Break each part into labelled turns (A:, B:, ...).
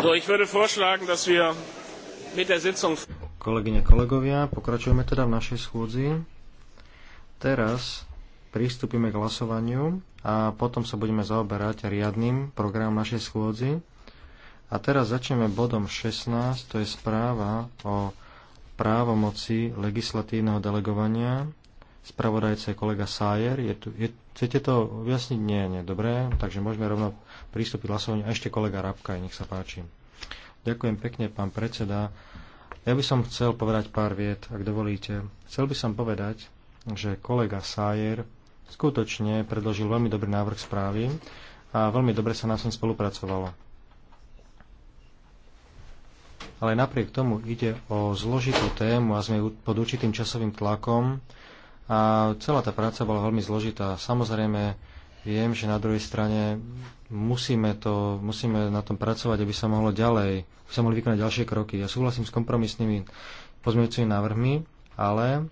A: So, ich würde vorschlagen, dass wir mit der Sitzung...
B: Kolegyne, kolegovia, pokračujeme teda v našej schôdzi. Teraz pristúpime k hlasovaniu a potom sa budeme zaoberať riadnym programom našej schôdzi. A teraz začneme bodom 16, to je správa o právomoci legislatívneho delegovania spravodajca je kolega Sájer. Je tu, je, chcete to objasniť? Nie, nie. Dobre, takže môžeme rovno pristúpiť k hlasovaniu. A ešte kolega Rabka, nech sa páči. Ďakujem pekne, pán predseda. Ja by som chcel povedať pár viet, ak dovolíte. Chcel by som povedať, že kolega Sájer skutočne predložil veľmi dobrý návrh správy a veľmi dobre sa nás ním spolupracovalo. Ale napriek tomu ide o zložitú tému a sme pod určitým časovým tlakom, a celá tá práca bola veľmi zložitá. Samozrejme, viem, že na druhej strane musíme, to, musíme na tom pracovať, aby sa mohlo ďalej, aby sa mohli vykonať ďalšie kroky. Ja súhlasím s kompromisnými pozmeňujúcimi návrhmi, ale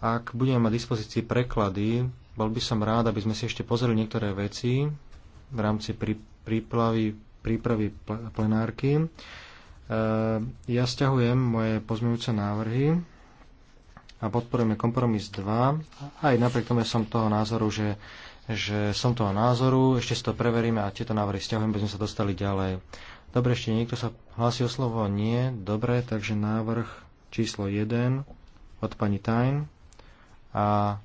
B: ak budeme mať dispozícii preklady, bol by som rád, aby sme si ešte pozreli niektoré veci v rámci prípravy, prípravy plenárky. E, ja stiahujem moje pozmeňujúce návrhy, a podporujeme kompromis 2. Aj napriek tomu som toho názoru, že, že som toho názoru, ešte si to preveríme a tieto návrhy stiahujeme, by sme sa dostali ďalej. Dobre, ešte niekto sa hlási o slovo? Nie. Dobre, takže návrh číslo 1 od pani Tajn. A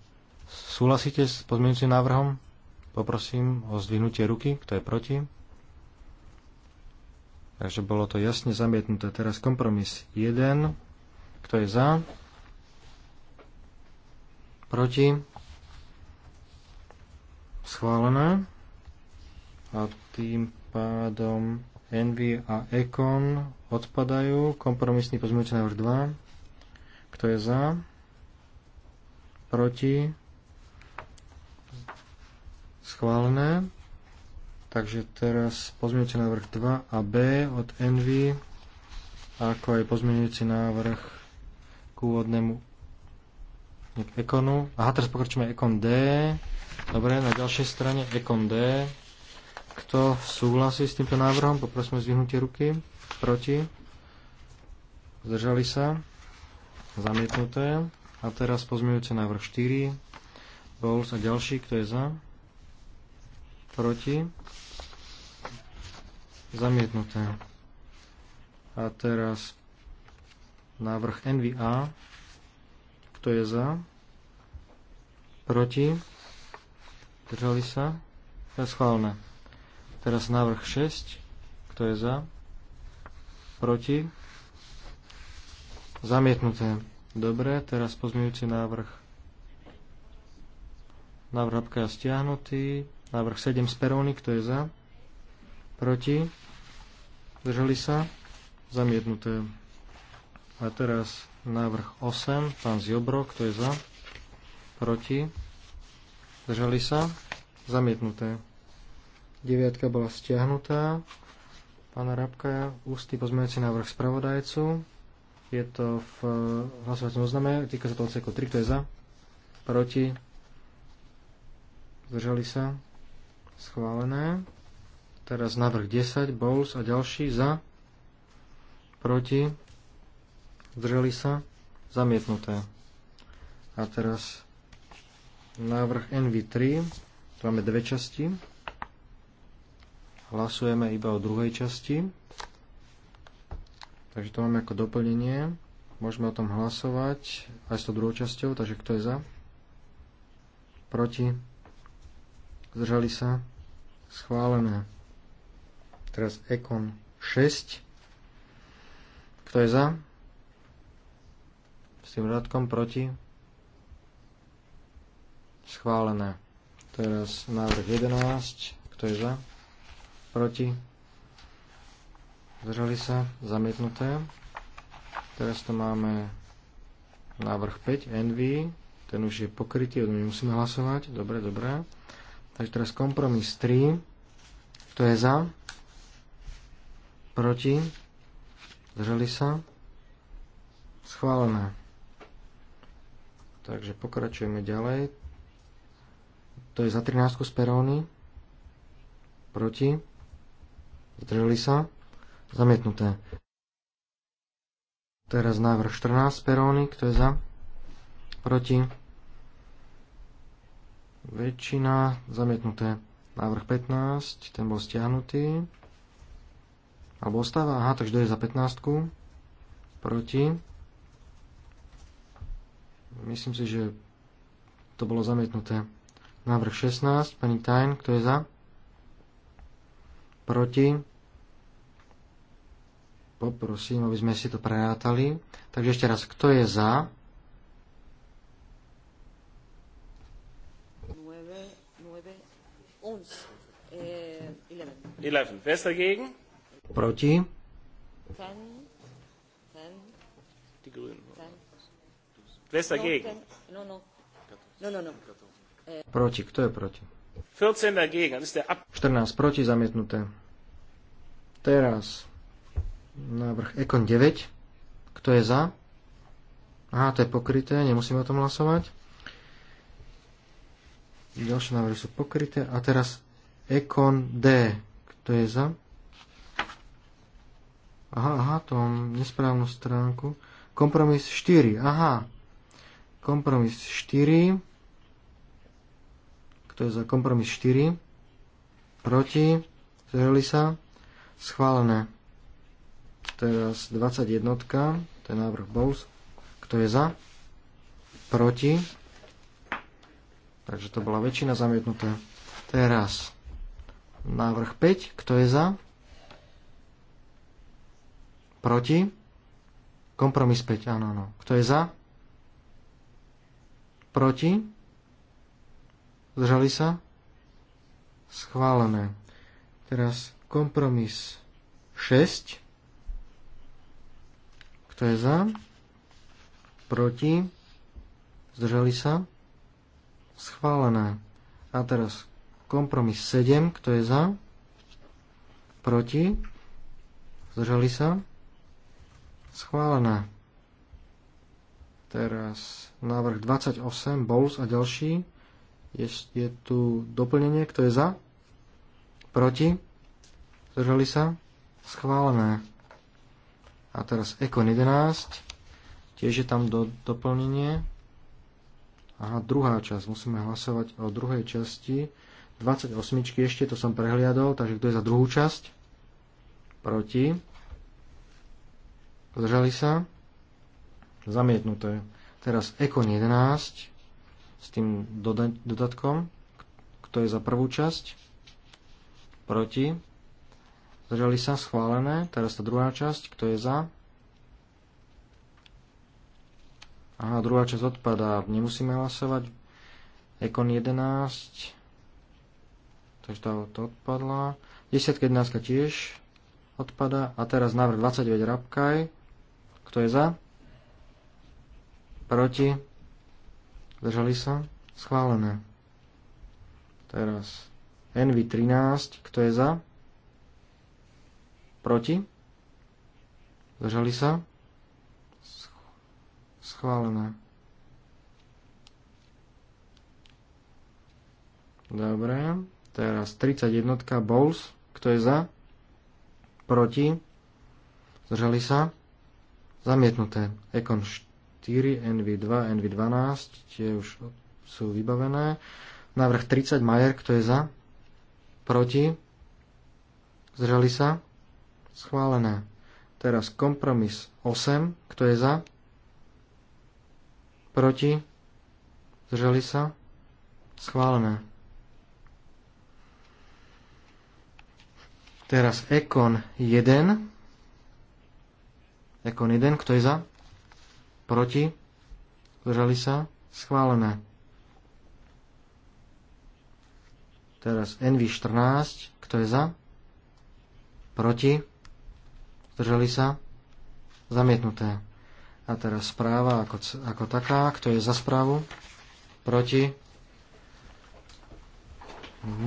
B: súhlasíte s pozmeňujúcim návrhom? Poprosím o zdvihnutie ruky, kto je proti. Takže bolo to jasne zamietnuté. Teraz kompromis 1. Kto je za? Proti? Schválené. A tým pádom Envy a Econ odpadajú. Kompromisný pozmeňujúci návrh 2. Kto je za? Proti? Schválené. Takže teraz pozmeňujúci návrh 2 a B od Envy, ako aj pozmeňujúci návrh k úvodnému Ekonu. Aha, teraz pokračujeme Ekon D. Dobre, na ďalšej strane Ekon D. Kto súhlasí s týmto návrhom, poprosím o ruky. Proti. Zdržali sa. Zamietnuté. A teraz pozmeňujúce návrh 4. Bol a ďalší, kto je za? Proti. Zamietnuté. A teraz návrh NVA. Kto je za? Proti? Držali sa? To je schválne. Teraz návrh 6. Kto je za? Proti? Zamietnuté. Dobre, teraz pozmeňujúci návrh. Návrh hlapka je stiahnutý. Návrh 7 z Peróny. Kto je za? Proti? Držali sa? Zamietnuté. A teraz Návrh 8, pán Ziobro, kto je za? Proti? Zdržali sa? Zamietnuté. Deviatka bola stiahnutá. Pána Rabka, ústy pozmeňujúci návrh spravodajcu. Je to v eh, hlasovacom ozname, týka sa to odseku 3, kto je za? Proti? Zdržali sa? Schválené. Teraz návrh 10, Bowles a ďalší za? Proti? zdržali sa, zamietnuté. A teraz návrh NV3, tu máme dve časti. Hlasujeme iba o druhej časti. Takže to máme ako doplnenie. Môžeme o tom hlasovať aj s tou druhou časťou, takže kto je za? Proti? Zdržali sa? Schválené. Teraz Ekon 6. Kto je za? s tým dodatkom proti. Schválené. Teraz návrh 11. Kto je za? Proti. Zdržali sa. Zamietnuté. Teraz to máme návrh 5. NV. Ten už je pokrytý, o musíme hlasovať. Dobre, dobre. Takže teraz kompromis 3. Kto je za? Proti? Zdržali sa? Schválené. Takže pokračujeme ďalej. To je za 13 z Peróny. Proti. Zdržili sa. Zamietnuté. Teraz návrh 14 z Peróny. Kto je za? Proti. Väčšina. Zamietnuté. Návrh 15. Ten bol stiahnutý. Alebo ostáva. Aha, takže kto je za 15? Proti Myslím si, že to bolo zamietnuté. Návrh 16, pani Tajn, kto je za? Proti? Poprosím, aby sme si to prerátali. Takže ešte raz, kto je za? Proti? Die Grünen. No, no, no. Eh. Proti. Kto je proti?
A: 14
B: proti zamietnuté. Teraz návrh Ekon 9. Kto je za? Aha, to je pokryté, nemusíme o tom hlasovať. Ďalšie návrhy sú pokryté. A teraz Ekon D. Kto je za? Aha, aha, to mám nesprávnu stránku. Kompromis 4. Aha, Kompromis 4. Kto je za kompromis 4? Proti? Zdržali sa? Schválené. Teraz 21. To je návrh Bowles. Kto je za? Proti? Takže to bola väčšina zamietnutá. Teraz návrh 5. Kto je za? Proti? Kompromis 5, áno, áno. Kto je za? Proti? Zdržali sa? Schválené. Teraz kompromis 6. Kto je za? Proti? Zdržali sa? Schválené. A teraz kompromis 7. Kto je za? Proti? Zdržali sa? Schválené. Teraz návrh 28, Bowles a ďalší. Je, je tu doplnenie, kto je za? Proti? Zdržali sa? Schválené. A teraz Econ 11. Tiež je tam do, doplnenie. Aha, druhá časť. Musíme hlasovať o druhej časti. 28 ešte, to som prehliadol, takže kto je za druhú časť? Proti. Zdržali sa? Zamietnuté. Teraz Ekon 11 s tým dodatkom. Kto je za prvú časť? Proti. Zdržali sa schválené. Teraz tá druhá časť. Kto je za? Aha, druhá časť odpadá. Nemusíme hlasovať. Ekon 11. Takže tá to odpadla. 10, 11 tiež odpadá A teraz návrh 29 Rabkaj. Kto je za? Proti? Zdržali sa? Schválené. Teraz Envy 13, kto je za? Proti? Zdržali sa? Schválené. Dobre. Teraz 31. Bowls. Kto je za? Proti? Zdržali sa? Zamietnuté. Ekon 4, NV2, NV12, tie už sú vybavené. Návrh 30, Majer, kto je za? Proti? Zdržali sa? Schválené. Teraz kompromis 8, kto je za? Proti? Zdržali sa? Schválené. Teraz Ekon 1. Ekon 1, kto je za? Proti? Zdržali sa? Schválené. Teraz NV14. Kto je za? Proti? Zdržali sa? Zamietnuté. A teraz správa ako, ako taká. Kto je za správu? Proti?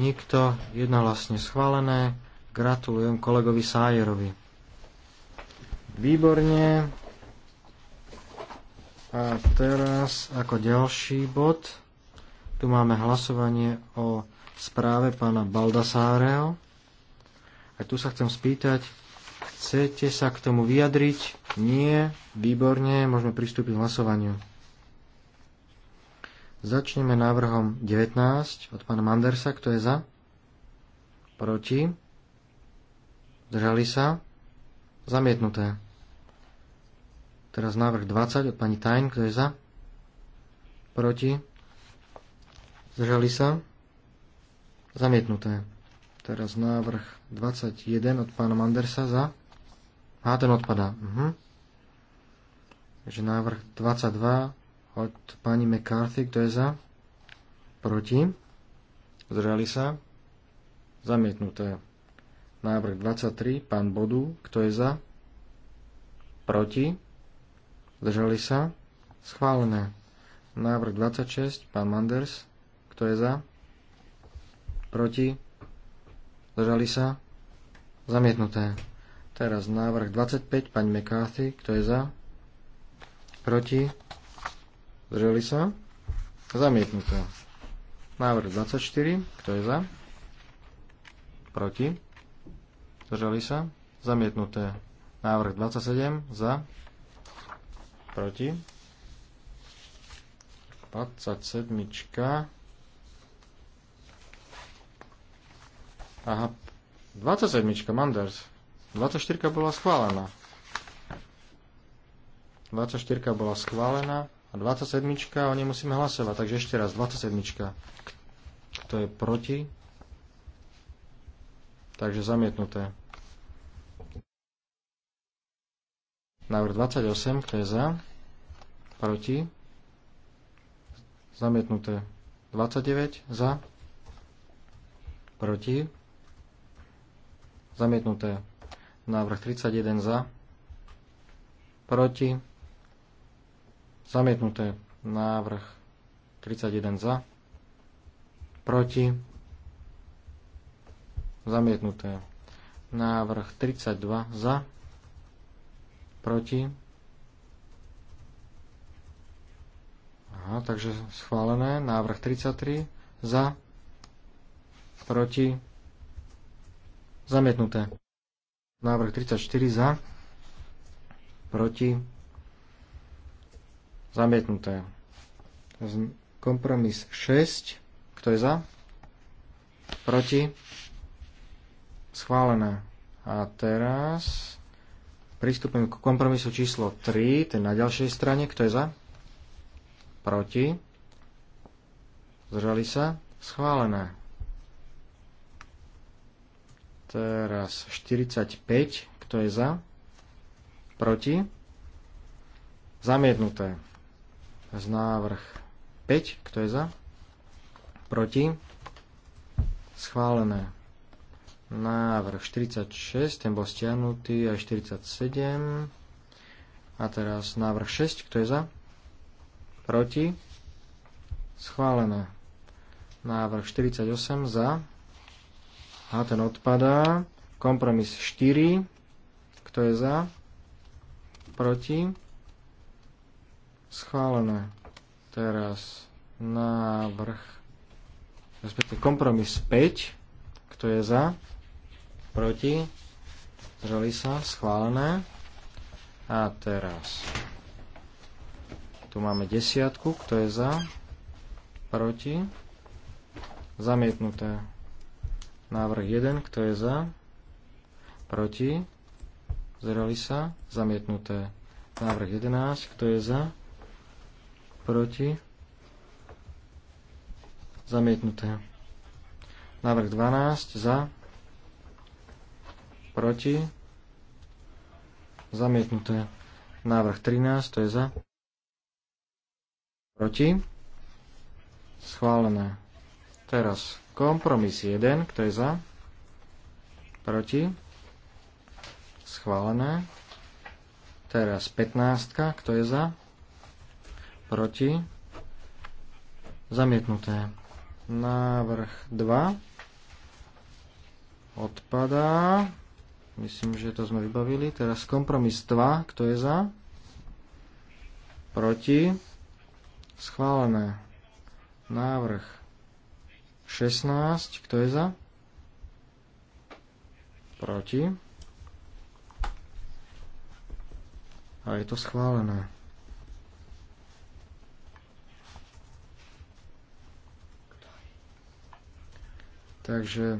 B: Nikto. Jednohlasne schválené. Gratulujem kolegovi Sájerovi. Výborne. A teraz ako ďalší bod, tu máme hlasovanie o správe pána Baldasáreho. A tu sa chcem spýtať, chcete sa k tomu vyjadriť? Nie, výborne, môžeme pristúpiť k hlasovaniu. Začneme návrhom 19 od pána Mandersa, kto je za? Proti? Držali sa? Zamietnuté. Teraz návrh 20 od pani Tajn, kto je za? Proti? Zdržali sa? Zamietnuté. Teraz návrh 21 od pána Mandersa za? A ten odpadá. Uh-huh. Takže návrh 22 od pani McCarthy, kto je za? Proti? Zdržali sa? Zamietnuté. Návrh 23, pán Bodu, kto je za? Proti? Zdržali sa? Schválené. Návrh 26, pán Manders. Kto je za? Proti? Zdržali sa? Zamietnuté. Teraz návrh 25, Pán McCarthy. Kto je za? Proti? Zdržali sa? Zamietnuté. Návrh 24. Kto je za? Proti? Zdržali sa? Zamietnuté. Návrh 27. Za? proti. 27. Aha, 27. Manders. 24. bola schválená. 24. bola schválená a 27. o nej musíme hlasovať. Takže ešte raz, 27. Kto je proti? Takže zamietnuté. Návrh 28, kto je za? proti, zamietnuté 29 za, proti, zamietnuté návrh 31 za, proti, zamietnuté návrh 31 za, proti, zamietnuté návrh 32 za, proti, Aha, takže schválené. Návrh 33 za, proti, zamietnuté. Návrh 34 za, proti, zamietnuté. Kompromis 6, kto je za, proti, schválené. A teraz pristúpim k kompromisu číslo 3, ten na ďalšej strane, kto je za, proti, zdržali sa, schválené. Teraz 45, kto je za, proti, zamietnuté. Z návrh 5, kto je za, proti, schválené. Návrh 46, ten bol stiahnutý, aj 47. A teraz návrh 6, kto je za? proti, schválené. Návrh 48 za, a ten odpadá. Kompromis 4, kto je za, proti, schválené. Teraz návrh, respektíve kompromis 5, kto je za, proti, zdržali sa, schválené. A teraz tu máme desiatku, kto je za, proti, zamietnuté. Návrh 1, kto je za, proti, zreli sa, zamietnuté. Návrh 11, kto je za, proti, zamietnuté. Návrh 12, za, proti, zamietnuté. Návrh 13, to je za, Proti? Schválené. Teraz kompromis 1, kto je za? Proti? Schválené. Teraz 15, kto je za? Proti? Zamietnuté. Návrh 2 odpadá. Myslím, že to sme vybavili. Teraz kompromis 2, kto je za? Proti? Schválené. Návrh 16. Kto je za? Proti. A je to schválené. Takže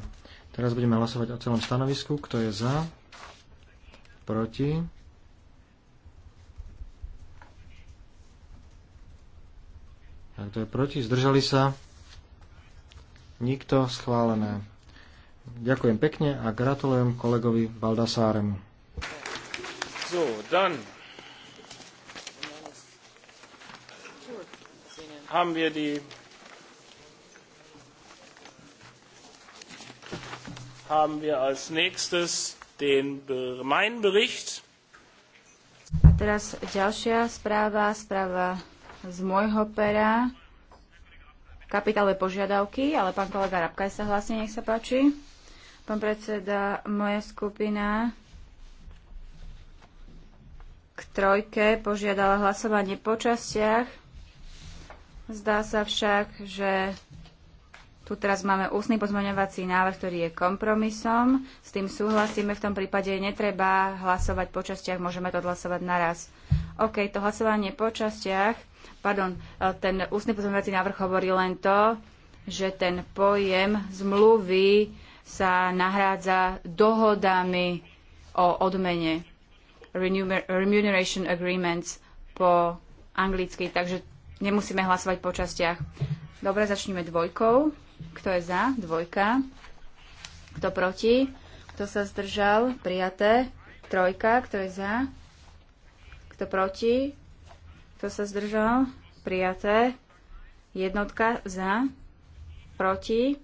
B: teraz budeme hlasovať o celom stanovisku. Kto je za? Proti. A kto je proti? Zdržali sa? Nikto schválené. Ďakujem pekne a gratulujem kolegovi Baldasáremu.
A: So, dann haben wir die haben wir als nächstes den meinen Bericht.
C: teraz ďalšia správa, správa z môjho pera kapitálové požiadavky, ale pán kolega Rabkaj sa hlasí, nech sa páči. Pán predseda, moja skupina k trojke požiadala hlasovanie po častiach. Zdá sa však, že tu teraz máme ústny pozmeňovací návrh, ktorý je kompromisom. S tým súhlasíme. V tom prípade netreba hlasovať po častiach, môžeme to odhlasovať naraz. OK, to hlasovanie po častiach pardon, eh, ten ústny pozmeňovací návrh hovorí len to, že ten pojem zmluvy sa nahrádza dohodami o odmene. remuneration agreements po anglicky, takže nemusíme hlasovať po častiach. Dobre, začneme dvojkou. Kto je za? Dvojka. Kto proti? Kto sa zdržal? Prijaté. Trojka. Kto je za? Kto proti? Kto sa zdržal? Prijaté. Jednotka za. Proti.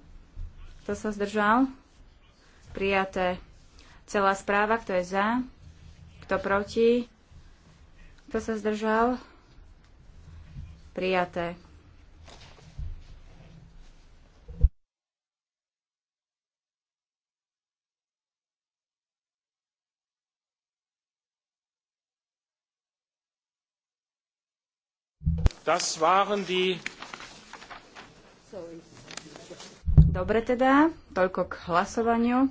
C: Kto sa zdržal? Prijaté. Celá správa, kto je za? Kto proti? Kto sa zdržal? Prijaté.
A: Das waren die...
C: Dobre teda, toľko k hlasovaniu.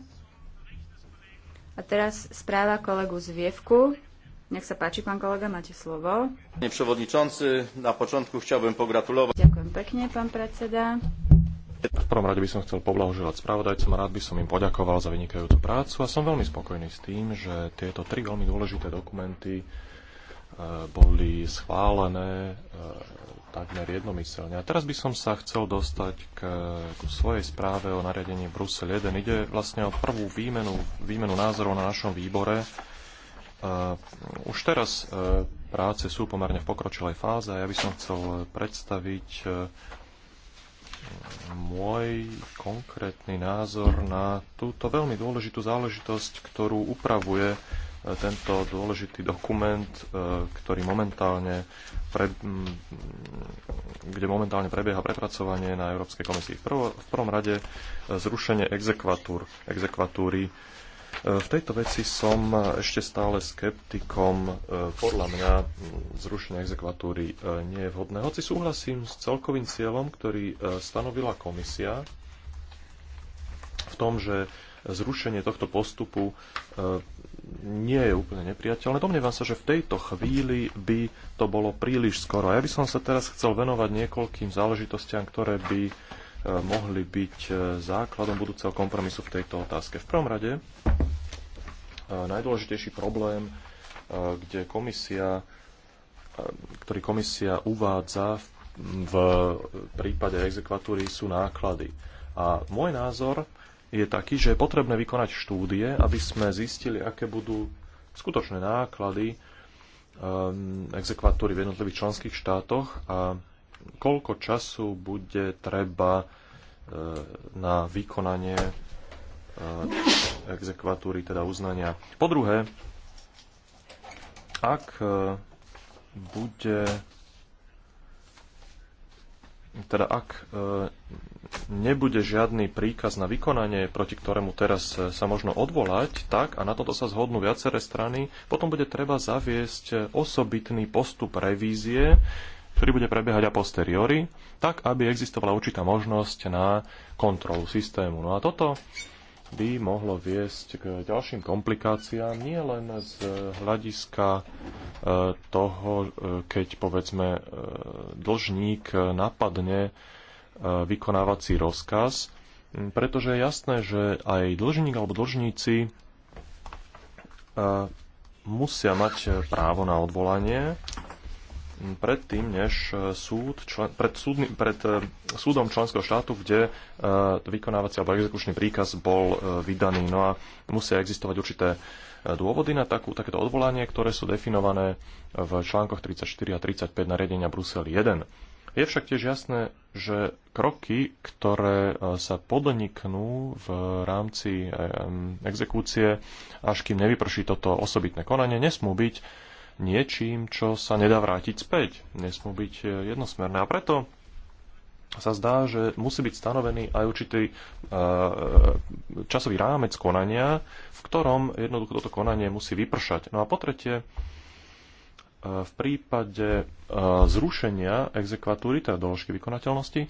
C: A teraz správa kolegu z Vievku. Nech sa páči, pán kolega, máte slovo.
A: Pane przewodniczący, na początku chciałbym pogratulovať.
C: Ďakujem pekne, pán predseda.
A: V prvom rade by som chcel poblahoželať spravodajcom a rád by som im poďakoval za vynikajúcu prácu a som veľmi spokojný s tým, že tieto tri veľmi dôležité dokumenty boli schválené e, takmer jednomyselne. A teraz by som sa chcel dostať k, k svojej správe o nariadení Brusel 1. Ide vlastne o prvú výmenu, výmenu názorov na našom výbore. E, už teraz e, práce sú pomerne v pokročilej fáze a ja by som chcel predstaviť môj konkrétny názor na túto veľmi dôležitú záležitosť, ktorú upravuje uh, tento dôležitý dokument, e, ktorý momentálne pre, kde momentálne prebieha prepracovanie na Európskej komisii. V, v prvom rade e, zrušenie exekvatúr, exekvatúry. E, v tejto veci som ešte stále skeptikom. Podľa mňa zrušenie exekvatúry nie je vhodné. Hoci súhlasím s celkovým cieľom, ktorý stanovila komisia v tom, že zrušenie tohto postupu nie je úplne nepriateľné. Domnievam sa, že v tejto chvíli by to bolo príliš skoro. Ja by som sa teraz chcel venovať niekoľkým záležitostiam, ktoré by e, mohli byť e, základom budúceho kompromisu v tejto otázke. V prvom rade e, najdôležitejší problém, kde komisia, ktorý komisia uvádza v prípade exekvatúry sú náklady. A môj názor je taký, že je potrebné vykonať štúdie, aby sme zistili, aké budú skutočné náklady um, exekvatúry v jednotlivých členských štátoch a koľko času bude treba e, na vykonanie e, exekvatúry, teda uznania. Po druhé, ak e, bude teda ak nebude žiadny príkaz na vykonanie, proti ktorému teraz e, sa možno odvolať, tak, a na toto sa zhodnú viaceré strany, potom bude treba zaviesť e, osobitný postup revízie, ktorý bude prebiehať a posteriori, tak, aby existovala určitá možnosť na kontrolu systému. No a toto by mohlo viesť k ďalším komplikáciám, nie len z hľadiska e, toho, keď povedzme dlžník napadne E, vykonávací rozkaz, pretože je jasné, že aj dlžník alebo dlžníci e, musia mať právo na odvolanie predtým, než súd, člen, pred, súdny, pred e, súdom členského štátu, kde vykonávací alebo exekučný príkaz bol vydaný. No a musia existovať určité dôvody na takú, takéto odvolanie, ktoré sú definované v článkoch 34 a 35 nariadenia Brusel 1. Je však tiež jasné, že kroky, ktoré e, sa podniknú v rámci e, exekúcie, až kým nevyprší toto osobitné konanie, nesmú byť niečím, čo sa nedá vrátiť späť. Nesmú byť e, jednosmerné. A preto sa zdá, že musí byť stanovený aj určitý časový rámec konania, v ktorom jednoducho toto konanie musí vypršať. No a po tretie, v prípade e, zrušenia exekvatúry, teda doložky vykonateľnosti, e,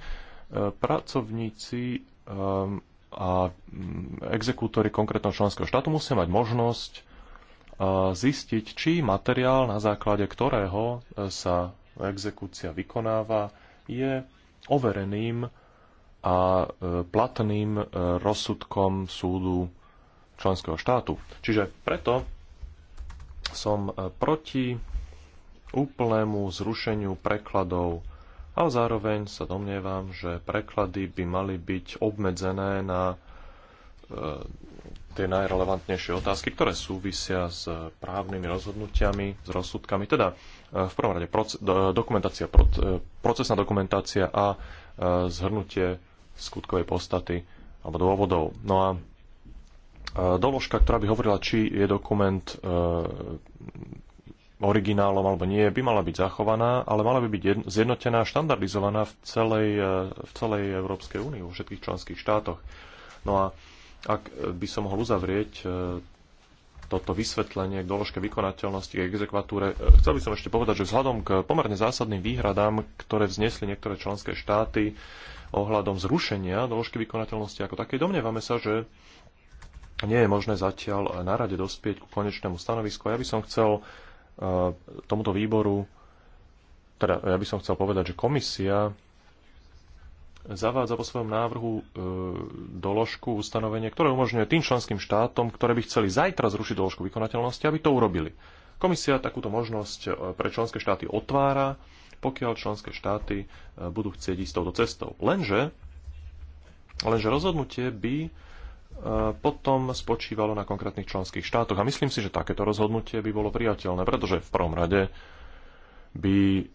A: pracovníci e, a mm, exekútory konkrétneho členského štátu musia mať možnosť zistiť, či materiál, na základe ktorého sa exekúcia vykonáva, je overeným a platným rozsudkom súdu členského štátu. Čiže preto som proti úplnému zrušeniu prekladov, ale zároveň sa domnievam, že preklady by mali byť obmedzené na e, tie najrelevantnejšie otázky, ktoré súvisia s právnymi rozhodnutiami, s rozsudkami, teda e, v prvom rade dokumentácia, e, procesná dokumentácia a zhrnutie skutkovej podstaty alebo dôvodov. No a doložka, ktorá by hovorila, či je dokument originálom alebo nie, by mala byť zachovaná, ale mala by byť zjednotená, štandardizovaná v celej, e, v celej Európskej únii, vo všetkých členských štátoch. No a ak by som mohol uzavrieť e, toto vysvetlenie k doložke vykonateľnosti k exekvatúre, e, chcel by som ešte povedať, že vzhľadom k pomerne zásadným výhradám, ktoré vznesli niektoré členské štáty ohľadom zrušenia doložky vykonateľnosti ako takej, domnievame sa, že nie je možné zatiaľ na rade dospieť ku konečnému stanovisku. Ja by som chcel E, tomuto výboru, teda ja by som chcel povedať, že komisia zavádza po svojom návrhu e, doložku, ustanovenie, ktoré umožňuje tým členským štátom, ktoré by chceli zajtra zrušiť doložku vykonateľnosti, aby to urobili. Komisia takúto možnosť e, pre členské štáty otvára, pokiaľ členské štáty e, budú chcieť ísť touto cestou. Lenže, lenže rozhodnutie by potom spočívalo na konkrétnych členských štátoch. A myslím si, že takéto rozhodnutie by bolo priateľné, pretože v prvom rade by e,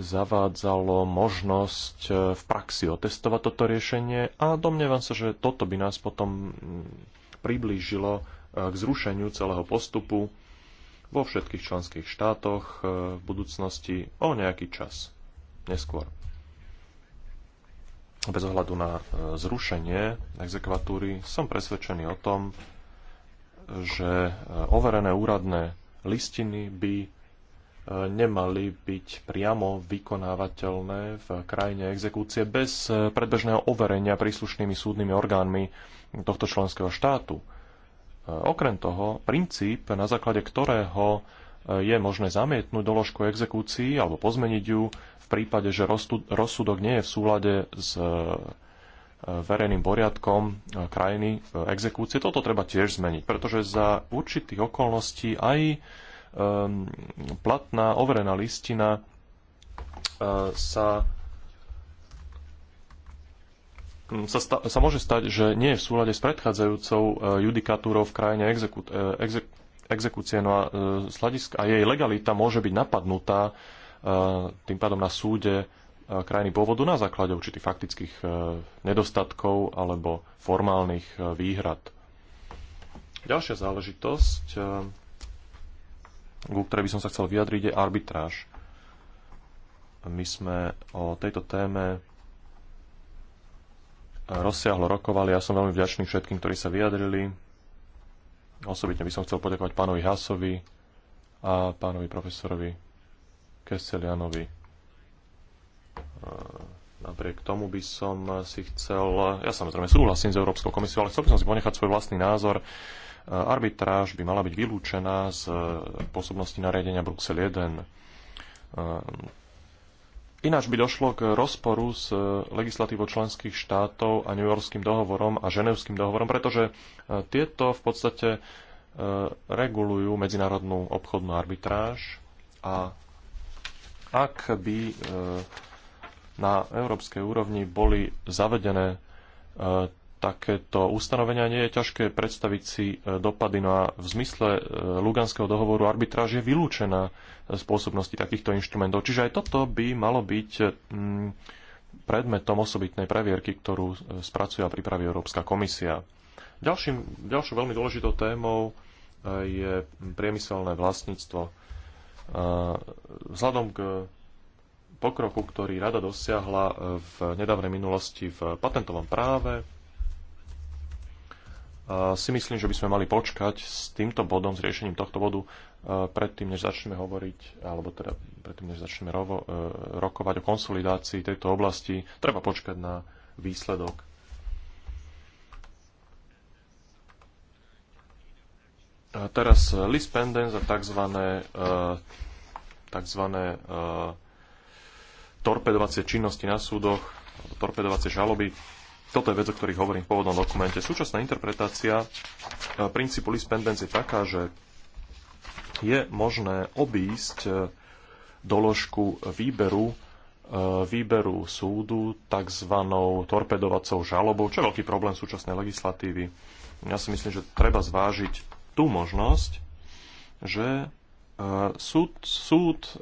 A: zavádzalo možnosť e, v praxi otestovať toto riešenie a domnievam sa, že toto by nás potom mm, priblížilo e, k zrušeniu celého postupu vo všetkých členských štátoch v budúcnosti o nejaký čas neskôr bez ohľadu na e, zrušenie exekvatúry, som presvedčený o tom, že e, overené úradné listiny by e, nemali byť priamo vykonávateľné v krajine exekúcie bez predbežného overenia príslušnými súdnymi orgánmi tohto členského štátu. Okrem toho, princíp, na základe ktorého je možné zamietnúť doložku exekúcií alebo pozmeniť ju, prípade, že rozsudok nie je v súlade s e, verejným poriadkom e, krajiny v exekúcie. Toto treba tiež zmeniť, pretože za určitých okolností aj e, platná overená listina sa sa, sta- sa môže stať, že nie je v súlade s predchádzajúcou judikatúrou v krajine exekú, exek- exekúcie no a, a jej legalita môže byť napadnutá Eh, tým pádom na súde eh, krajiny pôvodu na základe určitých faktických eh, nedostatkov alebo formálnych výhrad. Ďalšia záležitosť, ku ktorej by som sa chcel vyjadriť, je arbitráž. My sme o tejto téme rozsiahlo rokovali. Ja som veľmi vďačný všetkým, ktorí sa vyjadrili. Osobitne by som chcel poďakovať pánovi Hasovi a pánovi profesorovi Keselianovi. E, napriek tomu by som si chcel, ja samozrejme súhlasím s Európskou komisiou, ale chcel by som si ponechať svoj vlastný názor. E, arbitráž by mala byť vylúčená z pôsobnosti nariadenia Bruxel 1. E, ináč by došlo k rozporu s legislatívou členských štátov a New Yorkským dohovorom a Ženevským dohovorom, pretože tieto v podstate regulujú medzinárodnú obchodnú arbitráž a ak by e, na európskej úrovni boli zavedené e, takéto ustanovenia, nie je ťažké predstaviť si e, dopady. No a v zmysle Luganského dohovoru arbitráž je vylúčená z pôsobnosti takýchto inštrumentov. Čiže aj toto by malo byť predmetom osobitnej previerky, ktorú spracuje a pripraví Európska komisia. Ďalším, ďalšou veľmi dôležitou témou je priemyselné vlastníctvo. Vzhľadom k pokroku, ktorý rada dosiahla v nedávnej minulosti v patentovom práve, si myslím, že by sme mali počkať s týmto bodom, s riešením tohto bodu, e, predtým, než začneme hovoriť, alebo teda predtým, než začneme rovo, e, rokovať o konsolidácii tejto oblasti, treba počkať na výsledok teraz eh, list pendens a tzv. Eh, tzv. Eh, torpedovacie činnosti na súdoch, torpedovacie žaloby. Toto je vec, o ktorých hovorím v pôvodnom dokumente. Súčasná interpretácia princípu list pendens je taká, že je možné obísť doložku výberu výberu súdu tzv. torpedovacou žalobou, čo je veľký problém súčasnej legislatívy. Ja si myslím, že treba zvážiť tú možnosť, že e, súd, súd e,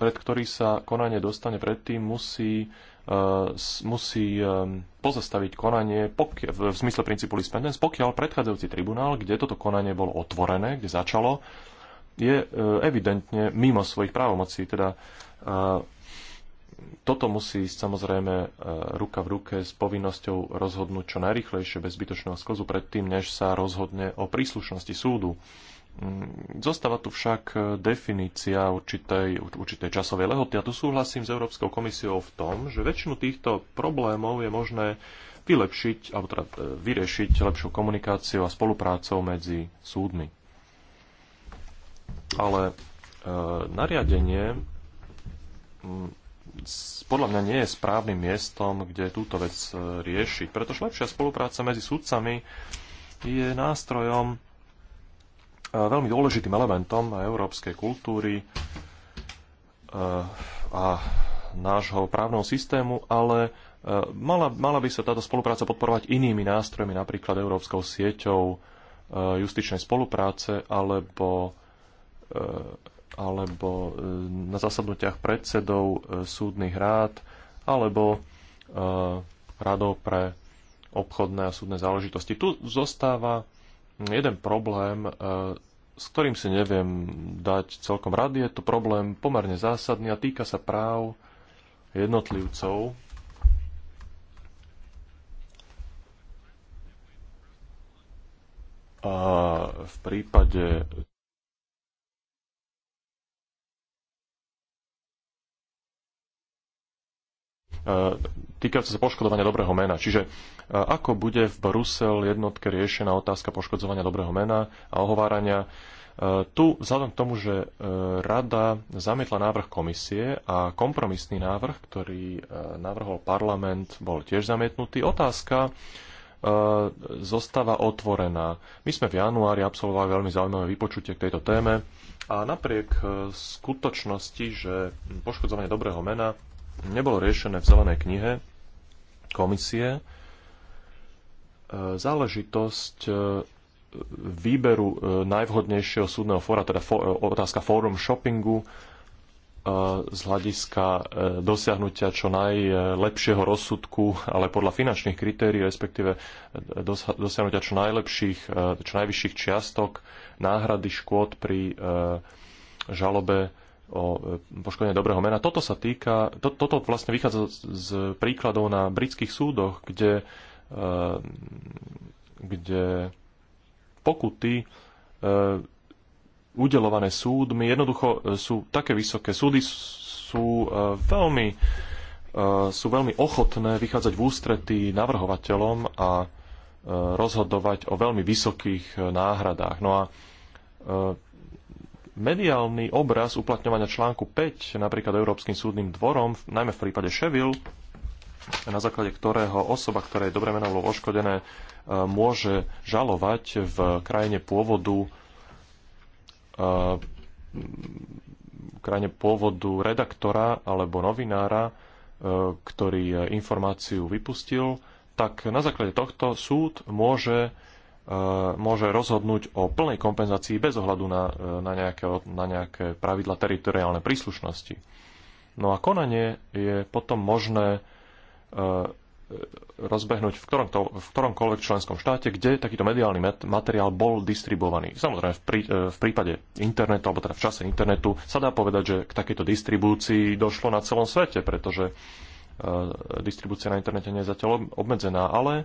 A: pred ktorý sa konanie dostane predtým, musí, e, musí pozastaviť konanie pokia, v zmysle princípu lispendens, pokiaľ predchádzajúci tribunál, kde toto konanie bolo otvorené, kde začalo, je evidentne mimo svojich právomocí. Teda toto musí ísť samozrejme e, ruka v ruke s povinnosťou rozhodnúť čo najrychlejšie bez zbytočného sklzu predtým, než sa rozhodne o príslušnosti súdu. Mm, zostáva tu však e, definícia určitej, určitej časovej lehoty a tu súhlasím s Európskou komisiou v tom, že väčšinu týchto problémov je možné vylepšiť, alebo teda e, vyriešiť lepšou komunikáciou a spoluprácou medzi súdmi. Ale e, nariadenie mm, podľa mňa nie je správnym miestom, kde túto vec e, riešiť, pretože lepšia spolupráca medzi sudcami je nástrojom, e, veľmi dôležitým elementom európskej kultúry e, a nášho právneho systému, ale mala, mala by sa táto spolupráca podporovať inými nástrojmi, napríklad európskou sieťou justičnej spolupráce alebo alebo e, na zasadnutiach predsedov e, súdnych rád alebo e, radov pre obchodné a súdne záležitosti. Tu zostáva jeden problém, s ktorým si neviem dať celkom rady. Je to problém pomerne zásadný a týka sa práv jednotlivcov. A v prípade E, týkajúce sa poškodovania dobrého mena. Čiže e, ako bude v Brusel jednotke riešená otázka poškodzovania dobrého mena a ohovárania. E, tu, vzhľadom k tomu, že rada zamietla návrh komisie a kompromisný návrh, ktorý navrhol parlament, bol tiež zamietnutý, otázka zostáva otvorená. My sme v januári absolvovali veľmi zaujímavé vypočutie k tejto téme a napriek skutočnosti, že poškodzovanie dobrého mena nebolo riešené v zelenej knihe komisie e, záležitosť e, výberu e, najvhodnejšieho súdneho fóra, teda otázka fórum shoppingu z hľadiska dosiahnutia čo najlepšieho rozsudku, ale podľa finančných kritérií, respektíve dosiahnutia čo najlepších, čo najvyšších čiastok náhrady škôd pri žalobe o e, poškodenie dobrého mena. Toto sa týka, to, toto vlastne vychádza z príkladov na britských súdoch, kde, e, kde pokuty e, udelované súdmi jednoducho sú také vysoké. Súdy sú veľmi, sú veľmi ochotné vychádzať v ústretí navrhovateľom a rozhodovať o veľmi vysokých náhradách. No a mediálny obraz uplatňovania článku 5 napríklad Európskym súdnym dvorom, najmä v prípade Sheville, na základe ktorého osoba, ktorá je dobre menovalo oškodené, e, môže žalovať v krajine pôvodu e, krajine pôvodu redaktora alebo novinára, e, ktorý informáciu vypustil, tak na základe tohto súd môže E, môže rozhodnúť o plnej kompenzácii bez ohľadu na, e, na, nejaké, na nejaké pravidla teritoriálnej príslušnosti. No a konanie je potom možné e, rozbehnúť v, ktorom to, v ktoromkoľvek členskom štáte, kde takýto mediálny materiál bol distribuovaný. Samozrejme, v, prí, v prípade internetu, alebo teda v čase internetu, sa dá povedať, že k takejto distribúcii došlo na celom svete, pretože uh, E, distribúcia na internete nie je zatiaľ obmedzená, ale e,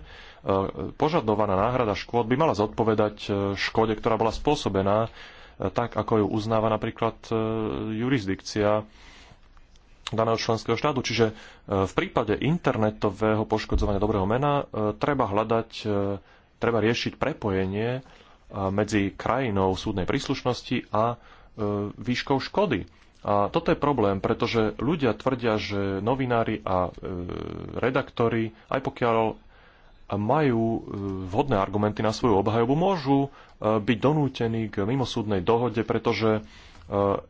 A: požadovaná náhrada škôd by mala zodpovedať e, škode, ktorá bola spôsobená tak, ako ju uznáva napríklad jurisdikcia daného členského štátu. Čiže v prípade internetového poškodzovania dobrého mena treba hľadať, treba riešiť prepojenie medzi krajinou súdnej príslušnosti a výškou škody. A toto je problém, pretože ľudia tvrdia, že novinári a e, redaktori, aj pokiaľ e, majú e, vhodné argumenty na svoju obhajobu, môžu e, byť donútení k mimosúdnej dohode, pretože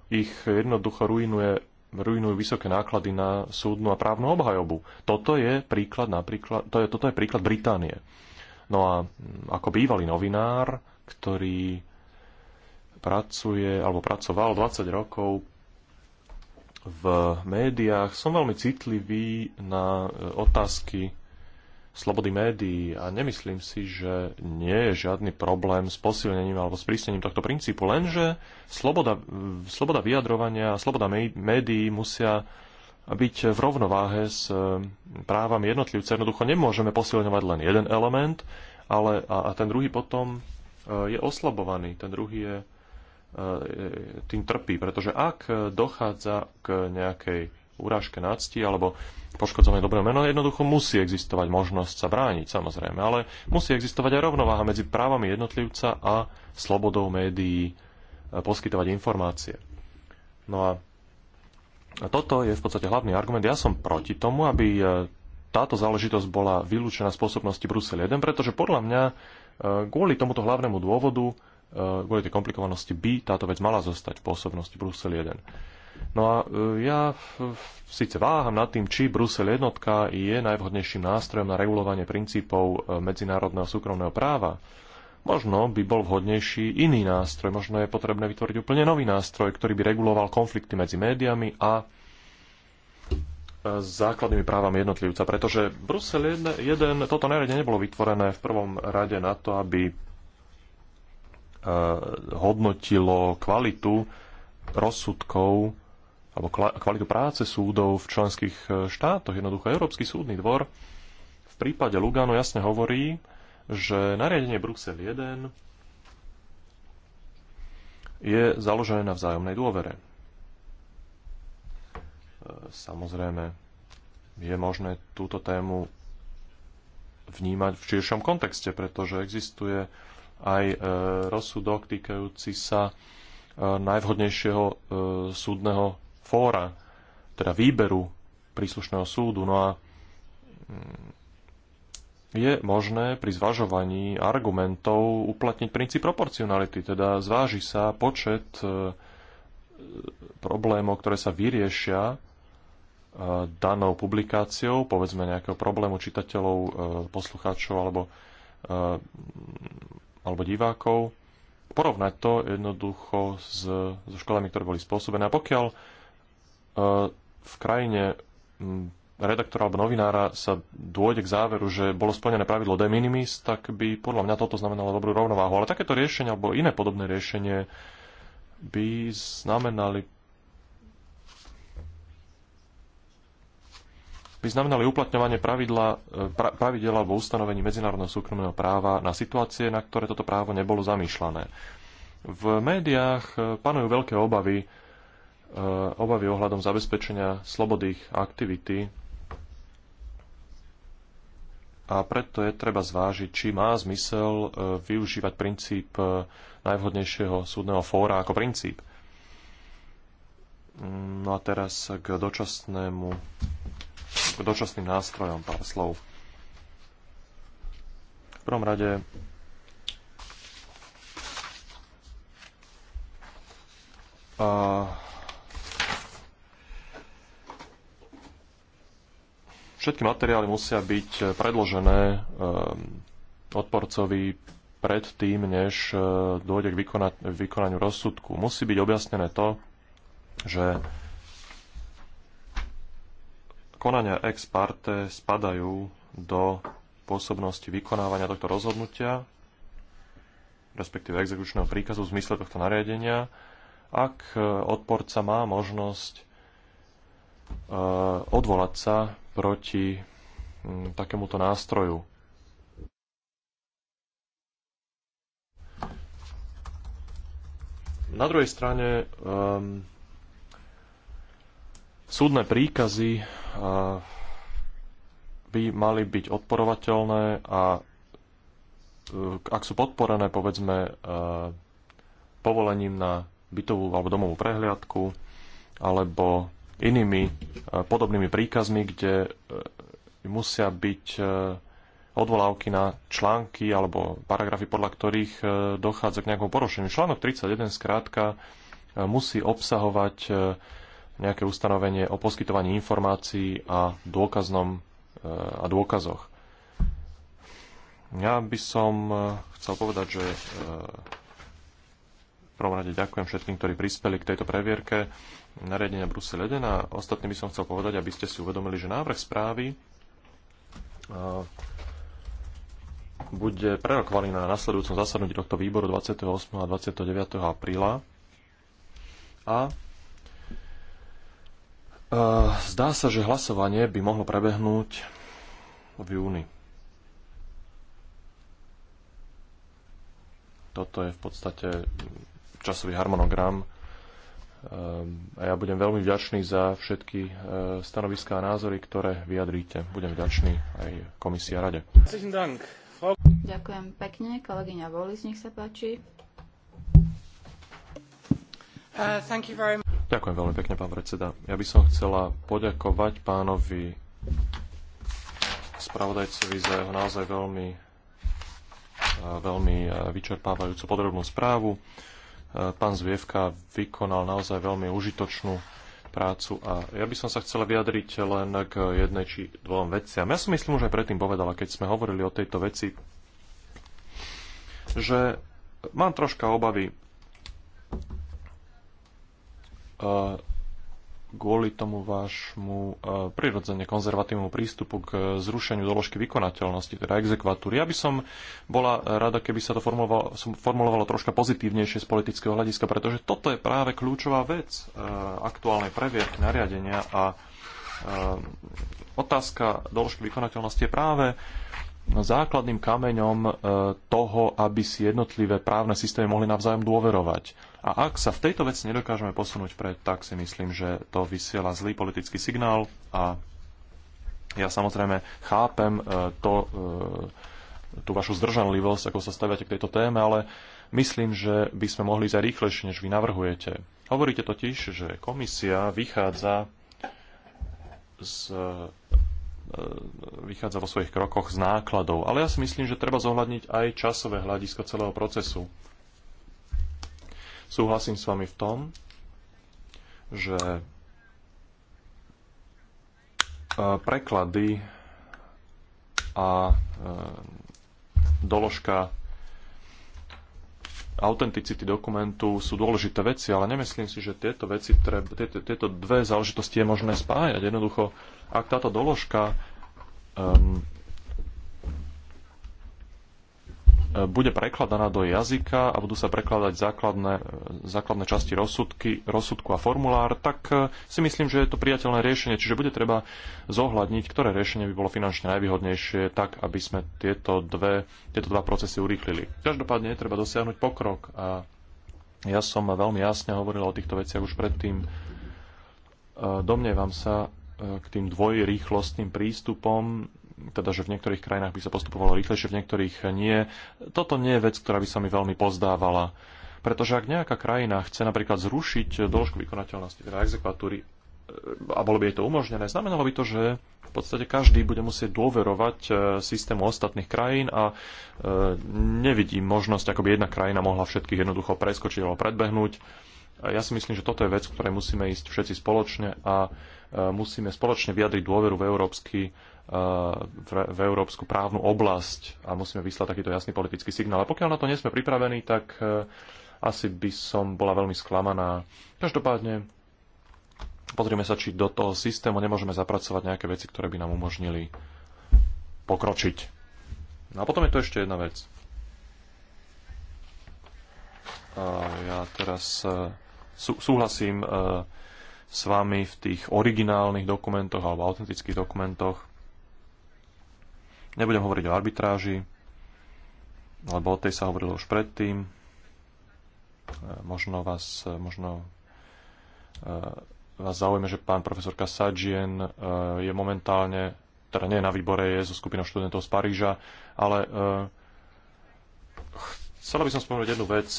A: ich jednoducho ruinuje, ruinujú vysoké náklady na súdnu a právnu obhajobu. Toto je príklad, napríklad, to je, toto je príklad Británie. No a mm, ako bývalý novinár, ktorý pracuje alebo pracoval 20 rokov v médiách. Som veľmi citlivý na e, otázky slobody médií a nemyslím si, že nie je žiadny problém s posilnením alebo s prísnením tohto princípu, lenže sloboda, sloboda vyjadrovania a sloboda médií musia byť v rovnováhe s e, právami jednotlivca. Jednoducho nemôžeme posilňovať len jeden element, ale a, a ten druhý potom e, je oslabovaný, ten druhý je E, tým trpí, pretože ak dochádza k nejakej úražke nácti alebo poškodzovanie dobrého mena, jednoducho musí existovať možnosť sa brániť, samozrejme, ale musí existovať aj rovnováha medzi právami jednotlivca a slobodou médií e, poskytovať informácie. No a toto je v podstate hlavný argument. Ja som proti tomu, aby e, táto záležitosť bola vylúčená z pôsobnosti Brusel 1, pretože podľa mňa kvôli tomuto hlavnému dôvodu Eh, kvôli tej komplikovanosti by táto vec mala zostať v pôsobnosti Brusel 1. No a eh, ja síce váham nad tým, či Brusel jednotka je najvhodnejším nástrojom na regulovanie princípov eh, medzinárodného súkromného práva. Možno by bol vhodnejší iný nástroj, možno je potrebné vytvoriť úplne nový nástroj, ktorý by reguloval konflikty medzi médiami a s základnými právami jednotlivca, pretože Brusel 1, 1 toto nariadenie nebolo vytvorené v prvom rade na to, aby Eh, hodnotilo kvalitu rozsudkov alebo kvalitu práce súdov v členských eh, štátoch. Jednoducho Európsky súdny dvor v prípade Lugano jasne hovorí, že nariadenie Bruxel 1 je založené na vzájomnej dôvere. Eh, samozrejme, je možné túto tému vnímať v širšom kontexte, pretože existuje aj e, rozsudok týkajúci sa e, najvhodnejšieho e, súdneho fóra, teda výberu príslušného súdu. No a mm, je možné pri zvažovaní argumentov uplatniť princíp proporcionality, teda zváži sa počet problémov, ktoré sa vyriešia danou publikáciou, povedzme nejakého problému čitateľov, poslucháčov alebo alebo divákov, porovnať to jednoducho s, so škodami, ktoré boli spôsobené. A pokiaľ e, v krajine redaktora alebo novinára sa dôjde k záveru, že bolo splnené pravidlo de minimis, tak by podľa mňa toto znamenalo dobrú rovnováhu. Ale takéto riešenie alebo iné podobné riešenie by znamenali by znamenali uplatňovanie pravidla, e, pra, pravidel alebo ustanovení medzinárodného súkromného práva na situácie, na ktoré toto právo nebolo zamýšľané. V médiách e, panujú veľké obavy, e, obavy ohľadom zabezpečenia slobodých aktivity a preto je treba zvážiť, či má zmysel využívať princíp najvhodnejšieho súdneho fóra ako princíp. Mm, no a teraz k dočasnému dočasným nástrojom pár slov. V prvom rade a všetky materiály musia byť predložené ehm, odporcovi predtým, než e, dôjde k vykonaniu rozsudku. Musí byť objasnené to, že konania ex parte spadajú do pôsobnosti vykonávania tohto rozhodnutia, respektíve exekučného príkazu v zmysle tohto nariadenia, ak e, odporca má možnosť e, odvolať sa proti takémuto nástroju. Na druhej strane Súdne príkazy by mali byť odporovateľné a e, ak sú podporené, povedzme, e, povolením na bytovú alebo domovú prehliadku alebo inými e, podobnými príkazmi, kde musia byť odvolávky na články alebo paragrafy, podľa ktorých dochádza k nejakom porušeniu. Článok 31 zkrátka musí obsahovať nejaké ustanovenie o poskytovaní informácií a dôkaznom e, a dôkazoch. Ja by som e, chcel povedať, že e, v prvom rade ďakujem všetkým, ktorí prispeli k tejto previerke nariadenia Brusel 1 a ostatným by som chcel povedať, aby ste si uvedomili, že návrh správy bude prerokovaný na nasledujúcom zasadnutí tohto výboru 28. a 29. apríla a Zdá sa, že hlasovanie by mohlo prebehnúť v júni. Toto je v podstate časový harmonogram ehm, a ja budem veľmi vďačný za všetky e, stanoviská a názory, ktoré vyjadríte. Budem vďačný aj komisii a rade.
C: Ďakujem pekne. Kolegyňa Volis, nech sa páči. Uh,
A: Ďakujem veľmi pekne, pán predseda. Ja by som chcela poďakovať pánovi spravodajcovi za jeho naozaj veľmi, veľmi vyčerpávajúcu podrobnú správu. Pán Zvievka vykonal naozaj veľmi užitočnú prácu a ja by som sa chcela vyjadriť len k jednej či dvom veciam. Ja som myslím už aj predtým povedala, keď sme hovorili o tejto veci, že mám troška obavy kvôli tomu vášmu prirodzene konzervatívnemu prístupu k zrušeniu doložky vykonateľnosti, teda exekvatúry. Ja by som bola rada, keby sa to formulovalo, formulovalo troška pozitívnejšie z politického hľadiska, pretože toto je práve kľúčová vec aktuálnej previerky nariadenia a otázka doložky vykonateľnosti je práve základným kameňom e, toho, aby si jednotlivé právne systémy mohli navzájom dôverovať. A ak sa v tejto veci nedokážeme posunúť pred, tak si myslím, že to vysiela zlý politický signál a ja samozrejme chápem e, to, e, tú vašu zdržanlivosť, ako sa staviate k tejto téme, ale myslím, že by sme mohli ísť aj rýchlejšie, než vy navrhujete. Hovoríte totiž, že komisia vychádza z e, vychádza vo svojich krokoch z nákladov. Ale ja si myslím, že treba zohľadniť aj časové hľadisko celého procesu. Súhlasím s vami v tom, že e, preklady a e, doložka autenticity dokumentu sú dôležité veci, ale nemyslím si, že tieto, veci treb, tieto, tieto dve záležitosti je možné spájať. Jednoducho, ak táto doložka um, E, bude prekladaná do jazyka a budú sa prekladať základné, e, základné časti rozsudky, rozsudku a formulár, tak e, si myslím, že je to priateľné riešenie. Čiže bude treba zohľadniť, ktoré riešenie by bolo finančne najvýhodnejšie, tak aby sme tieto, dve, tieto dva procesy urýchlili. Každopádne je treba dosiahnuť pokrok a ja som veľmi jasne hovoril o týchto veciach už predtým. Domnievam sa k tým dvojrýchlostným prístupom teda, že v niektorých krajinách by sa postupovalo rýchlejšie, v niektorých nie. Toto nie je vec, ktorá by sa mi veľmi pozdávala. Pretože ak nejaká krajina chce napríklad zrušiť dĺžku vykonateľnosti, teda exekvatúry, e, a bolo by jej to umožnené, znamenalo by to, že v podstate každý bude musieť dôverovať e, systému ostatných krajín a e, nevidím možnosť, ako by jedna krajina mohla všetkých jednoducho preskočiť alebo predbehnúť. Ja si myslím, že toto je vec, ktorej musíme ísť všetci spoločne a musíme spoločne vyjadriť dôveru v európsky Eh, v európsku právnu oblasť a musíme vyslať takýto jasný politický signál. A pokiaľ na to nie sme pripravení, tak eh, asi by som bola veľmi sklamaná. Každopádne pozrieme sa, či do toho systému nemôžeme zapracovať nejaké veci, ktoré by nám umožnili pokročiť. No a potom je tu ešte jedna vec. A ja teraz eh, sú, súhlasím s vami v tých originálnych dokumentoch alebo autentických dokumentoch, Nebudem hovoriť o arbitráži, lebo o tej sa hovorilo už predtým. E, možno vás, e, možno e, vás zaujíme, že pán profesor Kasadžien je momentálne, teda nie na výbore, je so skupinou študentov z Paríža, ale chcela by som spomenúť jednu vec,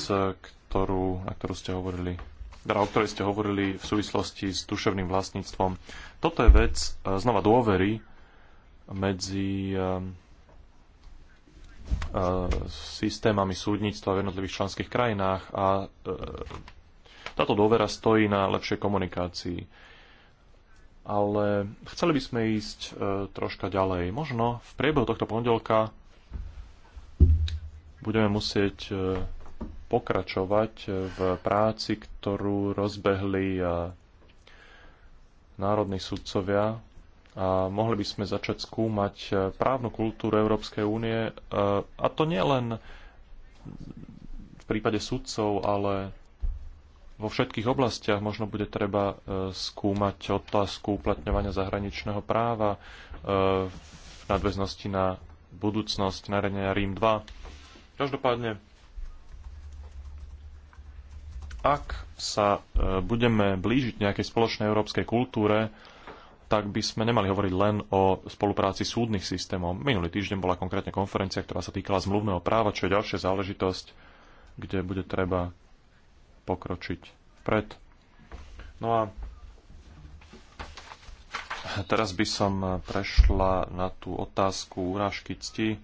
A: ktorú, na ktorú ste hovorili teda o ktorej ste hovorili v súvislosti s duševným vlastníctvom. Toto je vec znova dôvery, medzi um, uh, systémami súdnictva v jednotlivých členských krajinách a uh, táto dôvera stojí na lepšej komunikácii. Ale chceli by sme ísť uh, troška ďalej. Možno v priebehu tohto pondelka budeme musieť pokračovať v práci, ktorú rozbehli národní sudcovia a mohli by sme začať skúmať e, právnu kultúru Európskej únie, e, a to nie len v prípade sudcov, ale vo všetkých oblastiach možno bude treba e, skúmať otázku uplatňovania zahraničného práva v nadväznosti na budúcnosť nariadenia Rím 2. Každopádne, ak sa budeme blížiť nejakej spoločnej európskej kultúre, tak by sme nemali hovoriť len o spolupráci súdnych systémov. Minulý týždeň bola konkrétne konferencia, ktorá sa týkala zmluvného práva, čo je ďalšia záležitosť, kde bude treba pokročiť vpred. No a teraz by som prešla na tú otázku urážky cti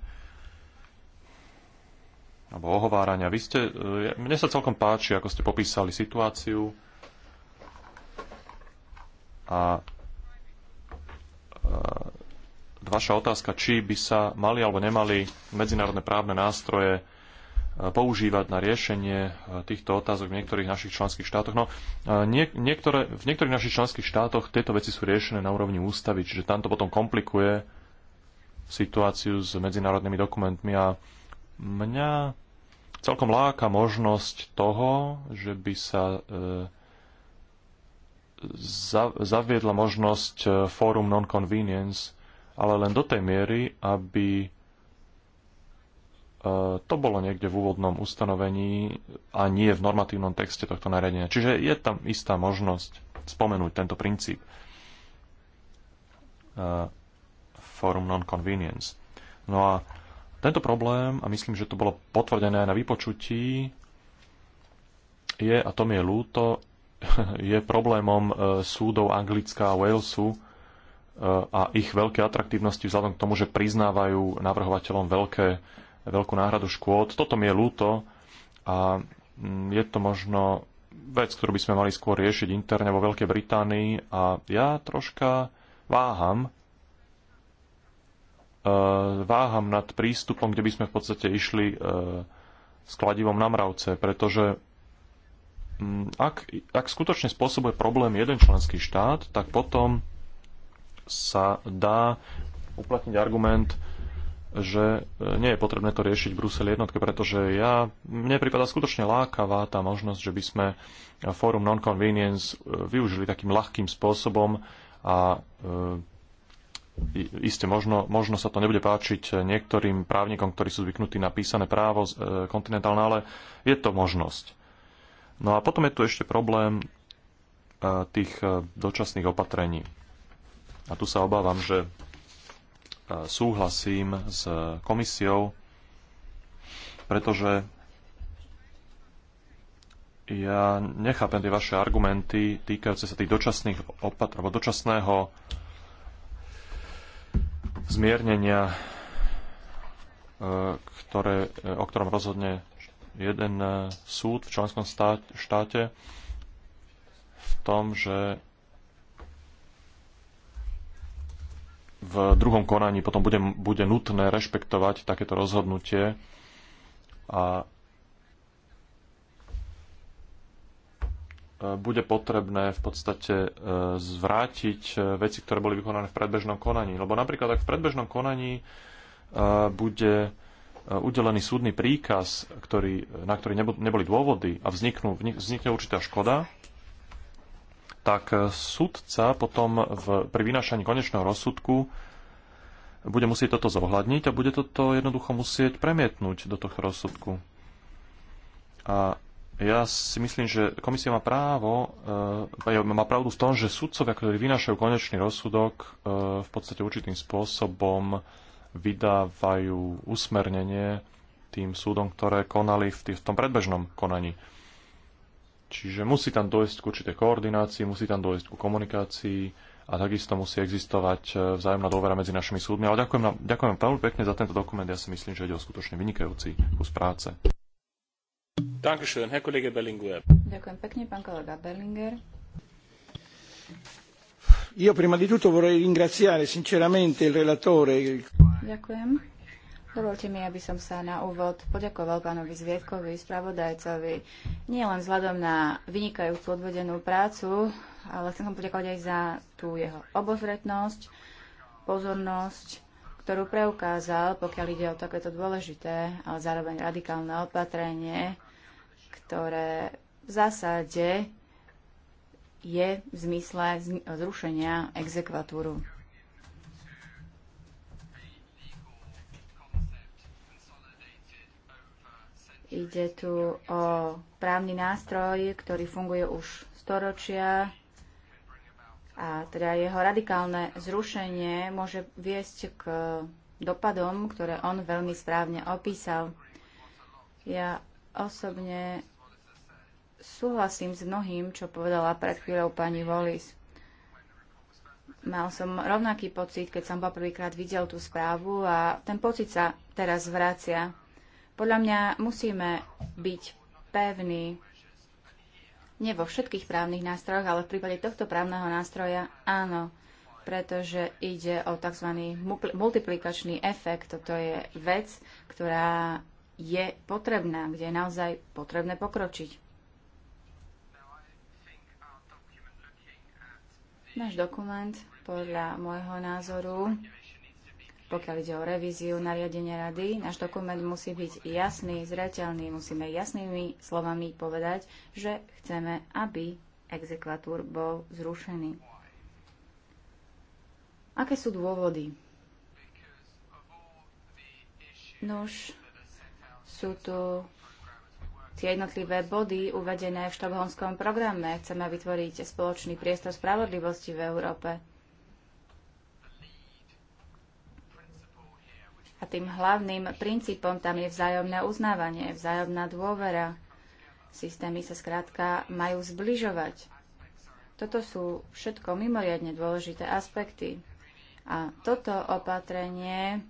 A: alebo ohovárania. Vy ste, eh, mne sa celkom páči, ako ste popísali situáciu a E, vaša otázka, či by sa mali alebo nemali medzinárodné právne nástroje e, používať na riešenie e, týchto otázok v niektorých našich členských štátoch. No, nie, niektoré, v niektorých našich členských štátoch tieto veci sú riešené na úrovni ústavy, čiže tam to potom komplikuje situáciu s medzinárodnými dokumentmi a mňa celkom láka možnosť toho, že by sa e, zaviedla možnosť e, fórum non-convenience, ale len do tej miery, aby e, to bolo niekde v úvodnom ustanovení a nie v normatívnom texte tohto nariadenia. Čiže je tam istá možnosť spomenúť tento princíp e, forum non-convenience. No a tento problém, a myslím, že to bolo potvrdené aj na vypočutí, je, a to mi je ľúto, je problémom e, súdov Anglická a Walesu e, a ich veľké atraktívnosti vzhľadom k tomu, že priznávajú navrhovateľom veľké, veľkú náhradu škôd. Toto mi je ľúto a mm, je to možno vec, ktorú by sme mali skôr riešiť interne vo Veľkej Británii a ja troška váham, e, váham nad prístupom, kde by sme v podstate išli s kladivom na mravce, pretože Mm, ak, ak skutočne spôsobuje problém jeden členský štát, tak potom sa dá uplatniť argument, že e, nie je potrebné to riešiť v Bruseli jednotke, pretože ja, mne prípada skutočne lákavá tá možnosť, že by sme fórum non-convenience e, využili takým ľahkým spôsobom a e, iste možno, možno sa to nebude páčiť niektorým právnikom, ktorí sú zvyknutí na písané právo e, kontinentálne, ale je to možnosť. No a potom je tu ešte problém e, tých e, dočasných opatrení. A tu sa obávam, že e, súhlasím s komisiou, pretože ja nechápem tie vaše argumenty týkajúce sa tých dočasných opat- alebo dočasného zmiernenia, ktoré, o ktorom rozhodne jeden eh, súd v členskom štáte v tom, že v druhom konaní potom bude, bude nutné rešpektovať takéto rozhodnutie a eh, bude potrebné v podstate eh, zvrátiť veci, ktoré boli vykonané v predbežnom konaní. Lebo napríklad, ak v predbežnom konaní bude E, udelený súdny príkaz, ktorý, na ktorý neboli dôvody a vzniknú, vznikne určitá škoda, tak e, súdca potom v, pri vynášaní konečného rozsudku bude musieť toto zohľadniť a bude toto jednoducho musieť premietnúť do tohto rozsudku. A ja si myslím, že komisia má právo, e, má pravdu v tom, že sudcovia, ktorí vynášajú konečný rozsudok, e, v podstate určitým spôsobom e, vydávajú usmernenie tým súdom, ktoré konali v, tý, v tom predbežnom konaní. Čiže musí tam dojsť k určitej koordinácii, musí tam dojsť ku komunikácii a takisto musí existovať e, vzájomná dôvera medzi našimi súdmi. Ale ďakujem, na, ďakujem veľmi pekne za tento dokument. Ja si myslím, že ide o skutočne vynikajúci kus práce. Ďakujem
C: pekne, pán kolega Berlinger.
A: Io prima di tutto vorrei ringraziare
B: sinceramente il relatore.
C: Ďakujem. Dovolte mi, aby som sa na úvod poďakoval pánovi Zviedkovi, spravodajcovi, nielen vzhľadom na vynikajúcu odvedenú prácu, ale chcem som poďakovať aj za tú jeho obozretnosť, pozornosť, ktorú preukázal, pokiaľ ide o takéto dôležité, ale zároveň radikálne opatrenie, ktoré v zásade je v zmysle zrušenia exekvatúru. Ide tu o právny nástroj, ktorý funguje už storočia a teda jeho radikálne zrušenie môže viesť k dopadom, ktoré on veľmi správne opísal. Ja osobne súhlasím s mnohým, čo povedala pred chvíľou pani Wallis. Mal som rovnaký pocit, keď som poprvýkrát videl tú správu a ten pocit sa teraz vracia. Podľa mňa musíme byť pevní nie vo všetkých právnych nástrojoch, ale v prípade tohto právneho nástroja áno, pretože ide o tzv. multiplikačný efekt. Toto je vec, ktorá je potrebná, kde je naozaj potrebné pokročiť. Náš dokument podľa môjho názoru pokiaľ ide o revíziu nariadenia rady. Náš dokument musí byť jasný, zreteľný, musíme jasnými slovami povedať, že chceme, aby exekvatúr bol zrušený. Aké sú dôvody? Nož, sú tu tie jednotlivé body uvedené v štokholmskom programe. Chceme vytvoriť spoločný priestor spravodlivosti v Európe. A tým hlavným princípom tam je vzájomné uznávanie, vzájomná dôvera. Systémy sa skrátka majú zbližovať. Toto sú všetko mimoriadne dôležité aspekty. A toto opatrenie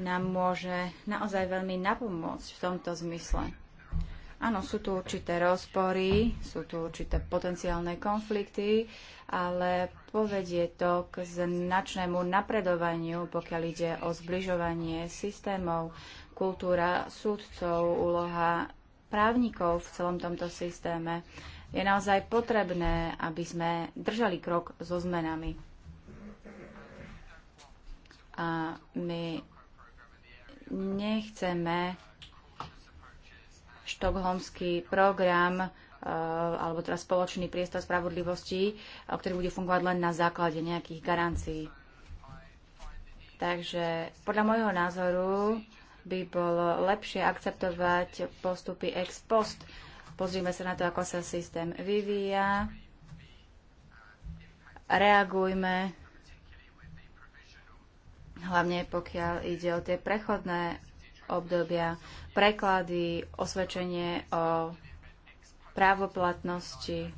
C: nám môže naozaj veľmi napomôcť v tomto zmysle. Áno, sú tu určité rozpory, sú tu určité potenciálne konflikty, ale povedie to k značnému napredovaniu, pokiaľ ide o zbližovanie systémov, kultúra súdcov, úloha právnikov v celom tomto systéme. Je naozaj potrebné, aby sme držali krok so zmenami. A my nechceme štokholmský program e, alebo teda spoločný priestor spravodlivosti, e, ktorý bude fungovať len na základe nejakých garancií. Takže podľa môjho názoru by bolo lepšie akceptovať postupy ex post. Pozrime sa na to, ako sa systém vyvíja. Reagujme, hlavne pokiaľ ide o tie prechodné obdobia, preklady, osvedčenie o právoplatnosti,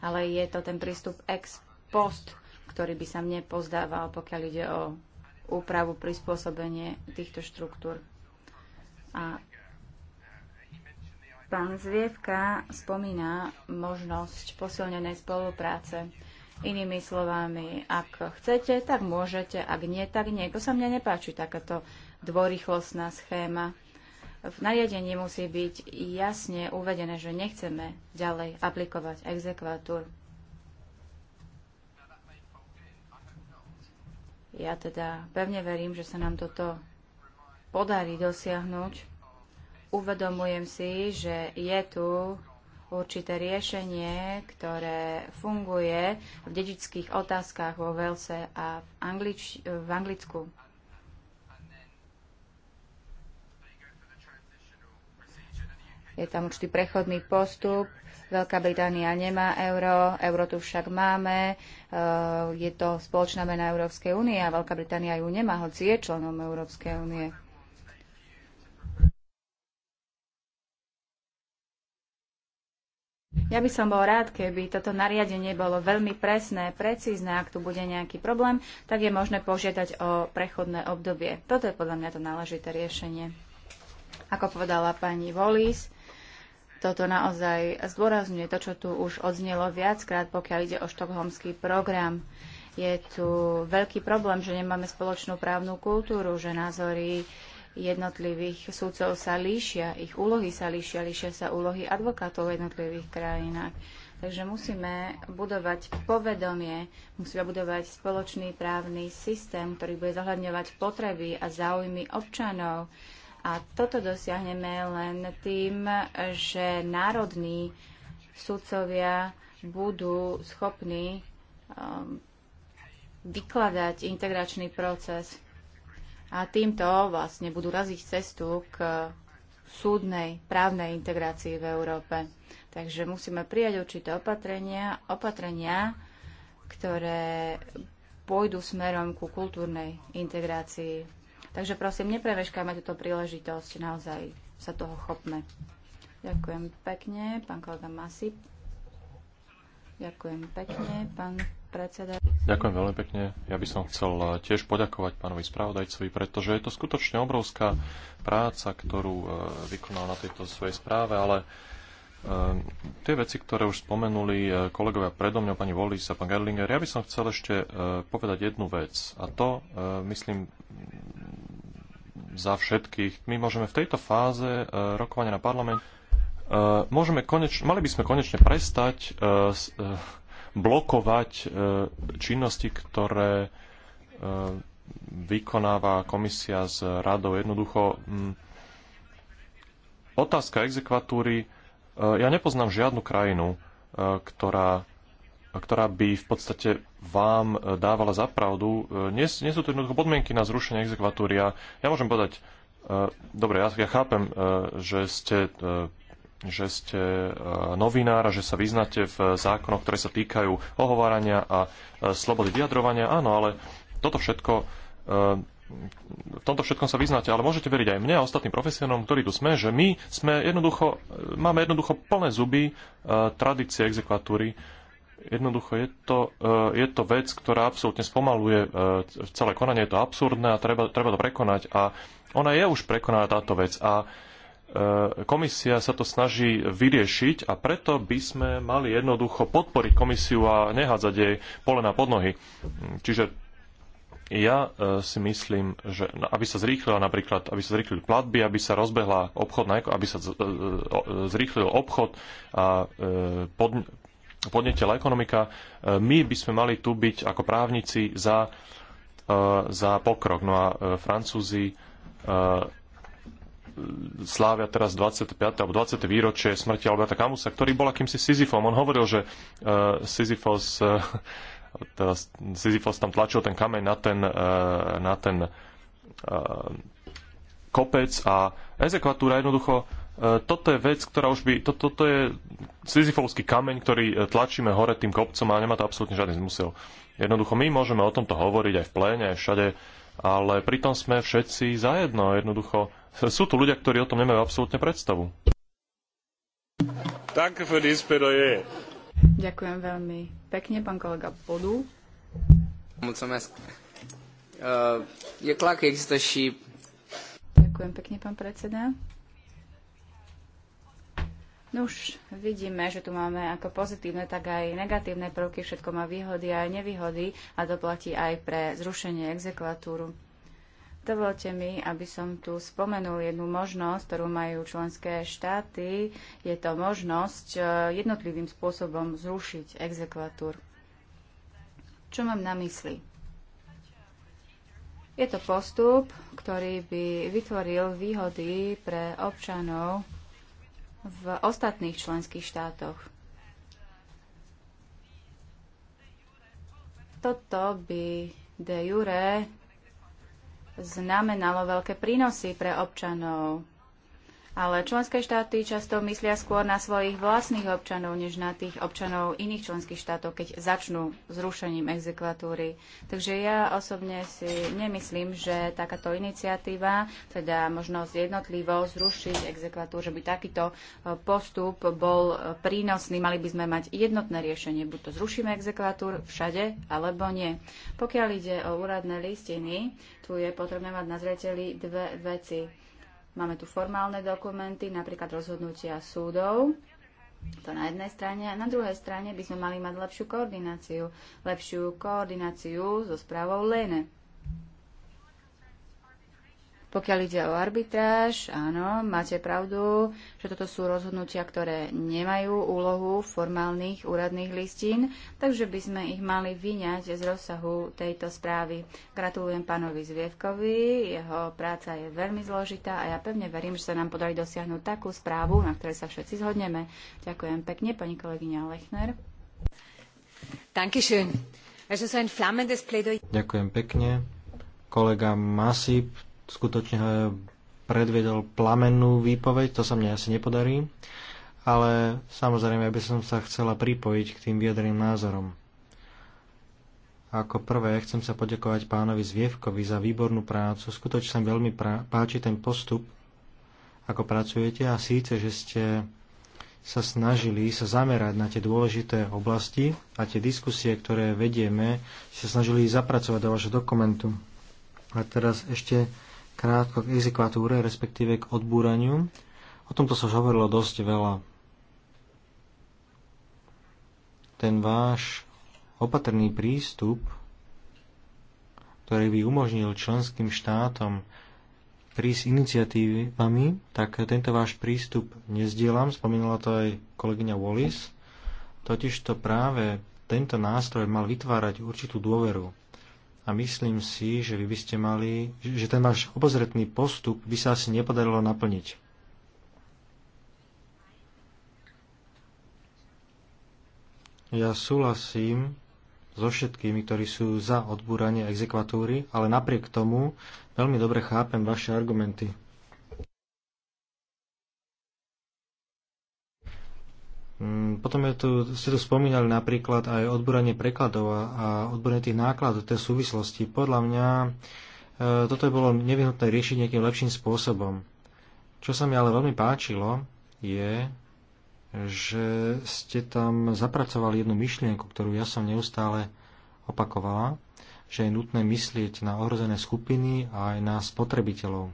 C: ale je to ten prístup ex post, ktorý by sa mne pozdával, pokiaľ ide o úpravu, prispôsobenie týchto štruktúr. A pán Zvievka spomína možnosť posilnenej spolupráce. Inými slovami, ak chcete, tak môžete, ak nie, tak nie. To sa mne nepáči, takáto dvorýchlostná schéma. V nariadení musí byť jasne uvedené, že nechceme ďalej aplikovať exekvátor. Ja teda pevne verím, že sa nám toto podarí dosiahnuť. Uvedomujem si, že je tu určité riešenie, ktoré funguje v dedičských otázkach vo Velse a v, Anglič- v Anglicku. je tam určitý prechodný postup. Veľká Británia nemá euro, euro tu však máme, eh, je to spoločná mena Európskej únie a Veľká Británia ju nemá, hoci je členom Európskej únie. Ja by som bol rád, keby toto nariadenie bolo veľmi presné, precízne. Ak tu bude nejaký problém, tak je možné požiadať o prechodné obdobie. Toto je podľa mňa to náležité riešenie. Ako povedala pani Volis, toto naozaj zdôrazňuje to, čo tu už odznelo viackrát, pokiaľ ide o štokholmský program. Je tu veľký problém, že nemáme spoločnú právnu kultúru, že názory jednotlivých súdcov sa líšia, ich úlohy sa líšia, líšia sa úlohy advokátov v jednotlivých krajinách. Takže musíme budovať povedomie, musíme budovať spoločný právny systém, ktorý bude zohľadňovať potreby a záujmy občanov, a toto dosiahneme len tým, že národní sudcovia budú schopní um, vykladať integračný proces a týmto vlastne budú raziť cestu k súdnej právnej integrácii v Európe. Takže musíme prijať určité opatrenia, opatrenia, ktoré pôjdu smerom ku kultúrnej integrácii Takže prosím, nepreveškajme túto príležitosť, naozaj sa toho chopme. Ďakujem pekne, pán kolega Masip. Ďakujem pekne, pán predseda.
A: Ďakujem veľmi pekne. Ja by som chcel eh, tiež poďakovať pánovi spravodajcovi, pretože je to skutočne obrovská práca, ktorú eh, vykonal na tejto svojej správe, ale eh, tie veci, ktoré už spomenuli kolegovia predo mňa, pani Wallis a pán Gerlinger, ja by som chcel ešte povedať jednu vec. A to, myslím, za všetkých. My môžeme v tejto fáze e, rokovania na parlamente e, môžeme koneč, mali by sme konečne prestať e, blokovať činnosti, ktoré vykonáva komisia s radou. Jednoducho otázka exekvatúry. Ja nepoznám žiadnu krajinu, ktorá, ktorá by v podstate vám e, dávala za pravdu. Nie, nie sú to jednoducho podmienky na zrušenie exekvatúria. Ja môžem povedať, e, dobre, ja, ja chápem, e, že ste že ste novinár a že sa vyznáte v zákonoch, ktoré sa týkajú ohovárania a slobody vyjadrovania. Áno, ale toto všetko v tomto všetkom sa vyznáte, ale môžete veriť aj mne a ostatným profesionom, ktorí tu sme, že my sme jednoducho, máme jednoducho plné zuby tradície exekvatúry jednoducho je to, eh, je to vec, ktorá absolútne spomaluje eh, celé konanie, je to absurdné a treba, treba to prekonať. A ona je už prekonaná táto vec a eh, komisia sa to snaží vyriešiť a preto by sme mali jednoducho podporiť komisiu a nehádzať jej pole na podnohy. Čiže ja si myslím, že aby sa zrýchlila napríklad, aby sa zrýchlili platby, aby sa rozbehla obchod, aby sa zrýchlil obchod a podnetila ekonomika, e, my by sme mali tu byť ako právnici za, e, za pokrok. No a e, Francúzi slávia teraz 25. alebo 20. výročie smrti Alberta Camusa, ktorý bol akýmsi Sisyfom. On hovoril, že Sisyfos, teda Sisyfos tam tlačil ten kameň na ten, na ten kopec a exekvatúra jednoducho E, toto je vec, ktorá už by... To, toto je Sisyfovský kameň, ktorý e, tlačíme hore tým kopcom a nemá to absolútne žiadny zmysel. Jednoducho my môžeme o tomto hovoriť aj v pléne, aj všade, ale pritom sme všetci zajedno. Jednoducho sú tu ľudia, ktorí o tom nemajú absolútne predstavu.
C: Ďakujem veľmi pekne, pán kolega Podu.
B: Mulțumesc. Uh, există și...
C: Ďakujem pekne, pán predseda. No už vidíme, že tu máme ako pozitívne, tak aj negatívne prvky, všetko má výhody a nevýhody a to platí aj pre zrušenie exekvatúru. Dovolte mi, aby som tu spomenul jednu možnosť, ktorú majú členské štáty. Je to možnosť e, jednotlivým spôsobom zrušiť exekvatúr. Čo mám na mysli? Je to postup, ktorý by vytvoril výhody pre občanov v ostatných členských štátoch. Toto by de jure znamenalo veľké prínosy pre občanov ale členské štáty často myslia skôr na svojich vlastných občanov, než na tých občanov iných členských štátov, keď začnú s rušením exekvatúry. Takže ja osobne si nemyslím, že takáto iniciatíva, teda možnosť jednotlivo zrušiť exekvatúru, že by takýto e, postup bol e, prínosný. Mali by sme mať jednotné riešenie, buď to zrušíme exekvatúr všade, alebo nie. Pokiaľ ide o úradné listiny, tu je potrebné mať na zreteli dve veci Máme tu formálne dokumenty, napríklad rozhodnutia súdov, to na jednej strane. A na druhej strane by sme mali mať lepšiu koordináciu. Lepšiu koordináciu so správou Lene. Pokiaľ ide o arbitráž, áno, máte pravdu, že toto sú rozhodnutia, ktoré nemajú úlohu formálnych úradných listín, takže by sme ich mali vyňať z rozsahu tejto správy. Gratulujem pánovi Zvievkovi, jeho práca je veľmi zložitá a ja pevne verím, že sa nám podarí dosiahnuť takú správu, na ktorej sa všetci zhodneme. Ďakujem pekne, pani kolegyňa Lechner.
B: Ďakujem pekne. Kolega Masip skutočne predvedol plamennú výpoveď, to sa mne asi nepodarí, ale samozrejme by som sa chcela pripojiť k tým viedrým názorom. Ako prvé chcem sa poďakovať pánovi Zvievkovi za výbornú prácu. Skutočne sa veľmi páči ten postup, ako pracujete a síce, že ste sa snažili sa zamerať na tie dôležité oblasti a tie diskusie, ktoré vedieme, ste sa snažili zapracovať do vašho dokumentu. A teraz ešte krátko k exekvatúre, respektíve k odbúraniu. O tomto sa už hovorilo dosť veľa. Ten váš opatrný prístup, ktorý by umožnil členským štátom prísť iniciatívami, tak tento váš prístup nezdielam, spomínala to aj kolegyňa Wallis, totiž to práve tento nástroj mal vytvárať určitú dôveru a myslím si, že vy by ste mali, že ten váš obozretný postup by sa asi nepodarilo naplniť. Ja súhlasím so všetkými, ktorí sú za odbúranie exekvatúry, ale napriek tomu veľmi dobre chápem vaše argumenty. Mm, potom je tu, ste tu spomínali napríklad aj odboranie prekladov a, a tých nákladov, tej súvislosti. Podľa mňa e, toto je bolo nevyhnutné riešiť nejakým lepším spôsobom. Čo sa mi ale veľmi páčilo, je, že ste tam zapracovali jednu myšlienku, ktorú ja som neustále opakovala, že je nutné myslieť na ohrozené skupiny a aj na spotrebiteľov.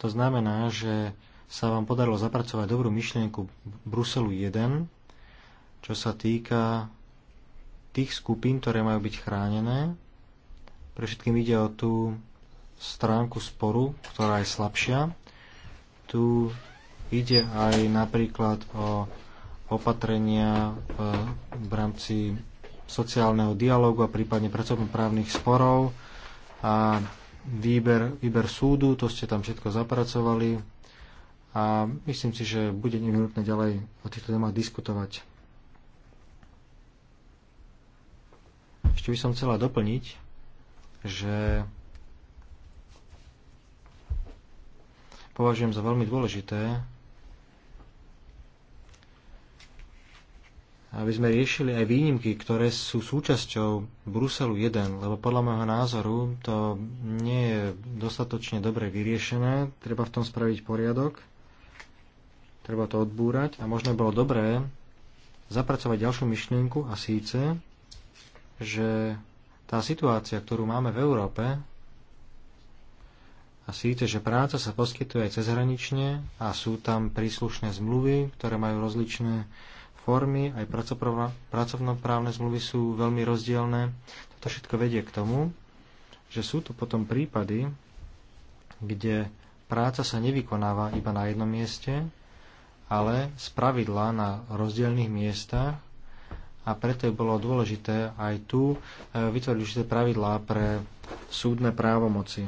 B: To znamená, že sa vám podarilo zapracovať dobrú myšlienku Bruselu 1, čo sa týka tých skupín, ktoré majú byť chránené. Pre všetkým ide o tú stránku sporu, ktorá je slabšia. Tu ide aj napríklad o opatrenia e, v rámci sociálneho dialogu a prípadne pracovnoprávnych sporov a výber, výber súdu, to ste tam všetko zapracovali a myslím si, že bude nevyhnutné ďalej o týchto témach diskutovať. Ešte by som chcela doplniť, že považujem za veľmi dôležité, aby sme riešili aj výnimky, ktoré sú súčasťou Bruselu 1, lebo podľa môjho názoru to nie je dostatočne dobre vyriešené, treba v tom spraviť poriadok treba to odbúrať a možno bolo dobré zapracovať ďalšiu myšlienku a síce, že tá situácia, ktorú máme v Európe, a síce, že práca sa poskytuje aj cezhranične a sú tam príslušné zmluvy, ktoré majú rozličné formy, aj pracovnoprávne zmluvy sú veľmi rozdielne. Toto všetko vedie k tomu, že sú tu potom prípady, kde práca sa nevykonáva iba na jednom mieste, ale z pravidla na rozdielných miestach a preto je bolo dôležité aj tu e, vytvoriť určité pravidlá pre súdne právomoci.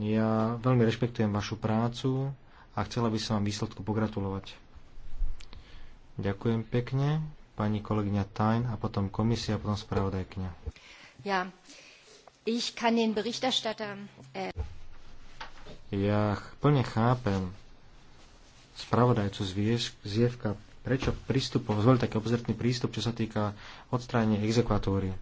B: Ja veľmi rešpektujem vašu prácu a chcela by som vám výsledku pogratulovať. Ďakujem pekne, pani kolegyňa Tajn a potom komisia a potom spravodajkňa. Ja, ich kann den Berichterstatter... Äh, ja plne chápem spravodajcu Zjevka, prečo pristupoval, zvolil taký obzretný prístup, čo sa týka odstránenia exekvatórie.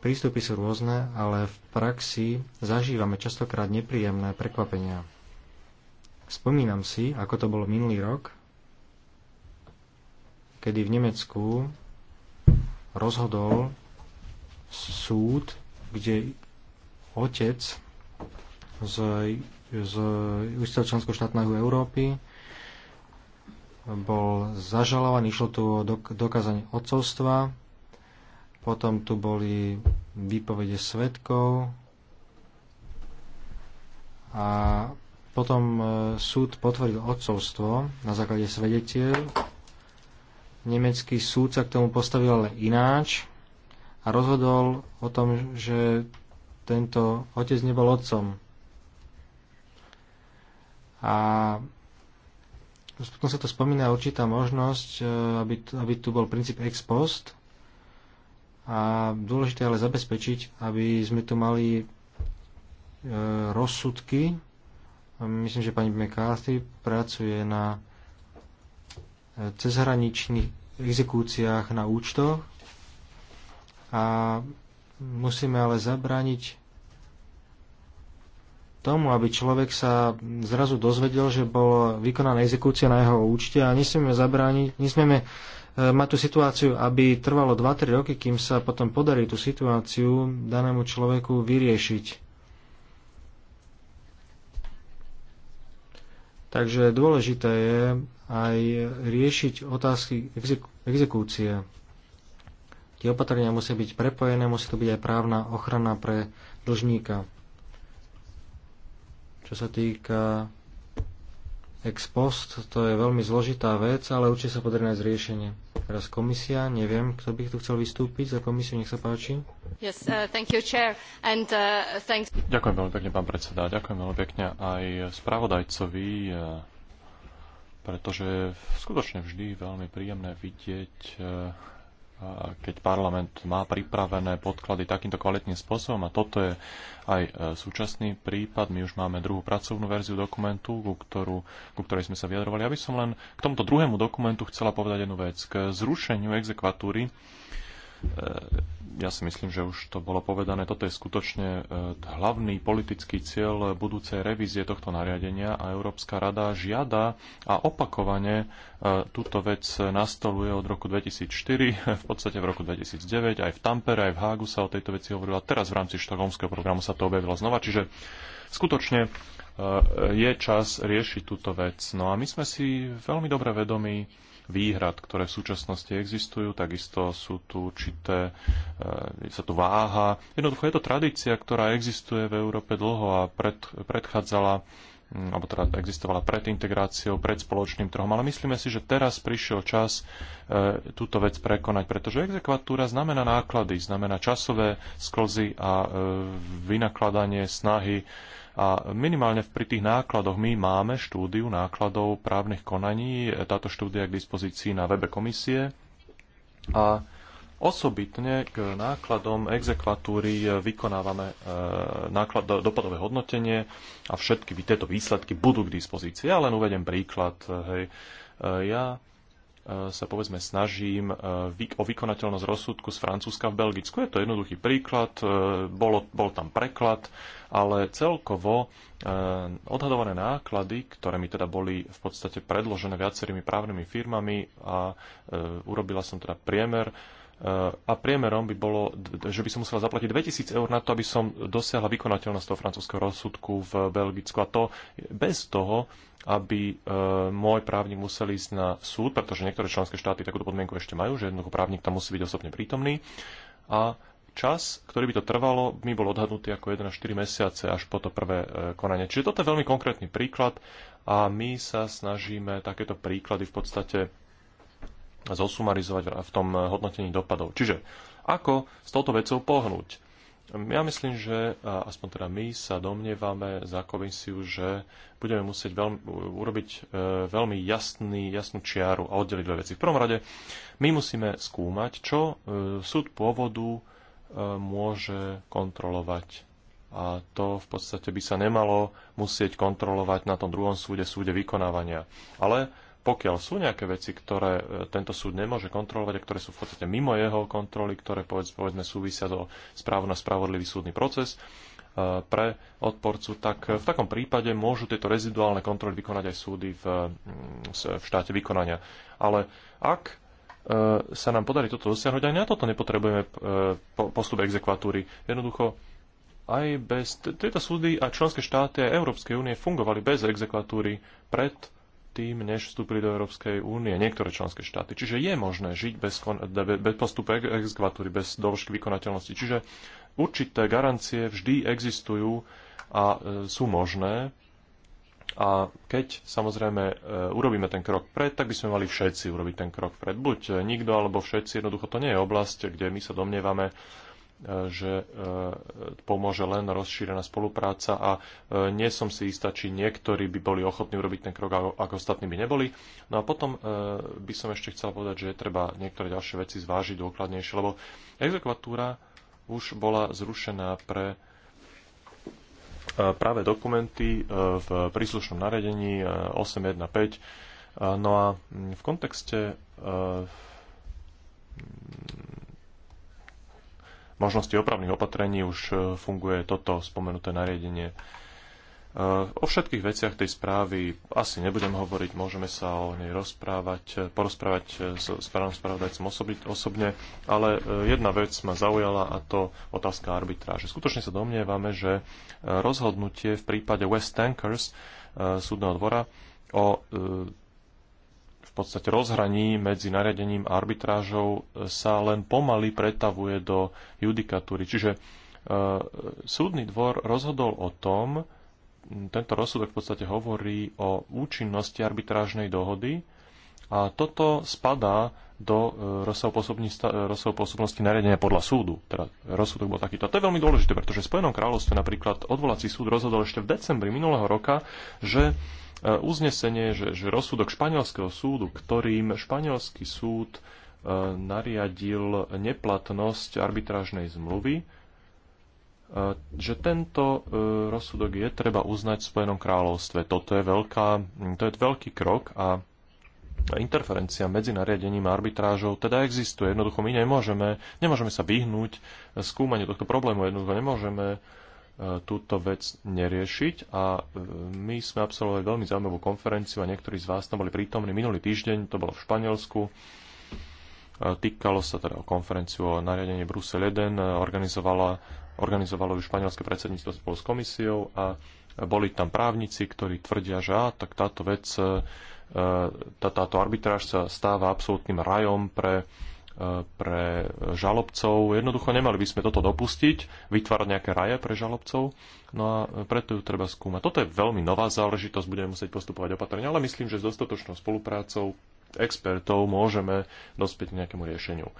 B: Prístupy sú rôzne, ale v praxi zažívame častokrát nepríjemné prekvapenia. Spomínam si, ako to bolo minulý rok, kedy v Nemecku rozhodol súd, kde otec z z ústav členského štátneho Európy. Bol zažalovaný, išlo tu o dokázanie odcovstva. Potom tu boli výpovede svetkov. A potom e, súd potvrdil odcovstvo na základe svedetiev. Nemecký súd sa k tomu postavil ale ináč a rozhodol o tom, že tento otec nebol otcom. A potom sa to spomína určitá možnosť, e, aby, aby tu bol princíp ex post. A dôležité ale zabezpečiť, aby sme tu mali e, rozsudky. Myslím, že pani McCarthy pracuje na e, cezhraničných exekúciách na účtoch a musíme ale zabrániť tomu, aby človek sa zrazu dozvedel, že bola vykonaná exekúcia na jeho účte a nesmieme zabrániť, nesmieme e, mať tú situáciu, aby trvalo 2-3 roky, kým sa potom podarí tú situáciu danému človeku vyriešiť. Takže dôležité je aj riešiť otázky exekúcie. Tie opatrenia musia byť prepojené, musí to byť aj právna ochrana pre dlžníka. Čo sa týka ex post, to je veľmi zložitá vec, ale určite sa podarí nájsť riešenie. Teraz komisia, neviem, kto by tu chcel vystúpiť za komisiu, nech sa páči.
C: Yes, uh, thank you, chair. And, uh, thanks...
A: Ďakujem veľmi pekne, pán predseda. Ďakujem veľmi pekne aj spravodajcovi, eh, pretože skutočne vždy veľmi príjemné vidieť uh, keď parlament má pripravené podklady takýmto kvalitným spôsobom. A toto je aj e, súčasný prípad. My už máme druhú pracovnú verziu dokumentu, ku, ktorú, ku ktorej sme sa vyjadrovali. Aby som len k tomuto druhému dokumentu chcela povedať jednu vec. K zrušeniu exekvatúry ja si myslím, že už to bolo povedané, toto je skutočne e, hlavný politický cieľ budúcej revízie tohto nariadenia a Európska rada žiada a opakovane e, túto vec nastoluje od roku 2004, v podstate v roku 2009, aj v Tampere, aj v Hágu sa o tejto veci hovorilo a teraz v rámci štokholmského programu sa to objavilo znova, čiže skutočne e, je čas riešiť túto vec. No a my sme si veľmi dobre vedomi, výhrad, ktoré v súčasnosti existujú, takisto sú tu určité, e, sa tu váha. Jednoducho je to tradícia, ktorá existuje v Európe dlho a pred, predchádzala mm, alebo teda existovala pred integráciou, pred spoločným trhom. Ale myslíme si, že teraz prišiel čas e, túto vec prekonať, pretože exekvatúra znamená náklady, znamená časové sklzy a e, vynakladanie snahy a minimálne pri tých nákladoch my máme štúdiu nákladov právnych konaní. Táto štúdia je k dispozícii na webe komisie. A Osobitne k nákladom exekvatúry vykonávame náklad, dopadové hodnotenie a všetky tieto výsledky budú k dispozícii. Ja len uvedem príklad. E, hej. E, ja Eh, sa povedzme snažím eh, o vykonateľnosť rozsudku z Francúzska v Belgicku. Je to jednoduchý príklad, eh, bolo, bol tam preklad, ale celkovo odhadované náklady, ktoré mi teda boli v podstate predložené viacerými právnymi firmami a urobila som teda priemer, a priemerom by bolo, že by som musela zaplatiť 2000 eur na to, aby som dosiahla vykonateľnosť toho francúzského rozsudku v Belgicku. A to bez toho, aby e, môj právnik musel ísť na súd, pretože niektoré členské štáty takúto podmienku ešte majú, že jednoducho právnik tam musí byť osobne prítomný. A čas, ktorý by to trvalo, mi bol odhadnutý ako 1 až 4 mesiace až po to prvé e, konanie. Čiže toto je veľmi konkrétny príklad a my sa snažíme takéto príklady v podstate zosumarizovať v tom hodnotení dopadov. Čiže ako s touto vecou pohnúť? Ja myslím, že aspoň teda my sa domnievame za komisiu, že budeme musieť veľmi, urobiť e, veľmi jasný, jasnú čiaru a oddeliť dve veci. V prvom rade, my musíme skúmať, čo e, súd pôvodu e, môže kontrolovať. A to v podstate by sa nemalo musieť kontrolovať na tom druhom súde, súde vykonávania. Ale pokiaľ sú nejaké veci, ktoré e, tento súd nemôže kontrolovať a ktoré sú v podstate mimo jeho kontroly, ktoré povedzme súvisia so správu na spravodlivý súdny proces e, pre odporcu, tak v takom prípade môžu tieto reziduálne kontroly vykonať aj súdy v, mm, v štáte vykonania. Ale ak e, sa nám podarí toto dosiahnuť, aj na toto nepotrebujeme postup exekvatúry. Jednoducho aj bez... Tieto súdy a členské štáty a Európskej únie fungovali bez exekvatúry pred tým, než vstúpili do Európskej únie niektoré členské štáty. Čiže je možné žiť bez, kon- bez postupu exkvatúry, bez dĺžky vykonateľnosti. Čiže určité garancie vždy existujú a e, sú možné. A keď samozrejme e, urobíme ten krok pred, tak by sme mali všetci urobiť ten krok pred. Buď e, nikto alebo všetci, jednoducho to nie je oblasť, kde my sa domnievame, že e, pomôže len rozšírená spolupráca a e, nie som si istá, či niektorí by boli ochotní urobiť ten krok, ako ostatní by neboli. No a potom e, by som ešte chcel povedať, že je treba niektoré ďalšie veci zvážiť dôkladnejšie, lebo exekvatúra už bola zrušená pre práve dokumenty v príslušnom nariadení 815. No a v kontexte možnosti opravných opatrení už e, funguje toto spomenuté nariadenie. E, o všetkých veciach tej správy asi nebudem hovoriť, môžeme sa o nej rozprávať, e, porozprávať s správnym spravodajcom osobne, ale jedna vec ma zaujala a to otázka arbitráže. Skutočne sa domnievame, že rozhodnutie v prípade West Tankers súdneho dvora o v podstate rozhraní medzi nariadením a arbitrážou e, sa len pomaly pretavuje do judikatúry. Čiže e, súdny dvor rozhodol o tom, tento rozsudok v podstate hovorí o účinnosti arbitrážnej dohody a toto spadá do e, e, rozsahu pôsobnosti, nariadenia podľa súdu. Teda rozsudok bol takýto. A to je veľmi dôležité, pretože v Spojenom kráľovstve napríklad odvolací súd rozhodol ešte v decembri minulého roka, že E, uznesenie, že, že rozsudok španielského súdu, ktorým španielský súd e, nariadil neplatnosť arbitrážnej zmluvy, e, že tento rozsudok je treba uznať v Spojenom kráľovstve. Toto je, veľká, to je veľký krok a interferencia medzi nariadením a arbitrážou teda existuje. Jednoducho my nemôžeme, nemôžeme sa vyhnúť skúmaniu tohto problému. Jednoducho nemôžeme túto vec neriešiť a e, my sme absolvovali veľmi zaujímavú konferenciu a niektorí z vás tam boli prítomní minulý týždeň, to bolo v Španielsku. E, týkalo sa teda o konferenciu o nariadení Brusel 1, e, organizovala, organizovalo ju španielské predsedníctvo spolu s komisiou a boli tam právnici, ktorí tvrdia, že á, tak táto vec, tá, táto arbitráž sa stáva absolútnym rajom pre pre žalobcov. Jednoducho nemali by sme toto dopustiť, vytvárať nejaké raje pre žalobcov. No a preto ju treba skúmať. Toto je veľmi nová záležitosť, budeme musieť postupovať opatrne, ale myslím, že s dostatočnou spoluprácou expertov môžeme dospieť k nejakému riešeniu.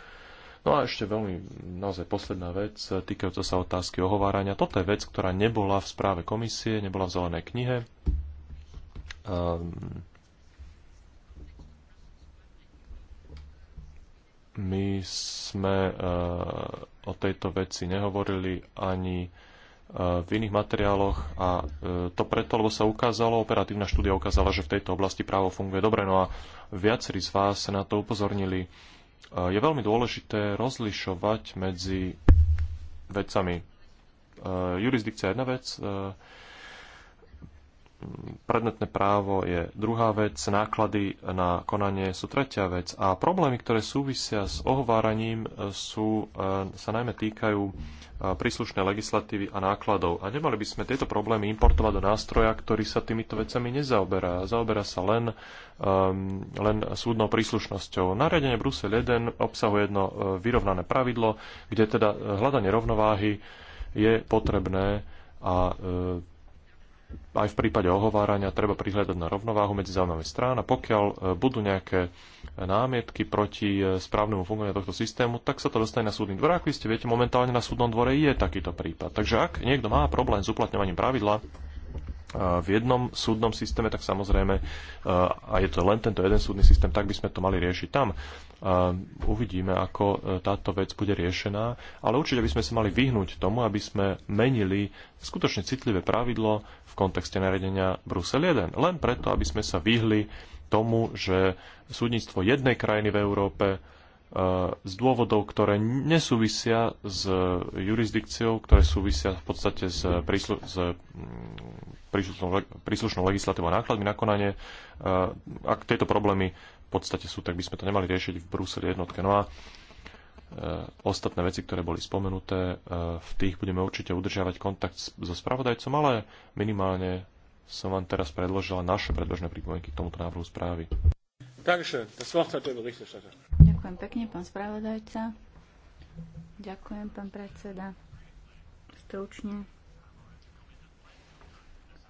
A: No a ešte veľmi naozaj posledná vec, týkajúca sa otázky ohovárania. Toto je vec, ktorá nebola v správe komisie, nebola v zelenej knihe. Um, My sme e, o tejto veci nehovorili ani e, v iných materiáloch a e, to preto, lebo sa ukázalo, operatívna štúdia ukázala, že v tejto oblasti právo funguje dobre. No a viacerí z vás sa na to upozornili. Je veľmi dôležité rozlišovať medzi vecami. Jurisdikcia je jedna vec, predmetné právo je druhá vec, náklady na konanie sú tretia vec a problémy, ktoré súvisia s ohováraním, e, sú, e, sa najmä týkajú e, príslušnej legislatívy a nákladov. A nemali by sme tieto problémy importovať do nástroja, ktorý sa týmito vecami nezaoberá. Zaoberá sa len, um, len súdnou príslušnosťou. Nariadenie Brusel 1 obsahuje jedno vyrovnané pravidlo, kde teda hľadanie rovnováhy je potrebné a aj v prípade ohovárania treba prihľadať na rovnováhu medzi záujmami strán a pokiaľ e, budú nejaké námietky proti e, správnemu fungovaniu tohto systému, tak sa to dostane na súdny dvor. Ako ste viete, momentálne na súdnom dvore je takýto prípad. Takže ak niekto má problém s uplatňovaním pravidla, v jednom súdnom systéme, tak samozrejme, a je to len tento jeden súdny systém, tak by sme to mali riešiť tam. Uvidíme, ako e, táto vec bude riešená, ale určite by sme sa mali vyhnúť tomu, aby sme menili skutočne citlivé pravidlo v kontexte nariadenia Brusel 1, len preto, aby sme sa vyhli tomu, že súdnictvo jednej krajiny v Európe E, z dôvodov, ktoré nesúvisia s e, jurisdikciou, ktoré súvisia v podstate s, e, príslu- s príslušnou, príslušnou legislatívou a nákladmi na konanie. Ak tieto problémy v podstate sú, tak by sme to nemali riešiť v Bruseli jednotke. No a ostatné veci, ktoré boli spomenuté, v tých budeme určite udržiavať kontakt so spravodajcom, ale minimálne som vám teraz predložila naše predbežné pripomienky k tomuto návrhu správy. Takže, das Wort hat der Berichterstatter.
C: Ďakujem pekne, pán spravodajca. Ďakujem, pán predseda. Stručne.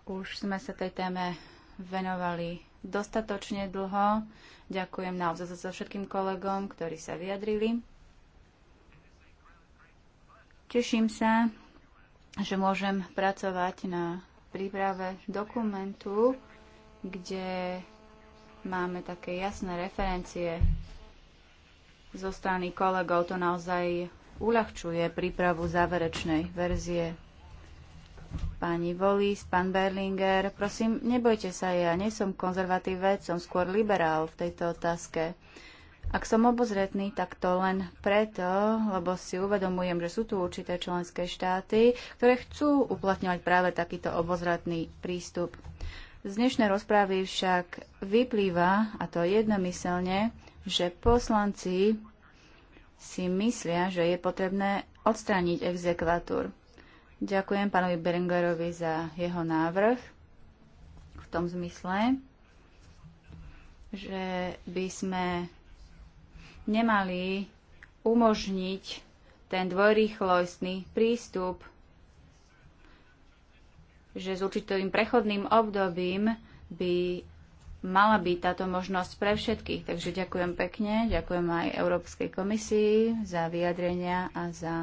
C: Už sme sa tej téme venovali dostatočne dlho. Ďakujem naozaj za všetkým kolegom, ktorí sa vyjadrili. Teším sa, že môžem pracovať na príprave dokumentu, kde máme také jasné referencie zo strany kolegov to naozaj uľahčuje prípravu záverečnej verzie. Pani Volis, pán Berlinger, prosím, nebojte sa, ja nie som konzervatívec, som skôr liberál v tejto otázke. Ak som obozretný, tak to len preto, lebo si uvedomujem, že sú tu určité členské štáty, ktoré chcú uplatňovať práve takýto obozretný prístup. Z dnešnej rozprávy však vyplýva, a to jednomyselne, že poslanci si myslia, že je potrebné odstrániť exekvatúr. Ďakujem pánovi Berengerovi za jeho návrh v tom zmysle, že by sme nemali umožniť ten dvojrýchlostný prístup, že s určitým prechodným obdobím by mala byť táto možnosť pre všetkých. Takže ďakujem pekne, ďakujem aj Európskej komisii za vyjadrenia a za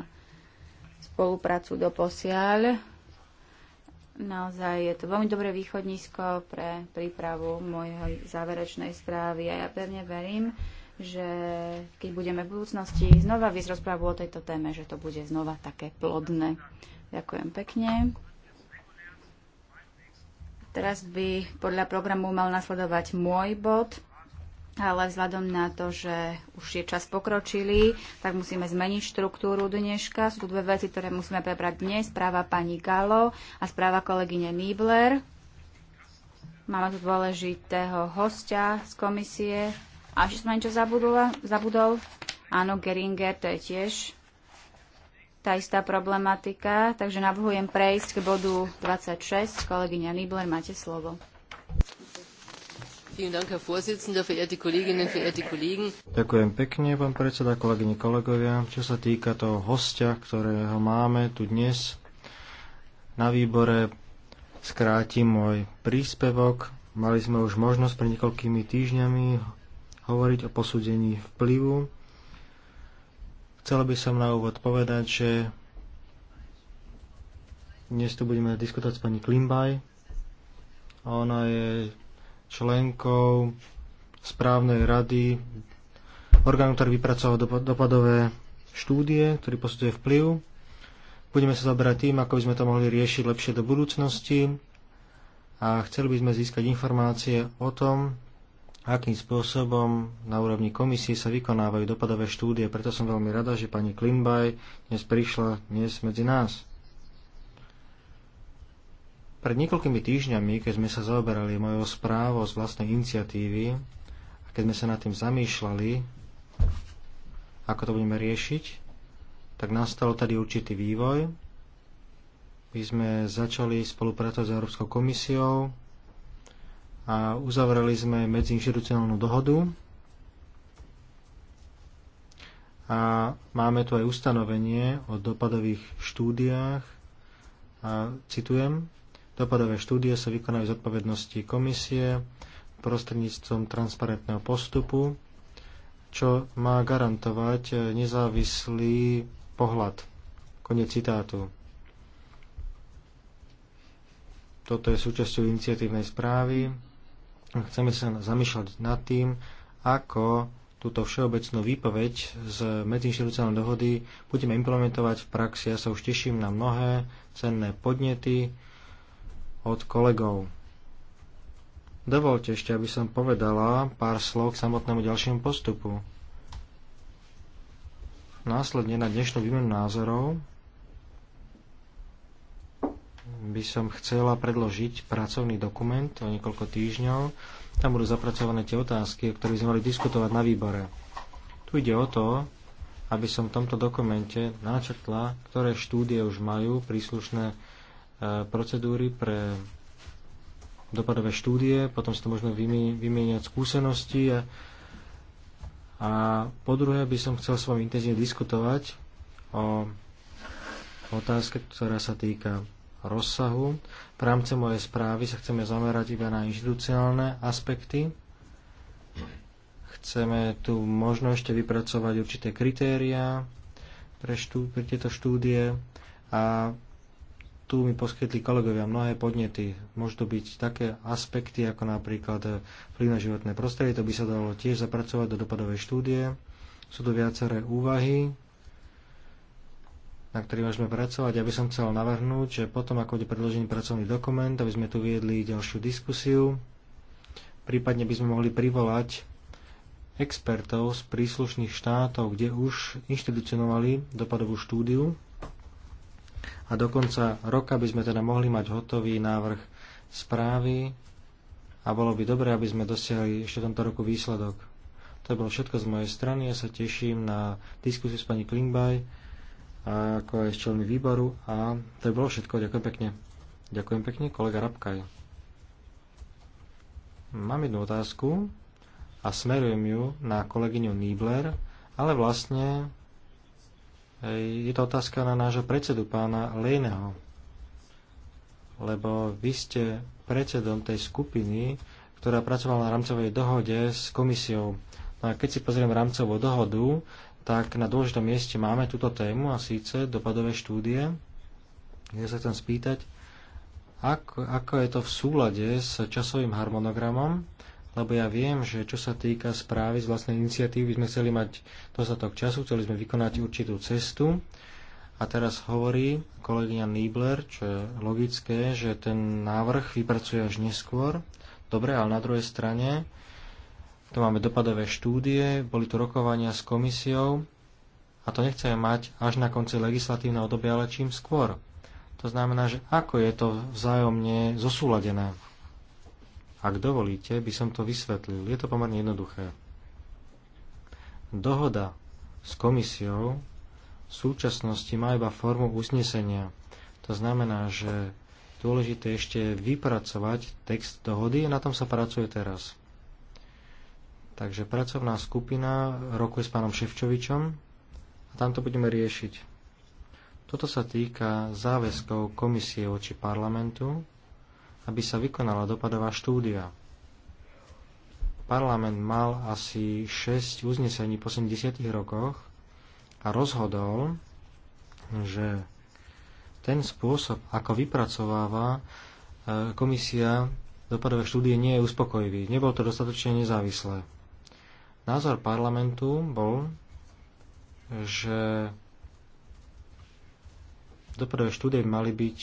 C: spoluprácu do posiaľ. Naozaj je to veľmi dobré východnisko pre prípravu mojej záverečnej správy a ja pevne verím, že keď budeme v budúcnosti znova vysť rozprávu o tejto téme, že to bude znova také plodné. Ďakujem pekne. Teraz by podľa programu mal nasledovať môj bod, ale vzhľadom na to, že už je čas pokročilý, tak musíme zmeniť štruktúru dneška. Sú tu dve veci, ktoré musíme prebrať dnes. Správa pani Galo a správa kolegyne Nibler. Máme tu dôležitého hostia z komisie. A ešte som niečo zabudol. zabudol. Áno, Geringer, to je tiež tá istá problematika, takže navrhujem prejsť k bodu 26. Kolegyňa Nibler, máte slovo.
B: Ďakujem pekne, pán predseda, kolegyne, kolegovia. Čo sa týka toho hostia, ktorého máme tu dnes na výbore, skrátim môj príspevok. Mali sme už možnosť pred niekoľkými týždňami hovoriť o posúdení vplyvu Chcela by som na úvod povedať, že dnes tu budeme diskutovať s pani Klimbaj. Ona je členkou správnej rady orgánu, ktorý vypracoval dopadové štúdie, ktorý posudzuje vplyv. Budeme sa zaberať tým, ako by sme to mohli riešiť lepšie do budúcnosti a chceli by sme získať informácie o tom, akým spôsobom na úrovni komisie sa vykonávajú dopadové štúdie. Preto som veľmi rada, že pani Klimbaj dnes prišla dnes medzi nás. Pred niekoľkými týždňami, keď sme sa zaoberali mojou správou z vlastnej iniciatívy a keď sme sa nad tým zamýšľali, ako to budeme riešiť, tak nastal tady určitý vývoj. My sme začali spolupracovať s Európskou komisiou, a uzavreli sme medziinštitucionálnu dohodu a máme tu aj ustanovenie o dopadových štúdiách a citujem, dopadové štúdie sa vykonajú z odpovednosti komisie prostredníctvom transparentného postupu, čo má garantovať e, nezávislý pohľad. Konec citátu. Toto je súčasťou iniciatívnej správy chceme sa zamýšľať nad tým, ako túto všeobecnú výpoveď z medziinštitucionálnej dohody budeme implementovať v praxi. Ja sa už teším na mnohé cenné podnety od kolegov. Dovolte ešte, aby som povedala pár slov k samotnému ďalšiemu postupu. Následne na dnešnú výmenu názorov by som chcela predložiť pracovný dokument o niekoľko týždňov. Tam budú zapracované tie otázky, o ktorých sme mali diskutovať na výbore. Tu ide o to, aby som v tomto dokumente načrtla, ktoré štúdie už majú príslušné e, procedúry pre dopadové štúdie, potom si to môžeme vymieňať skúsenosti a, a po druhé by som chcel s vami intenzívne diskutovať o otázke, ktorá sa týka rozsahu. V rámci mojej správy sa chceme zamerať iba na inštitucionálne aspekty. Chceme tu možno ešte vypracovať určité kritéria pre, štú, pre tieto štúdie a tu mi poskytli kolegovia mnohé podnety. Môžu to byť také aspekty, ako napríklad vplyv na životné prostredie, to by sa dalo tiež zapracovať do dopadovej štúdie. Sú tu viaceré úvahy, na ktorý môžeme pracovať. Ja by som chcel navrhnúť, že potom, ako bude predložený pracovný dokument, aby sme tu viedli ďalšiu diskusiu, prípadne by sme mohli privolať expertov z príslušných štátov, kde už inštitucionovali dopadovú štúdiu a do konca roka by sme teda mohli mať hotový návrh správy a bolo by dobré, aby sme dosiahli ešte tomto roku výsledok. To bolo všetko z mojej strany. Ja sa teším na diskusiu s pani Klingbaj ako aj s členmi výboru a to je bolo všetko. Ďakujem pekne. Ďakujem pekne, kolega Rabkaj. Mám jednu otázku a smerujem ju na kolegyňu Niebler, ale vlastne je to otázka na nášho predsedu, pána Lejného. Lebo vy ste predsedom tej skupiny, ktorá pracovala na rámcovej dohode s komisiou. No a keď si pozriem rámcovú dohodu, tak na dôležitom mieste máme túto tému a síce dopadové štúdie, kde ja sa chcem spýtať, ako, ako je to v súlade s časovým harmonogramom, lebo ja viem, že čo sa týka správy z vlastnej iniciatívy, sme chceli mať dostatok času, chceli sme vykonať určitú cestu, a teraz hovorí kolegyňa Niebler, čo je logické, že ten návrh vypracuje až neskôr. Dobre, ale na druhej strane to máme dopadové štúdie, boli tu rokovania s komisiou a to nechceme mať až na konci legislatívneho obdobia, ale čím skôr. To znamená, že ako je to vzájomne zosúladené. Ak dovolíte, by som to vysvetlil. Je to pomerne jednoduché. Dohoda s komisiou v súčasnosti má iba formu uznesenia. To znamená, že dôležité ešte vypracovať text dohody a na tom sa pracuje teraz. Takže pracovná skupina rokuje s pánom Ševčovičom a tam to budeme riešiť. Toto sa týka záväzkov komisie voči parlamentu, aby sa vykonala dopadová štúdia. Parlament mal asi 6 uznesení po 70 rokoch a rozhodol, že ten spôsob, ako vypracováva e, komisia dopadové štúdie, nie je uspokojivý. Nebol to dostatočne nezávislé. Názor parlamentu bol, že dopadové štúdie mali byť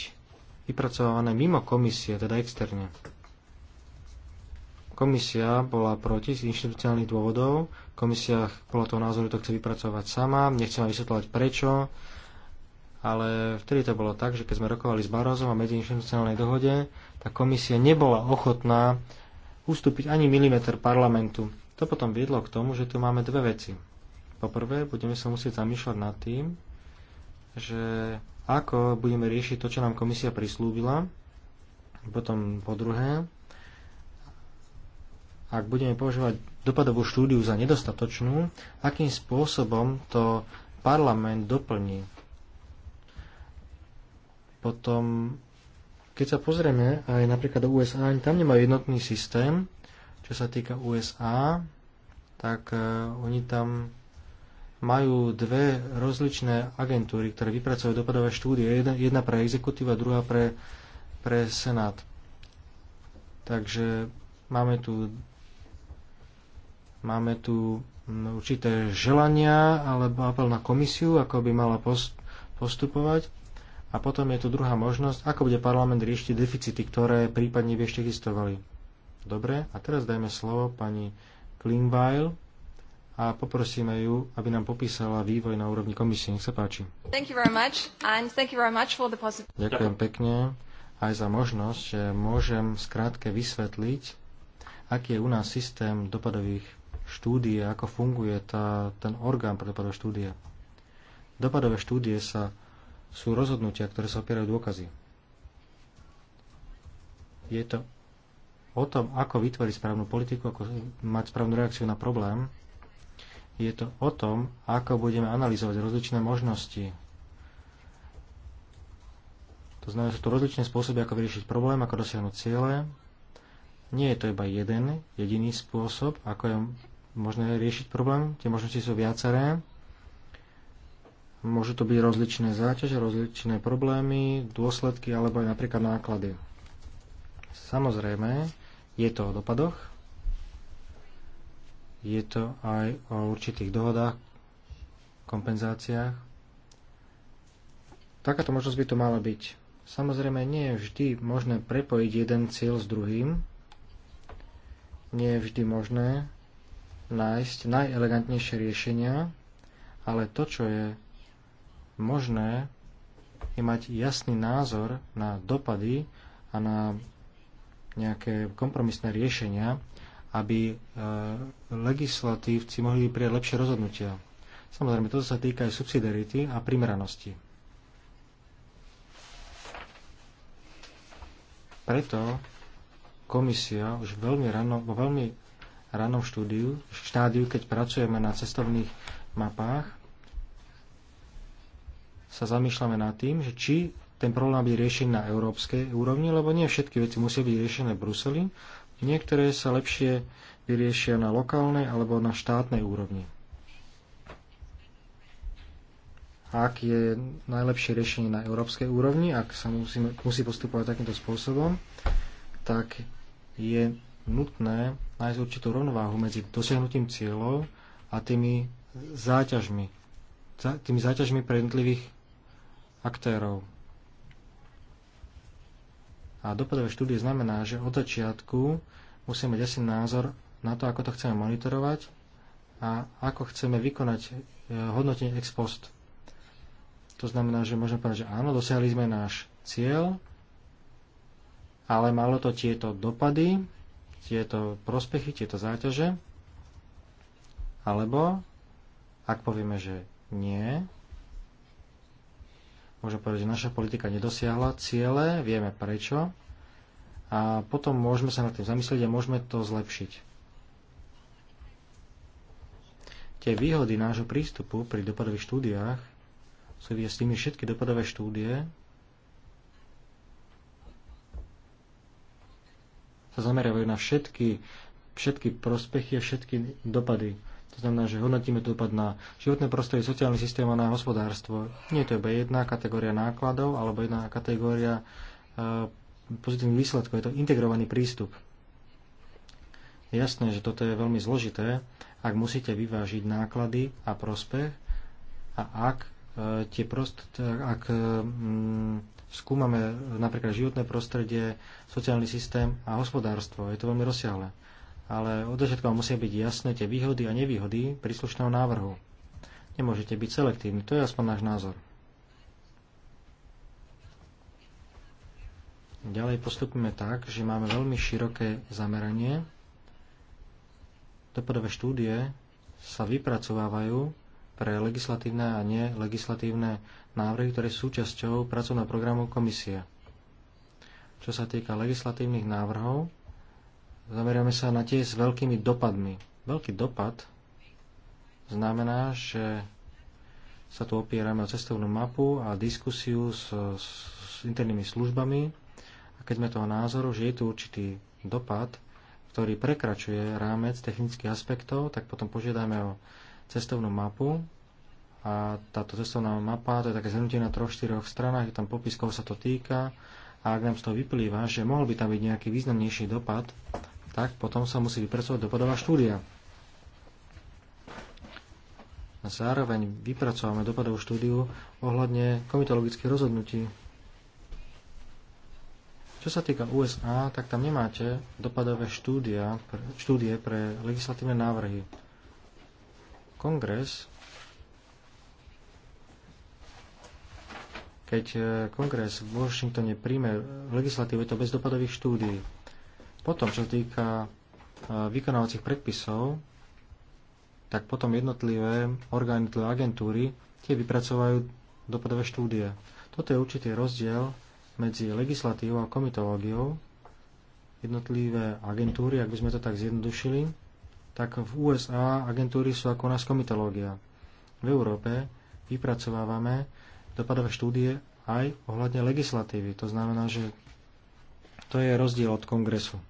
B: vypracované mimo komisie, teda externe. Komisia bola proti z inštitucionálnych dôvodov. Komisia bola toho názoru, že to chce vypracovať sama. Nechcem vysvetľovať prečo. Ale vtedy to bolo tak, že keď sme rokovali s Barozom a medziinštitucionálnej dohode, tá komisia nebola ochotná ustúpiť ani milimeter parlamentu. To potom viedlo k tomu, že tu máme dve veci. Poprvé, budeme sa musieť zamýšľať nad tým, že ako budeme riešiť to, čo nám komisia prislúbila. Potom po druhé, ak budeme používať dopadovú štúdiu za nedostatočnú, akým spôsobom to parlament doplní. Potom, keď sa pozrieme aj napríklad do USA, tam nemajú jednotný systém čo sa týka USA, tak e, oni tam majú dve rozličné agentúry, ktoré vypracujú dopadové štúdie. Jedna, jedna pre exekutíva, druhá pre, pre senát. Takže máme tu, máme tu určité želania alebo apel na komisiu, ako by mala postupovať. A potom je tu druhá možnosť, ako bude parlament riešiť deficity, ktoré prípadne by ešte existovali. Dobre, a teraz dajme slovo pani Klingbeil a poprosíme ju, aby nám popísala vývoj na úrovni komisie. Nech sa páči. Ďakujem pekne aj za možnosť, že môžem skrátke vysvetliť, aký je u nás systém dopadových štúdie, ako funguje tá, ten orgán pre dopadové štúdie. Dopadové štúdie sa, sú rozhodnutia, ktoré sa opierajú dôkazy. Je to o tom, ako vytvoriť správnu politiku, ako mať správnu reakciu na problém. Je to o tom, ako budeme analyzovať rozličné možnosti. To znamená, sú to rozličné spôsoby, ako vyriešiť problém, ako dosiahnuť ciele. Nie je to iba jeden, jediný spôsob, ako je možné riešiť problém. Tie možnosti sú viaceré. Môžu to byť rozličné záťaže, rozličné problémy, dôsledky alebo aj napríklad náklady. Samozrejme, je to o dopadoch, je to aj o určitých dohodách, kompenzáciách. Takáto možnosť by to mala byť. Samozrejme, nie je vždy možné prepojiť jeden cieľ s druhým. Nie je vždy možné nájsť najelegantnejšie riešenia, ale to, čo je možné, je mať jasný názor na dopady a na nejaké kompromisné riešenia, aby e, legislatívci mohli prijať lepšie rozhodnutia. Samozrejme, toto sa týka aj subsidiarity a primeranosti. Preto komisia už veľmi rano, vo veľmi ranom štúdiu, štádiu, keď pracujeme na cestovných mapách, sa zamýšľame nad tým, že či ten problém byť riešený na európskej úrovni, lebo nie všetky veci musia byť riešené v Bruseli. Niektoré sa lepšie vyriešia na lokálnej alebo na štátnej úrovni. Ak je najlepšie riešenie na európskej úrovni, ak sa musí, musí postupovať takýmto spôsobom, tak je nutné nájsť určitú rovnováhu medzi dosiahnutím cieľov a tými záťažmi, tými záťažmi pre jednotlivých aktérov. A dopadové štúdie znamená, že od začiatku musíme mať jasný názor na to, ako to chceme monitorovať a ako chceme vykonať e, hodnotenie ex post. To znamená, že môžeme povedať, že áno, dosiahli sme náš cieľ, ale malo to tieto dopady, tieto prospechy, tieto záťaže. Alebo ak povieme, že nie, Môžem povedať, že naša politika nedosiahla ciele, vieme prečo a potom môžeme sa nad tým zamyslieť a môžeme to zlepšiť. Tie výhody nášho prístupu pri dopadových štúdiách súvisia s tými všetky dopadové štúdie sa zameriavajú na všetky, všetky prospechy a všetky dopady. To znamená, že hodnotíme dopad na životné prostredie, sociálny systém a na hospodárstvo. Nie je to iba jedna kategória nákladov alebo jedna kategória eh, pozitívnych výsledkov. Je to integrovaný prístup. Je jasné, že toto je veľmi zložité, ak musíte vyvážiť náklady a prospech a ak, eh, tie prost, ak eh, skúmame napríklad životné prostredie, sociálny systém a hospodárstvo. Je to veľmi rozsiahle ale odovšetkého musia byť jasné tie výhody a nevýhody príslušného návrhu. Nemôžete byť selektívni, to je aspoň náš názor. Ďalej postupíme tak, že máme veľmi široké zameranie. Dopadové štúdie sa vypracovávajú pre legislatívne a nelegislatívne návrhy, ktoré sú súčasťou pracovného programu komisie. Čo sa týka legislatívnych návrhov, Zameriame sa na tie s veľkými dopadmi. Veľký dopad znamená, že sa tu opierame o cestovnú mapu a diskusiu s, s, internými službami. A keď sme toho názoru, že je tu určitý dopad, ktorý prekračuje rámec technických aspektov, tak potom požiadame o cestovnú mapu. A táto cestovná mapa, to je také zhrnutie na troch, štyroch stranách, je tam popis, koho sa to týka. A ak nám z toho vyplýva, že mohol by tam byť nejaký významnejší dopad tak potom sa musí vypracovať dopadová štúdia. A zároveň vypracováme dopadovú štúdiu ohľadne komitologických rozhodnutí. Čo sa týka USA, tak tam nemáte dopadové štúdia, štúdie pre legislatívne návrhy. Kongres keď eh, kongres v Washingtone príjme legislatívu, je to bez dopadových štúdií. Potom, čo týka e, vykonávacích predpisov, tak potom jednotlivé orgány, jednotlivé agentúry tie vypracovajú dopadové štúdie. Toto je určitý rozdiel medzi legislatívou a komitológiou. Jednotlivé agentúry, ak by sme to tak zjednodušili, tak v USA agentúry sú ako nás komitológia. V Európe vypracovávame dopadové štúdie aj ohľadne legislatívy. To znamená, že to je rozdiel od kongresu.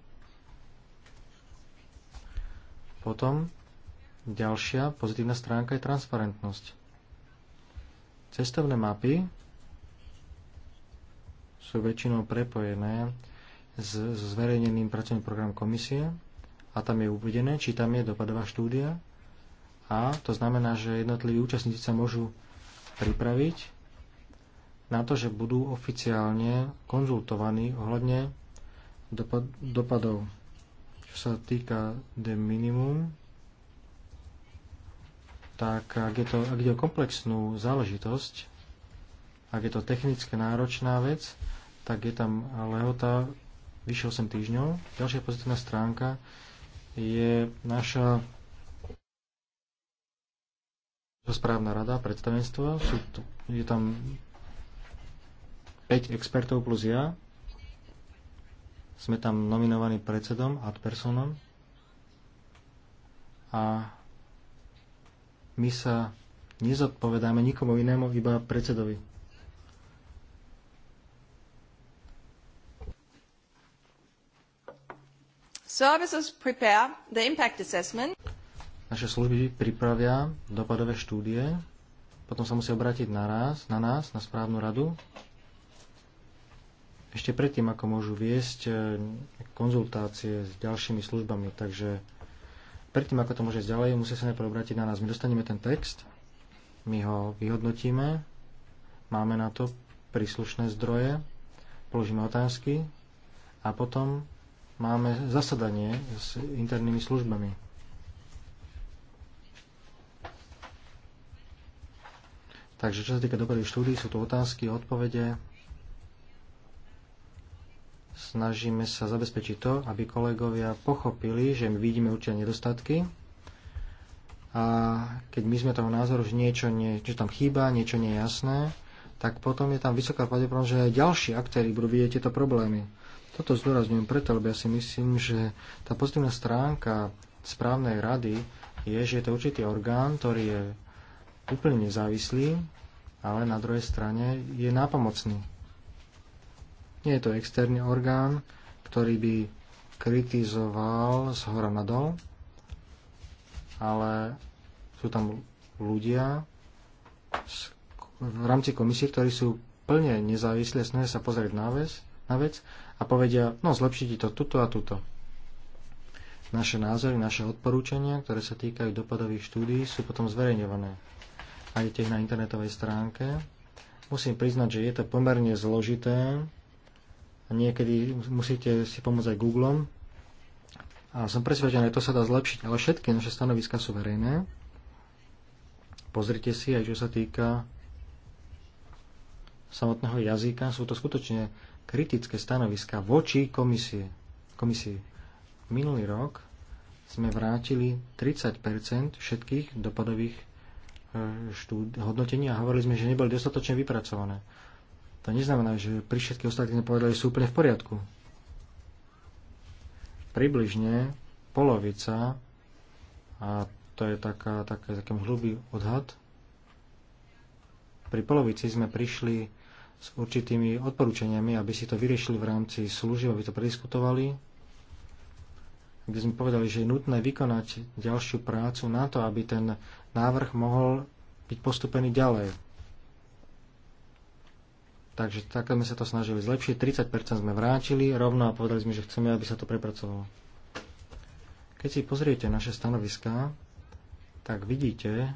B: Potom ďalšia pozitívna stránka je transparentnosť. Cestovné mapy sú väčšinou prepojené s zverejneným pracovným programom komisie a tam je uvedené, či tam je dopadová štúdia a to znamená, že jednotliví účastníci sa môžu pripraviť na to, že budú oficiálne konzultovaní ohľadne dopad, dopadov sa týka de minimum, tak ak, je to, ak ide o komplexnú záležitosť, ak je to technicky náročná vec, tak je tam lehota vyše 8 týždňov. Ďalšia pozitívna stránka je naša správna rada predstavenstvo. Sú tu, je tam 5 expertov plus ja. Sme tam nominovaní predsedom ad personom a my sa nezodpovedáme nikomu inému, iba predsedovi.
C: Services prepare the impact assessment.
B: Naše služby pripravia dopadové štúdie, potom sa musia obrátiť na nás, na nás, na správnu radu ešte predtým, ako môžu viesť e, konzultácie s ďalšími službami. Takže predtým, ako to môže ísť ďalej, musia sa najprv obrátiť na nás. My dostaneme ten text, my ho vyhodnotíme, máme na to príslušné zdroje, položíme otázky a potom máme zasadanie s internými službami. Takže čo sa týka dopadových štúdí, sú tu otázky, odpovede, snažíme sa zabezpečiť to, aby kolegovia pochopili, že my vidíme určite nedostatky a keď my sme toho názoru, že niečo, nie, že tam chýba, niečo nie je jasné, tak potom je tam vysoká pravdepodobnosť, že aj ďalší aktéry budú vidieť tieto problémy. Toto zdôrazňujem preto, lebo ja si myslím, že tá pozitívna stránka správnej rady je, že je to určitý orgán, ktorý je úplne nezávislý, ale na druhej strane je nápomocný. Nie je to externý orgán, ktorý by kritizoval z hora na dol, ale sú tam ľudia v rámci komisie, ktorí sú plne nezávislí snažia sa pozrieť na vec, na vec a povedia, no zlepšite to tuto a tuto. Naše názory, naše odporúčania, ktoré sa týkajú dopadových štúdí, sú potom zverejňované. Nájdete ich na internetovej stránke. Musím priznať, že je to pomerne zložité a niekedy musíte si pomôcť aj Googlom. A som presvedčený, že to sa dá zlepšiť, ale všetky naše stanoviska sú verejné. Pozrite si aj, čo sa týka samotného jazyka, sú to skutočne kritické stanoviska voči komisie. komisii. Minulý rok sme vrátili 30 všetkých dopadových e, štúd- hodnotení a hovorili sme, že neboli dostatočne vypracované. To neznamená, že pri všetkých ostatných nepovedali sú úplne v poriadku. Približne polovica, a to je taká, taká, taký hlubý odhad, pri polovici sme prišli s určitými odporúčaniami, aby si to vyriešili v rámci služieb, aby to prediskutovali, kde sme povedali, že je nutné vykonať ďalšiu prácu na to, aby ten návrh mohol byť postupený ďalej. Takže tak sme sa to snažili zlepšiť. 30% sme vrátili rovno a povedali sme, že chceme, aby sa to prepracovalo. Keď si pozriete naše stanoviská, tak vidíte,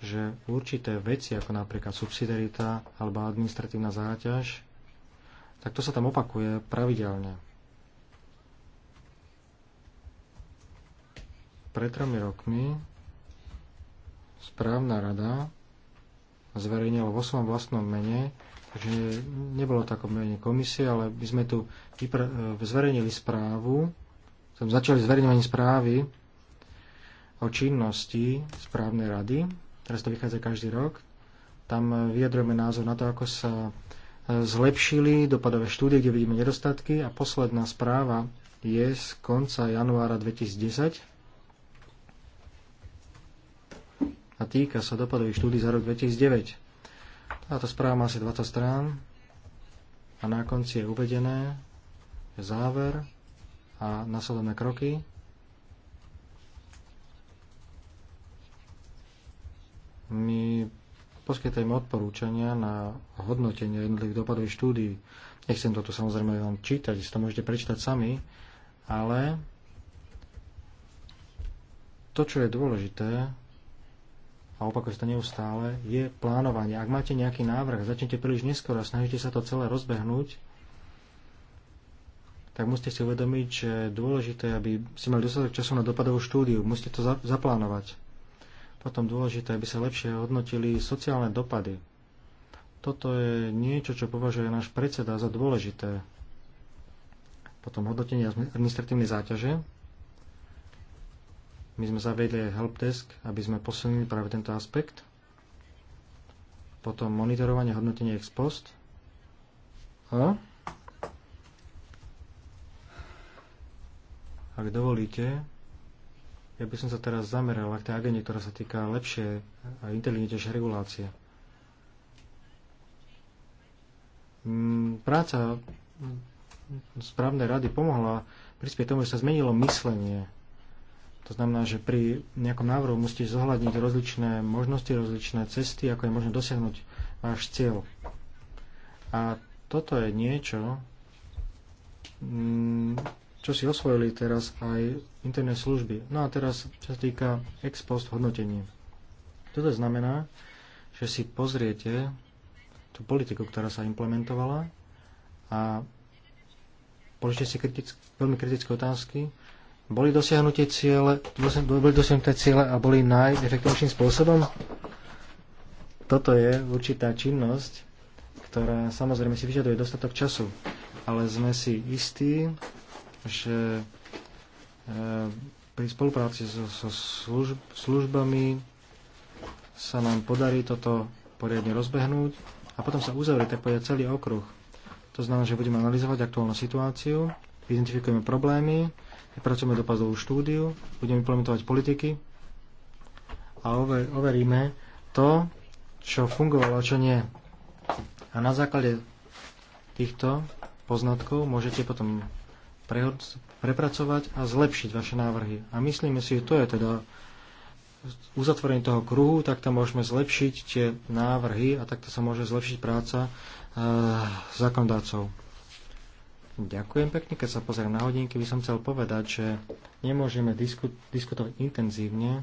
B: že určité veci, ako napríklad subsidiarita alebo administratívna záťaž, tak to sa tam opakuje pravidelne. Pred tromi rokmi správna rada zverejnilo vo svojom vlastnom mene, takže nebolo to ako mene komisie, ale my sme tu e, zverejnili správu, som začali zverejňovaním správy o činnosti správnej rady, teraz to vychádza každý rok, tam e, vyjadrujeme názor na to, ako sa e, zlepšili dopadové štúdie, kde vidíme nedostatky a posledná správa je z konca januára 2010 a týka sa dopadových štúdí za rok 2009. Táto správa má asi 20 strán a na konci je uvedené je záver a nasledovné kroky. My poskytujeme odporúčania na hodnotenie jednotlivých dopadových štúdií. Nechcem toto samozrejme vám čítať, si to môžete prečítať sami, ale to, čo je dôležité, a opakuje sa to neustále, je plánovanie. Ak máte nejaký návrh, začnete príliš neskoro a snažíte sa to celé rozbehnúť, tak musíte si uvedomiť, že je dôležité, aby ste mali dostatok času na dopadovú štúdiu. Musíte to zaplánovať. Potom dôležité, aby sa lepšie hodnotili sociálne dopady. Toto je niečo, čo považuje náš predseda za dôležité. Potom hodnotenie administratívnej záťaže. My sme zaviedli aj helpdesk, aby sme posunili práve tento aspekt. Potom monitorovanie, hodnotenie ex post. A? Ak dovolíte, ja by som sa teraz zameral na tej agende, ktorá sa týka lepšie a inteligentnejšie regulácie. Mm, práca správnej rady pomohla prispieť tomu, že sa zmenilo myslenie to znamená, že pri nejakom návrhu musíte zohľadniť rozličné možnosti, rozličné cesty, ako je možné dosiahnuť váš cieľ. A toto je niečo, mm, čo si osvojili teraz aj internet služby. No a teraz, čo sa týka ex post hodnotení. Toto znamená, že si pozriete tú politiku, ktorá sa implementovala a položíte si kritick- veľmi kritické otázky, boli dosiahnuté ciele, boli dosiahnuté ciele a boli najefektívnejším spôsobom? Toto je určitá činnosť, ktorá samozrejme si vyžaduje dostatok času, ale sme si istí, že eh, pri spolupráci so, so služb, službami sa nám podarí toto poriadne rozbehnúť a potom sa uzavrie tak povedať celý okruh. To znamená, že budeme analyzovať aktuálnu situáciu identifikujeme problémy, vypracujeme dopadovú štúdiu, budeme implementovať politiky a overíme to, čo fungovalo a čo nie. A na základe týchto poznatkov môžete potom prepracovať a zlepšiť vaše návrhy. A myslíme si, že to je teda uzatvorenie toho kruhu, tak tam môžeme zlepšiť tie návrhy a takto sa môže zlepšiť práca e, eh, zákondácov. Ďakujem pekne. Keď sa pozriem na hodinky, by som chcel povedať, že nemôžeme disku, diskutovať intenzívne.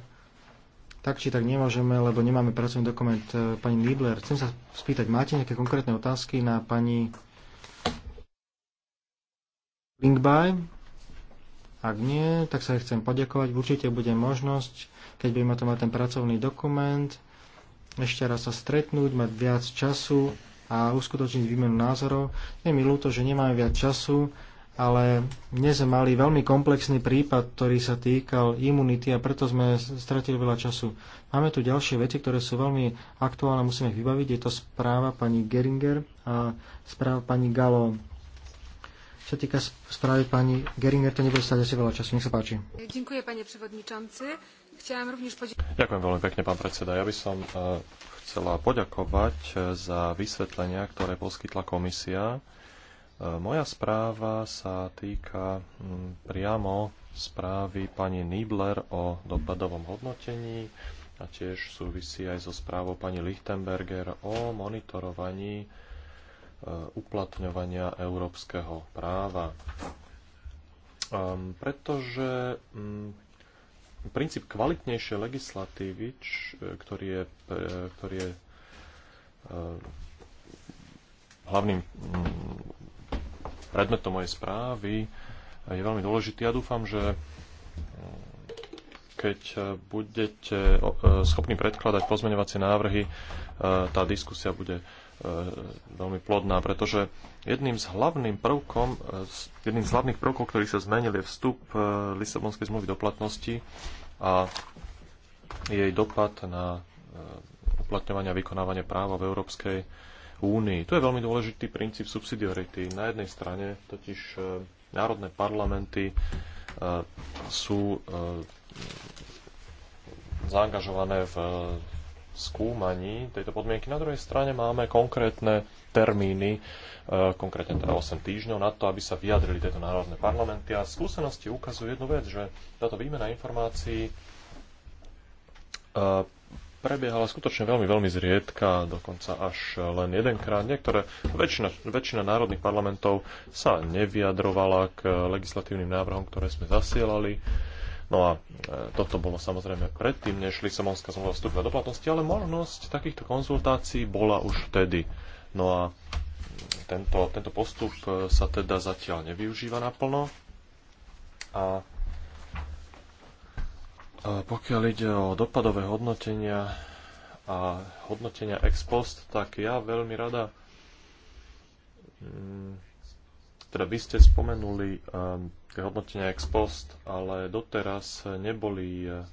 B: Tak či tak nemôžeme, lebo nemáme pracovný dokument e, pani Nibler. Chcem sa spýtať, máte nejaké konkrétne otázky na pani Linkby? Ak nie, tak sa chcem poďakovať. Určite bude možnosť, keď budeme to mať ten pracovný dokument, ešte raz sa stretnúť, mať viac času a uskutočniť výmenu názorov. Je mi ľúto, že nemáme viac času, ale dnes sme mali veľmi komplexný prípad, ktorý sa týkal imunity a preto sme stratili veľa času. Máme tu ďalšie veci, ktoré sú veľmi aktuálne, musíme ich vybaviť. Je to správa pani Geringer a správa pani Galo. Čo sa týka správy pani Geringer, to nebude stať asi veľa času. Nech sa páči. Ďakujem, pani
A: Ďakujem veľmi pekne, pán predseda. Ja by som e, chcela poďakovať eh, za vysvetlenia, ktoré poskytla komisia. Eh, moja správa sa týka mm, priamo správy pani Nibler o dopadovom hodnotení a tiež súvisí aj so správou pani Lichtenberger o monitorovaní eh, uplatňovania európskeho práva. Ehm, pretože mm, princíp kvalitnejšej legislatívy, e, ktorý je, e, ktorý je e, hlavným mm, predmetom mojej správy, je veľmi dôležitý. Ja dúfam, že keď budete schopní predkladať pozmeňovacie návrhy, tá diskusia bude E, veľmi plodná, pretože jedným z hlavným prvkom, e, jedným z hlavných prvkov, ktorý sa zmenil, je vstup e, Lisabonskej zmluvy do platnosti a jej dopad na uplatňovanie a vykonávanie práva v Európskej únii. Tu je veľmi dôležitý princíp subsidiarity. Na jednej strane totiž národné parlamenty sú zaangažované v skúmaní tejto podmienky. Na druhej strane máme konkrétne termíny, e, konkrétne teda 8 týždňov na to, aby sa vyjadrili tieto národné parlamenty. A skúsenosti ukazujú jednu vec, že táto výmena informácií e, prebiehala skutočne veľmi, veľmi zriedka, dokonca až len jedenkrát. Niektoré, väčšina, väčšina národných parlamentov sa nevyjadrovala k legislatívnym návrhom, ktoré sme zasielali. No a e, toto bolo samozrejme predtým, než Lisabonská zmluva vstúpila do platnosti, ale možnosť takýchto konzultácií bola už vtedy. No a mm, tento, tento postup e, sa teda zatiaľ nevyužíva naplno. A e, pokiaľ ide o dopadové hodnotenia a hodnotenia ex post, tak ja veľmi rada mm, teda vy ste spomenuli um, také hodnotenia ex post, ale doteraz neboli eh,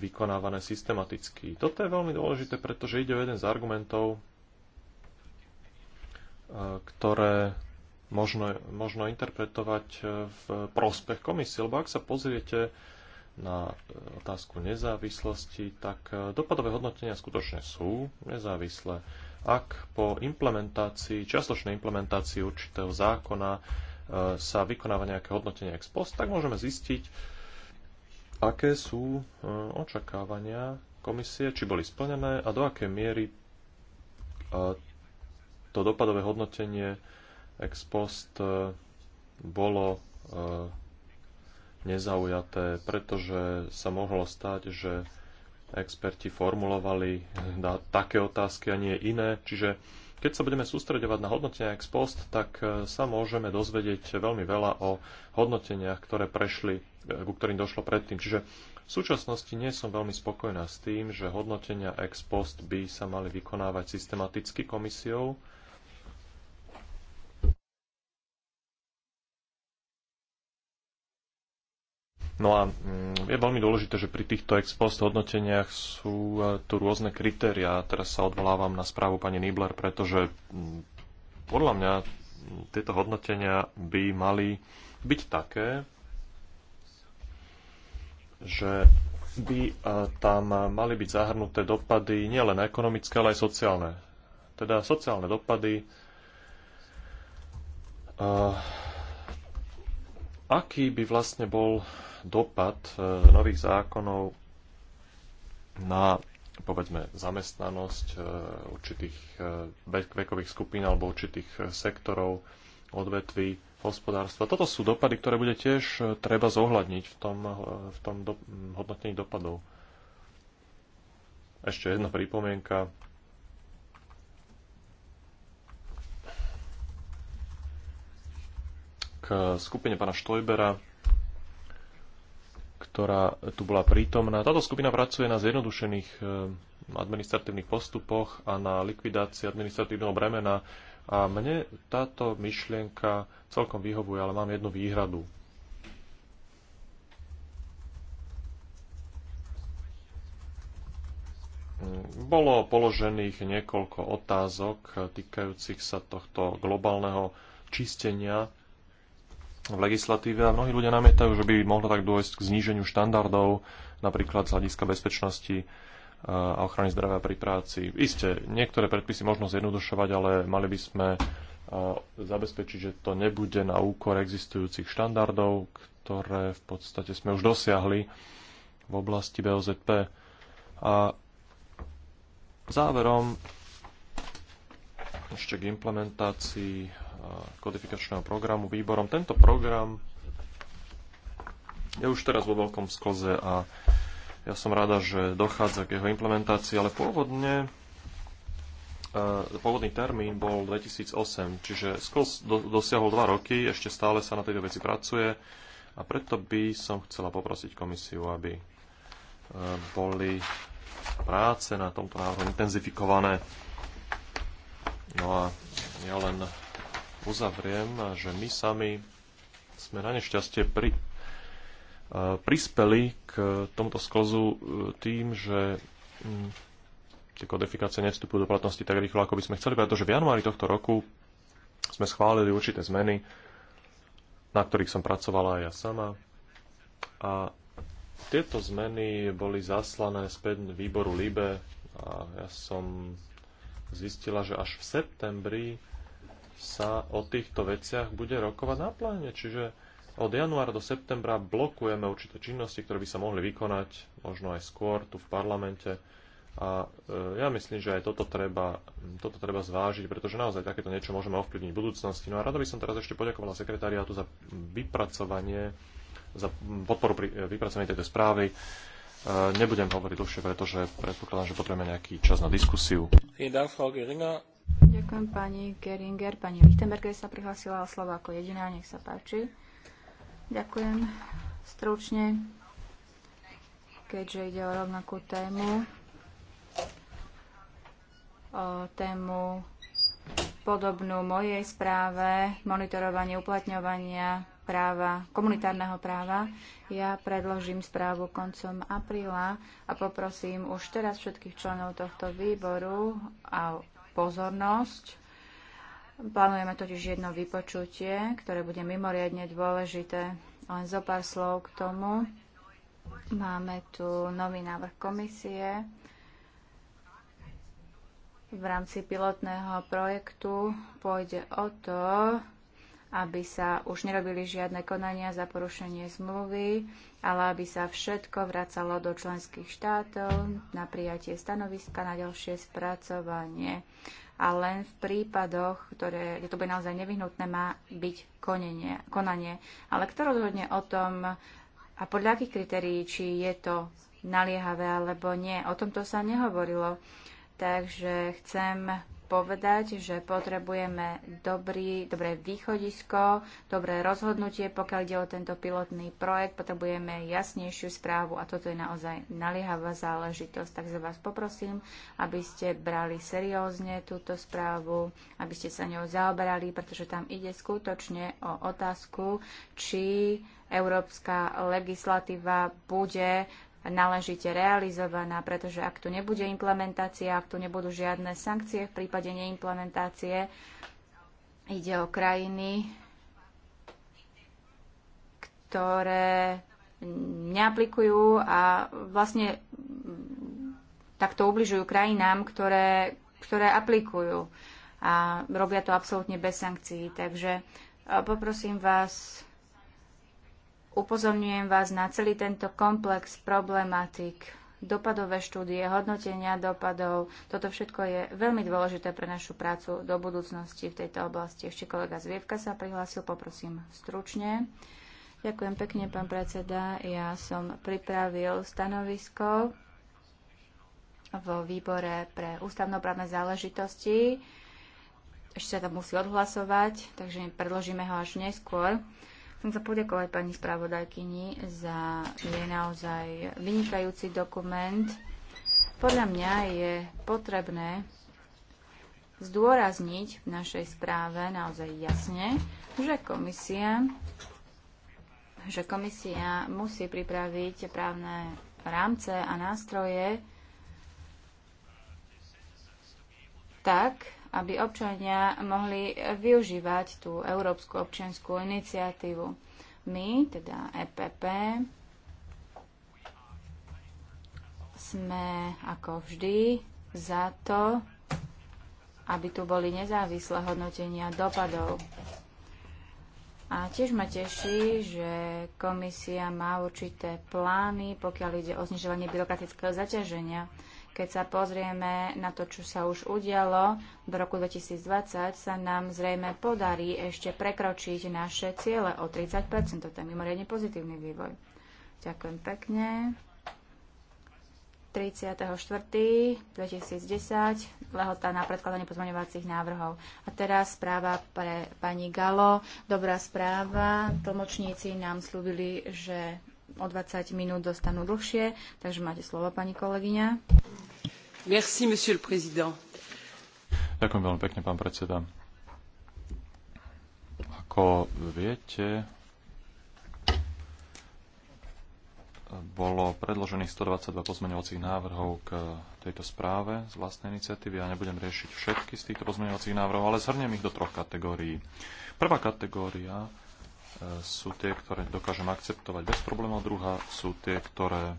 A: vykonávané systematicky. Toto je veľmi dôležité, pretože ide o jeden z argumentov, eh, ktoré možno, možno interpretovať eh, v prospech komisie. Lebo ak sa pozriete na otázku nezávislosti, tak dopadové hodnotenia skutočne sú nezávislé. Ak po implementácii, čiastočnej implementácii určitého zákona sa vykonáva nejaké hodnotenie ex post, tak môžeme zistiť, aké sú e, očakávania komisie, či boli splnené a do akej miery e, to dopadové hodnotenie ex post e, bolo nezaujaté, pretože sa mohlo stať, že experti formulovali také otázky a nie iné. Čiže keď sa budeme sústredovať na hodnotenia ex post, tak e, sa môžeme dozvedieť veľmi veľa o hodnoteniach, ktoré prešli, e, ku ktorým došlo predtým. Čiže v súčasnosti nie som veľmi spokojná s tým, že hodnotenia ex post by sa mali vykonávať systematicky komisiou, No a mm, je veľmi dôležité, že pri týchto ex post hodnoteniach sú e, tu rôzne kritéria. Teraz sa odvolávam na správu pani Nibler, pretože mm, podľa mňa mm, tieto hodnotenia by mali byť také, že by e, tam mali byť zahrnuté dopady nielen ekonomické, ale aj sociálne. Teda sociálne dopady. E, aký by vlastne bol dopad e, nových zákonov na povedzme zamestnanosť e, určitých e, vekových skupín alebo určitých sektorov, odvetví hospodárstva. Toto sú dopady, ktoré bude tiež treba zohľadniť v tom, v tom do, hodnotení dopadov. Ešte jedna pripomienka. K skupine pána Štojbera ktorá tu bola prítomná. Táto skupina pracuje na zjednodušených eh, administratívnych postupoch a na likvidácii administratívneho bremena. A mne táto myšlienka celkom vyhovuje, ale mám jednu výhradu. Bolo položených niekoľko otázok týkajúcich sa tohto globálneho čistenia v legislatíve a mnohí ľudia namietajú, že by mohlo tak dôjsť k zníženiu štandardov, napríklad z hľadiska bezpečnosti e, a ochrany zdravia pri práci. Isté, niektoré predpisy možno zjednodušovať, ale mali by sme e, zabezpečiť, že to nebude na úkor existujúcich štandardov, ktoré v podstate sme už dosiahli v oblasti BOZP. A záverom ešte k implementácii kodifikačného programu výborom. Tento program je už teraz vo veľkom skoze a ja som rada, že dochádza k jeho implementácii, ale pôvodne e, pôvodný termín bol 2008, čiže skos dosiahol 2 roky, ešte stále sa na tejto veci pracuje a preto by som chcela poprosiť komisiu, aby e, boli práce na tomto návrhu intenzifikované. No a ja len uzavriem, že my sami sme na nešťastie pri, e, prispeli k tomuto sklzu e, tým, že mm, tie kodifikácie nevstupujú do platnosti tak rýchlo, ako by sme chceli, pretože v januári tohto roku sme schválili určité zmeny, na ktorých som pracovala aj ja sama. A tieto zmeny boli zaslané späť výboru LIBE a ja som zistila, že až v septembri sa o týchto veciach bude rokovať na pláne. Čiže od januára do septembra blokujeme určité činnosti, ktoré by sa mohli vykonať možno aj skôr tu v parlamente. A e, ja myslím, že aj toto treba, toto treba zvážiť, pretože naozaj takéto niečo môžeme ovplyvniť v budúcnosti. No a rada by som teraz ešte poďakovala sekretariátu za vypracovanie, za podporu pri e, vypracovaní tejto správy. E, nebudem hovoriť dlhšie, pretože predpokladám, že potrebujeme nejaký čas na diskusiu. Vielen Dank, Frau Geringer.
C: Ďakujem pani Geringer. Pani Lichtenberger sa prihlásila o slovo ako jediná. Nech sa páči. Ďakujem stručne, keďže ide o rovnakú tému. O tému podobnú mojej správe, monitorovanie uplatňovania práva, komunitárneho práva. Ja predložím správu koncom apríla a poprosím už teraz všetkých členov tohto výboru a pozornosť. Plánujeme totiž jedno vypočutie, ktoré bude mimoriadne dôležité. Len zo pár slov k tomu. Máme tu nový návrh komisie v rámci pilotného projektu. Pôjde o to, aby sa už nerobili žiadne konania za porušenie zmluvy, ale aby sa všetko vracalo do členských štátov na prijatie stanoviska, na ďalšie spracovanie. A len v prípadoch, ktoré, kde to bude naozaj nevyhnutné, má byť konenie, konanie. Ale kto rozhodne o tom a podľa akých kritérií, či je to naliehavé alebo nie. O tomto sa nehovorilo. Takže chcem povedať, že potrebujeme dobrý, dobré východisko, dobré rozhodnutie, pokiaľ ide o tento pilotný projekt, potrebujeme jasnejšiu správu a toto je naozaj naliehavá záležitosť. Takže vás poprosím, aby ste brali seriózne túto správu, aby ste sa ňou zaoberali, pretože tam ide skutočne o otázku, či európska legislatíva bude náležite realizovaná, pretože ak tu nebude implementácia, ak tu nebudú žiadne sankcie v prípade neimplementácie, ide o krajiny, ktoré neaplikujú a vlastne takto ubližujú krajinám, ktoré, ktoré aplikujú a robia to absolútne bez sankcií. Takže e, poprosím vás, Upozorňujem vás na celý tento komplex problematik, dopadové štúdie, hodnotenia dopadov. Toto všetko je veľmi dôležité pre našu prácu do budúcnosti v tejto oblasti. Ešte kolega Zvievka sa prihlásil, poprosím stručne. Ďakujem pekne, pán predseda. Ja som pripravil stanovisko vo výbore pre ústavnoprávne záležitosti. Ešte sa to musí odhlasovať, takže predložíme ho až neskôr. Chcem sa poďakovať pani spravodajkyni za je naozaj vynikajúci dokument. Podľa mňa je potrebné zdôrazniť v našej správe naozaj jasne, že komisia, že komisia musí pripraviť právne rámce a nástroje tak, aby občania mohli využívať tú Európsku občianskú iniciatívu. My, teda EPP, sme ako vždy za to, aby tu boli nezávislé hodnotenia dopadov. A tiež ma teší, že komisia má určité plány, pokiaľ ide o znižovanie byrokratického zaťaženia. Keď sa pozrieme na to, čo sa už udialo, do roku 2020 sa nám zrejme podarí ešte prekročiť naše ciele o 30 To je mimoriadne pozitívny vývoj. Ďakujem pekne. 34.2010 lehota na predkladanie pozmaňovacích návrhov. A teraz správa pre pani Galo. Dobrá správa. Tlmočníci nám slúbili, že o 20 minút dostanú dlhšie, takže máte slovo, pani kolegyňa.
A: Ďakujem veľmi pekne, pán predseda. Ako viete, bolo predložených 122 pozmeňovacích návrhov k tejto správe z vlastnej iniciatívy. Ja nebudem riešiť všetky z týchto pozmeňovacích návrhov, ale zhrniem ich do troch kategórií. Prvá kategória e, sú tie, ktoré dokážem akceptovať bez problémov. Druhá sú tie, ktoré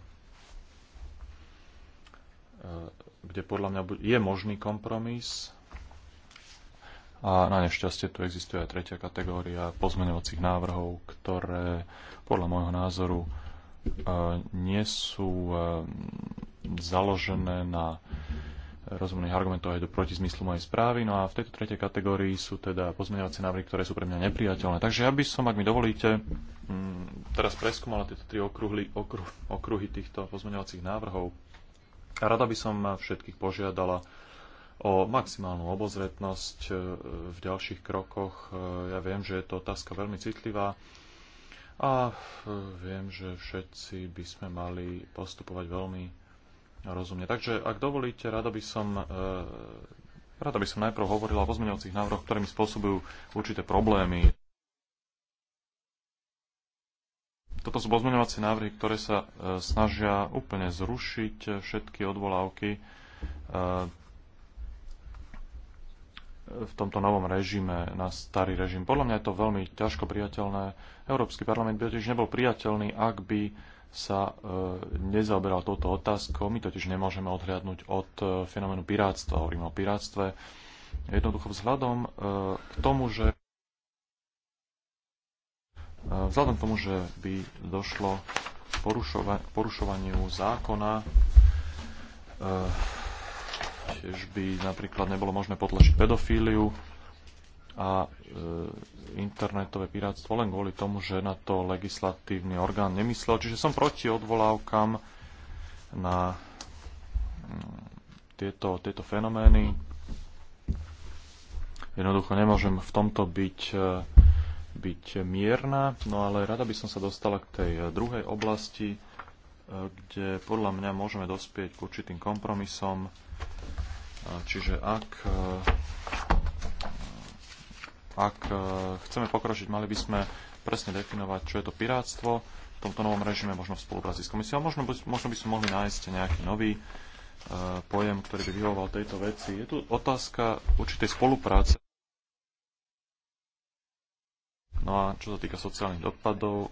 A: e, kde podľa mňa je možný kompromis. A na nešťastie tu existuje aj tretia kategória pozmeňovacích návrhov, ktoré podľa môjho názoru e, nie sú e, založené na e, rozumných argumentov aj do proti zmyslu mojej správy. No a v tejto tretej kategórii sú teda pozmeňovacie návrhy, ktoré sú pre mňa nepriateľné. Takže ja by som, ak mi dovolíte, mm, teraz preskúmala tieto tri okruhy, okruhy týchto pozmeňovacích návrhov Rada by som všetkých požiadala o maximálnu obozretnosť e, v ďalších krokoch. E, ja viem, že je to otázka veľmi citlivá a e, viem, že všetci by sme mali postupovať veľmi rozumne. Takže ak dovolíte, rada by som Rada by som najprv hovorila o pozmeňovacích návrhoch, ktorými spôsobujú určité problémy. toto sú pozmeňovacie návrhy, ktoré sa e, snažia úplne zrušiť e, všetky odvolávky e, v tomto novom režime na starý režim. Podľa mňa je to veľmi ťažko priateľné. Európsky parlament by totiž nebol priateľný, ak by sa nezaoberal touto otázkou. My totiž nemôžeme odhliadnúť od fenoménu pirátstva. Hovoríme o pirátstve. Jednoducho vzhľadom k tomu, že Vzhľadom k tomu, že by došlo k porušova- porušovaniu zákona, e, tiež by napríklad nebolo možné potlačiť pedofíliu a e, internetové pirátstvo len kvôli tomu, že na to legislatívny orgán nemyslel. Čiže som proti odvolávkam na mm, tieto, tieto fenomény. Jednoducho nemôžem v tomto byť e, byť mierna, no ale rada by som sa dostala k tej druhej oblasti, e, kde podľa mňa môžeme dospieť k určitým kompromisom. E, čiže ak, e, ak chceme pokročiť, mali by sme presne definovať, čo je to pirátstvo v tomto novom režime, možno v spolupráci s komisiou. Možno, možno by sme mohli nájsť nejaký nový pojem, ktorý by vyhovoval tejto veci. Je tu otázka určitej spolupráce No a čo sa týka sociálnych dopadov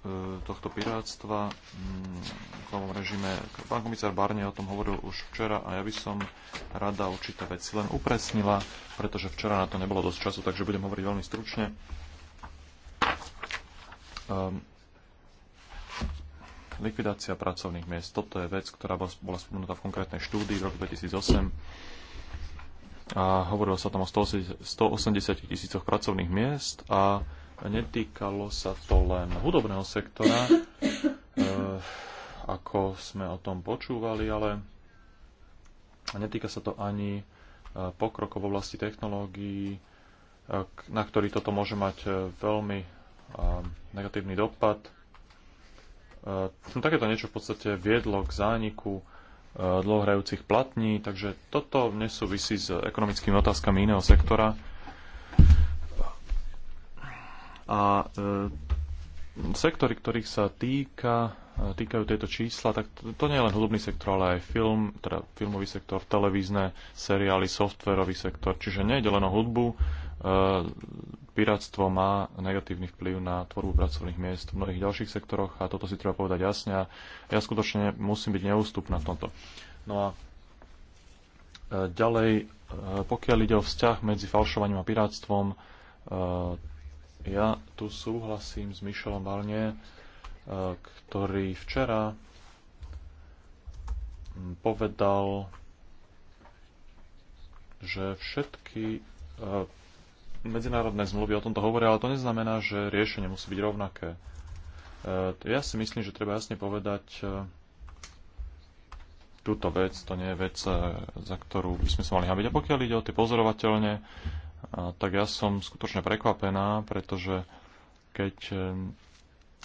A: e, tohto piráctva mm, v novom režime, pán komisár Barne o tom hovoril už včera a ja by som rada určité veci len upresnila, pretože včera na to nebolo dosť času, takže budem hovoriť veľmi stručne. Um, likvidácia pracovných miest. Toto je vec, ktorá bola spomenutá v konkrétnej štúdii v roku 2008 a hovorilo sa tam o 180 tisícoch pracovných miest a netýkalo sa to len hudobného sektora, eh, ako sme o tom počúvali, ale netýka sa to ani eh, pokrokov v oblasti technológií, eh, na ktorý toto môže mať veľmi negatívny dopad. No takéto niečo v podstate viedlo k zániku E, dlhohrajúcich platní, takže toto nesúvisí s ekonomickými otázkami iného sektora. A e, sektory, ktorých sa týka, e, týkajú tieto čísla, tak to, to nie je len hudobný sektor, ale aj film, teda filmový sektor, televízne seriály, softverový sektor. Čiže nejde len o hudbu, e, piráctvo má negatívny vplyv na tvorbu pracovných miest v mnohých ďalších sektoroch a toto si treba povedať jasne a ja skutočne musím byť neústupná v tomto. No a e, ďalej, e, pokiaľ ide o vzťah medzi falšovaním a piráctvom, e, ja tu súhlasím s Michelom Balne, ktorý včera povedal, že všetky medzinárodné zmluvy o tomto hovoria, ale to neznamená, že riešenie musí byť rovnaké. E, ja si myslím, že treba jasne povedať e, túto vec, to nie je vec, e, za ktorú by sme sa mali hábiť. A pokiaľ ide o tie pozorovateľne, tak ja som skutočne prekvapená, pretože keď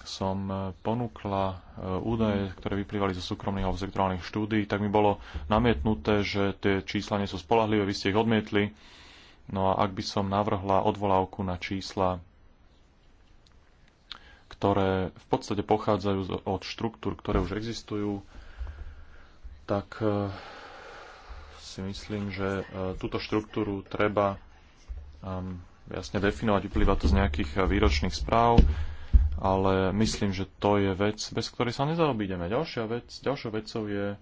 A: som ponúkla údaje, ktoré vyplývali zo súkromných alebo sektorálnych štúdí, tak mi bolo namietnuté, že tie čísla nie sú spolahlivé, vy ste ich odmietli No a ak by som navrhla odvolávku na čísla, ktoré v podstate pochádzajú od štruktúr, ktoré už existujú, tak eh, si myslím, že eh, túto štruktúru treba ehm, jasne definovať. Vyplýva to z nejakých eh, výročných správ, ale myslím, že to je vec, bez ktorej sa nezaobídeme. Ďalšia vec, ďalšou vecou je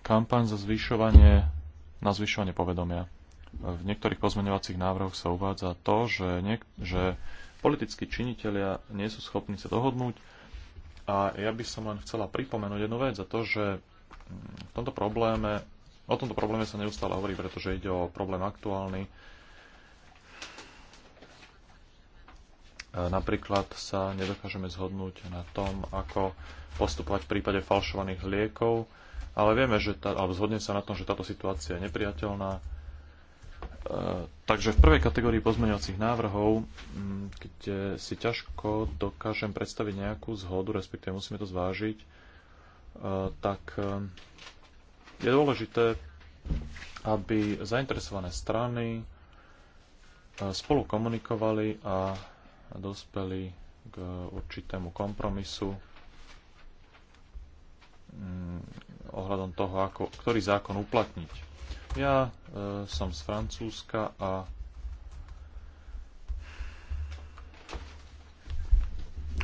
A: kampaň za zvyšovanie, na zvyšovanie povedomia v niektorých pozmeňovacích návrhoch sa uvádza to, že, niek- že politickí činitelia nie sú schopní sa dohodnúť. A ja by som len chcela pripomenúť jednu vec a to, že mm, v tomto probléme, o tomto probléme sa neustále hovorí, pretože ide o problém aktuálny. Napríklad sa nedokážeme zhodnúť na tom, ako postupovať v prípade falšovaných liekov, ale vieme, že tá, alebo zhodne sa na tom, že táto situácia je nepriateľná E, takže v prvej kategórii pozmeňovacích návrhov, kde si ťažko dokážem predstaviť nejakú zhodu, respektíve musíme to zvážiť, e, tak e, je dôležité, aby zainteresované strany spolu komunikovali a dospeli k určitému kompromisu ohľadom toho, ako, ktorý zákon uplatniť. Ja e, som z Francúzska a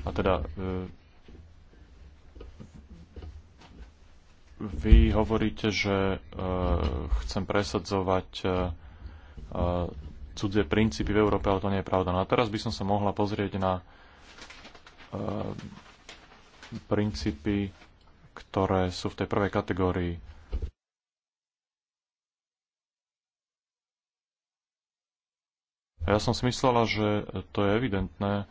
A: a teda e, vy hovoríte, že e, chcem presadzovať e, e, cudzie princípy v Európe, ale to nie je pravda. No a teraz by som sa mohla pozrieť na e, princípy, ktoré sú v tej prvej kategórii Ja som si myslela, že to je evidentné.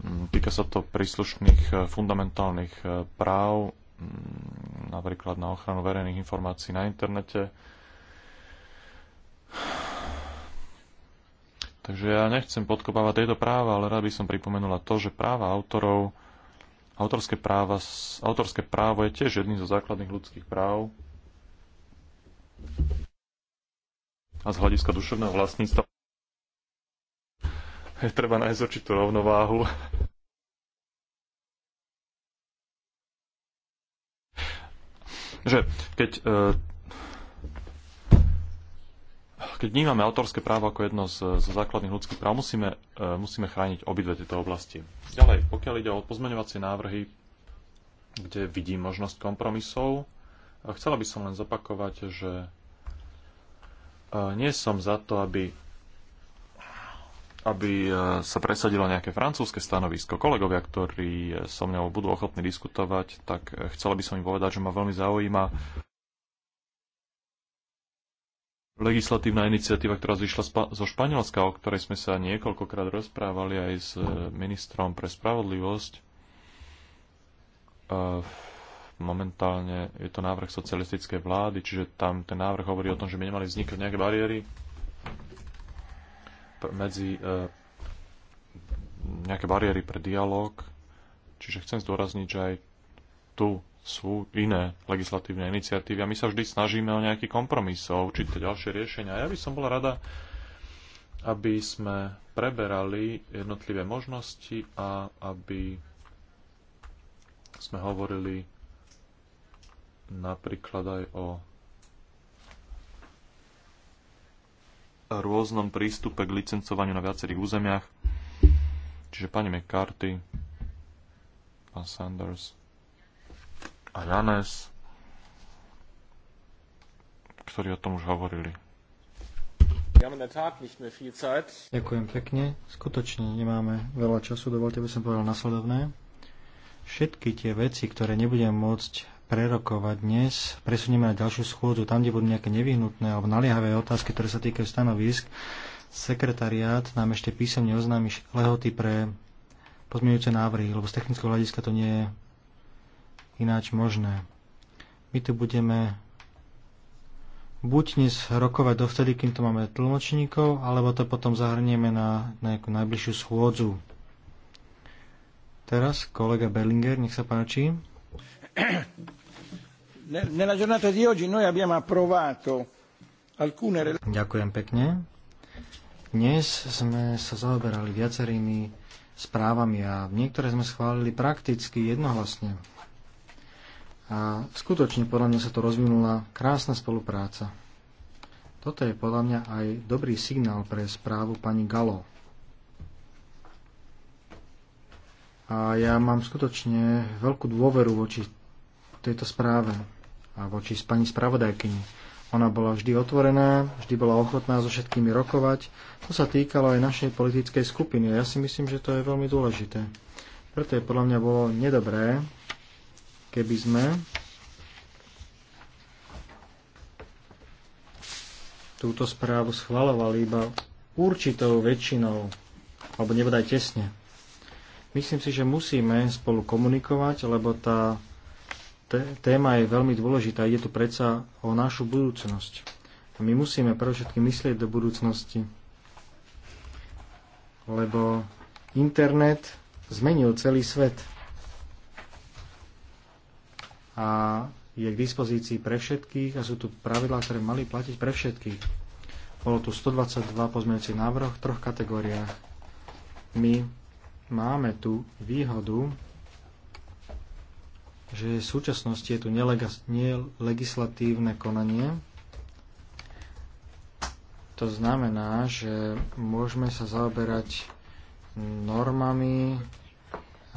A: Mm, týka sa to príslušných e, fundamentálnych e, práv, mm, napríklad na ochranu verejných informácií na internete. Takže ja nechcem podkopávať tieto práva, ale rád by som pripomenula to, že práva autorov, autorské, práva, autorské právo je tiež jedným zo základných ľudských práv a z hľadiska duševného vlastníctva treba nájsť určitú rovnováhu. Že keď, e, keď vnímame autorské právo ako jedno z, z základných ľudských práv, musíme, e, musíme chrániť obidve tieto oblasti. Ďalej, pokiaľ ide o pozmeňovacie návrhy, kde vidím možnosť kompromisov, chcela by som len zopakovať, že e, nie som za to, aby aby e, sa presadilo nejaké francúzske stanovisko. Kolegovia, ktorí e, so mnou budú ochotní diskutovať, tak e, chcela by som im povedať, že ma veľmi zaujíma legislatívna iniciatíva, ktorá zišla zo Španielska, o ktorej sme sa niekoľkokrát rozprávali aj s ministrom pre spravodlivosť. Momentálne je to návrh socialistickej vlády, čiže tam ten návrh hovorí o tom, že by nemali vzniknúť nejaké bariéry medzi e, nejaké bariéry pre dialog. Čiže chcem zdôrazniť, že aj tu sú iné legislatívne iniciatívy a my sa vždy snažíme o nejaký kompromis, o určité ďalšie riešenia. A Ja by som bola rada, aby sme preberali jednotlivé možnosti a aby sme hovorili napríklad aj o rôznom prístupe k licencovaniu na viacerých územiach. Čiže pani McCarthy, pán Sanders a Janes, ktorí o tom už hovorili.
B: Ďakujem pekne. Skutočne nemáme veľa času. Dovolte by som povedal nasledovné. Všetky tie veci, ktoré nebudem môcť prerokovať dnes, presunieme na ďalšiu schôdzu, tam, kde budú nejaké nevyhnutné alebo naliehavé otázky, ktoré sa týkajú stanovisk. Sekretariát nám ešte písomne oznámi lehoty pre pozmeňujúce návrhy, lebo z technického hľadiska to nie je ináč možné. My tu budeme buď dnes rokovať dovtedy, kým to máme tlmočníkov, alebo to potom zahrnieme na nejakú najbližšiu schôdzu. Teraz kolega Berlinger, nech sa páči.
A: nella giornata di oggi noi abbiamo approvato alcune...
B: Ďakujem pekne. Dnes sme sa zaoberali viacerými správami a niektoré sme schválili prakticky jednohlasne. A skutočne podľa mňa sa to rozvinula krásna spolupráca. Toto je podľa mňa aj dobrý signál pre správu pani Galo. A ja mám skutočne veľkú dôveru voči tejto správe a voči pani spravodajkyni. Ona bola vždy otvorená, vždy bola ochotná so všetkými rokovať. To sa týkalo aj našej politickej skupiny a ja si myslím, že to je veľmi dôležité. Preto je podľa mňa bolo nedobré, keby sme túto správu schvalovali iba určitou väčšinou, alebo nebodaj tesne. Myslím si, že musíme spolu komunikovať, lebo tá téma je veľmi dôležitá. Ide tu predsa o našu budúcnosť. A my musíme pre všetky myslieť do budúcnosti, lebo internet zmenil celý svet a je k dispozícii pre všetkých a sú tu pravidlá, ktoré mali platiť pre všetkých. Bolo tu 122 pozmeňujúcich návrh v troch kategóriách. My máme tu výhodu, že v súčasnosti je tu nelegislatívne konanie. To znamená, že môžeme sa zaoberať normami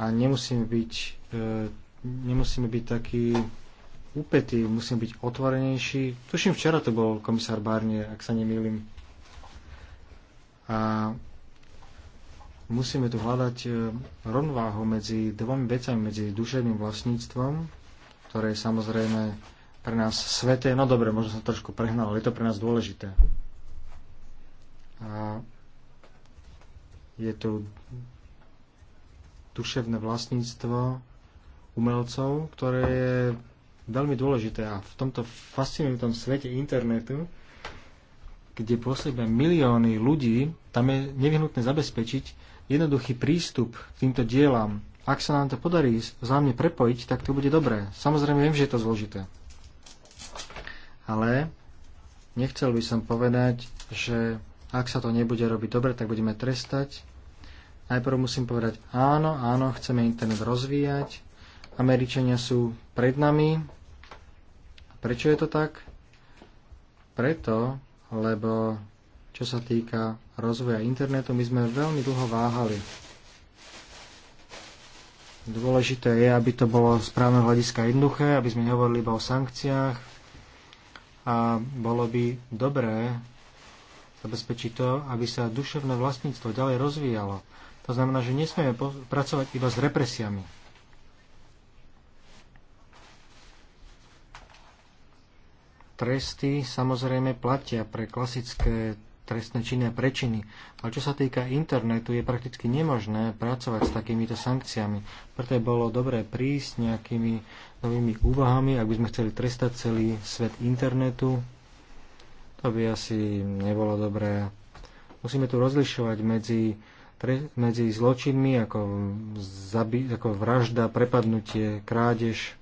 B: a nemusíme byť, e, nemusíme byť taký úpetý, musíme byť otvorenejší. Tuším, včera to bol komisár Barnier, ak sa nemýlim. A musíme tu hľadať e, rovnováhu medzi dvomi vecami, medzi duševným vlastníctvom, ktoré je samozrejme pre nás sveté, no dobre, možno som trošku prehnal, ale je to pre nás dôležité. A je tu duševné vlastníctvo umelcov, ktoré je veľmi dôležité a v tomto fascinujúcom svete internetu, kde pôsobia milióny ľudí, tam je nevyhnutné zabezpečiť, jednoduchý prístup k týmto dielam, ak sa nám to podarí vzájomne prepojiť, tak to bude dobré. Samozrejme, viem, že je to zložité. Ale nechcel by som povedať, že ak sa to nebude robiť dobre, tak budeme trestať. Najprv musím povedať, áno, áno, chceme internet rozvíjať, Američania sú pred nami. Prečo je to tak? Preto, lebo čo sa týka rozvoja internetu, my sme veľmi dlho váhali. Dôležité je, aby to bolo správne hľadiska jednoduché, aby sme nehovorili iba o sankciách a bolo by dobré zabezpečiť to, aby sa duševné vlastníctvo ďalej rozvíjalo. To znamená, že nesmieme pracovať iba s represiami. Tresty samozrejme platia pre klasické trestné činné prečiny. Ale čo sa týka internetu, je prakticky nemožné pracovať s takýmito sankciami. Preto je bolo dobré prísť nejakými novými úvahami, ak by sme chceli trestať celý svet internetu. To by asi nebolo dobré. Musíme tu rozlišovať medzi medzi zločinmi ako, zabi- ako vražda, prepadnutie, krádež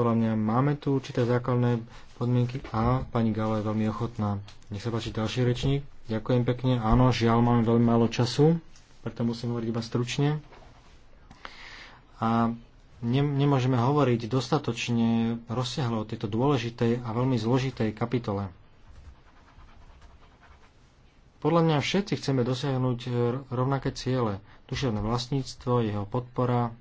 B: podľa mňa máme tu určité základné podmienky a pani Gala je veľmi ochotná. Nech sa páči ďalší rečník. Ďakujem pekne. Áno, žiaľ, máme veľmi málo času, preto musím hovoriť iba stručne. A ne, nemôžeme hovoriť dostatočne rozsiahlo o tejto dôležitej a veľmi zložitej kapitole. Podľa mňa všetci chceme dosiahnuť rovnaké ciele. Duševné vlastníctvo, jeho podpora,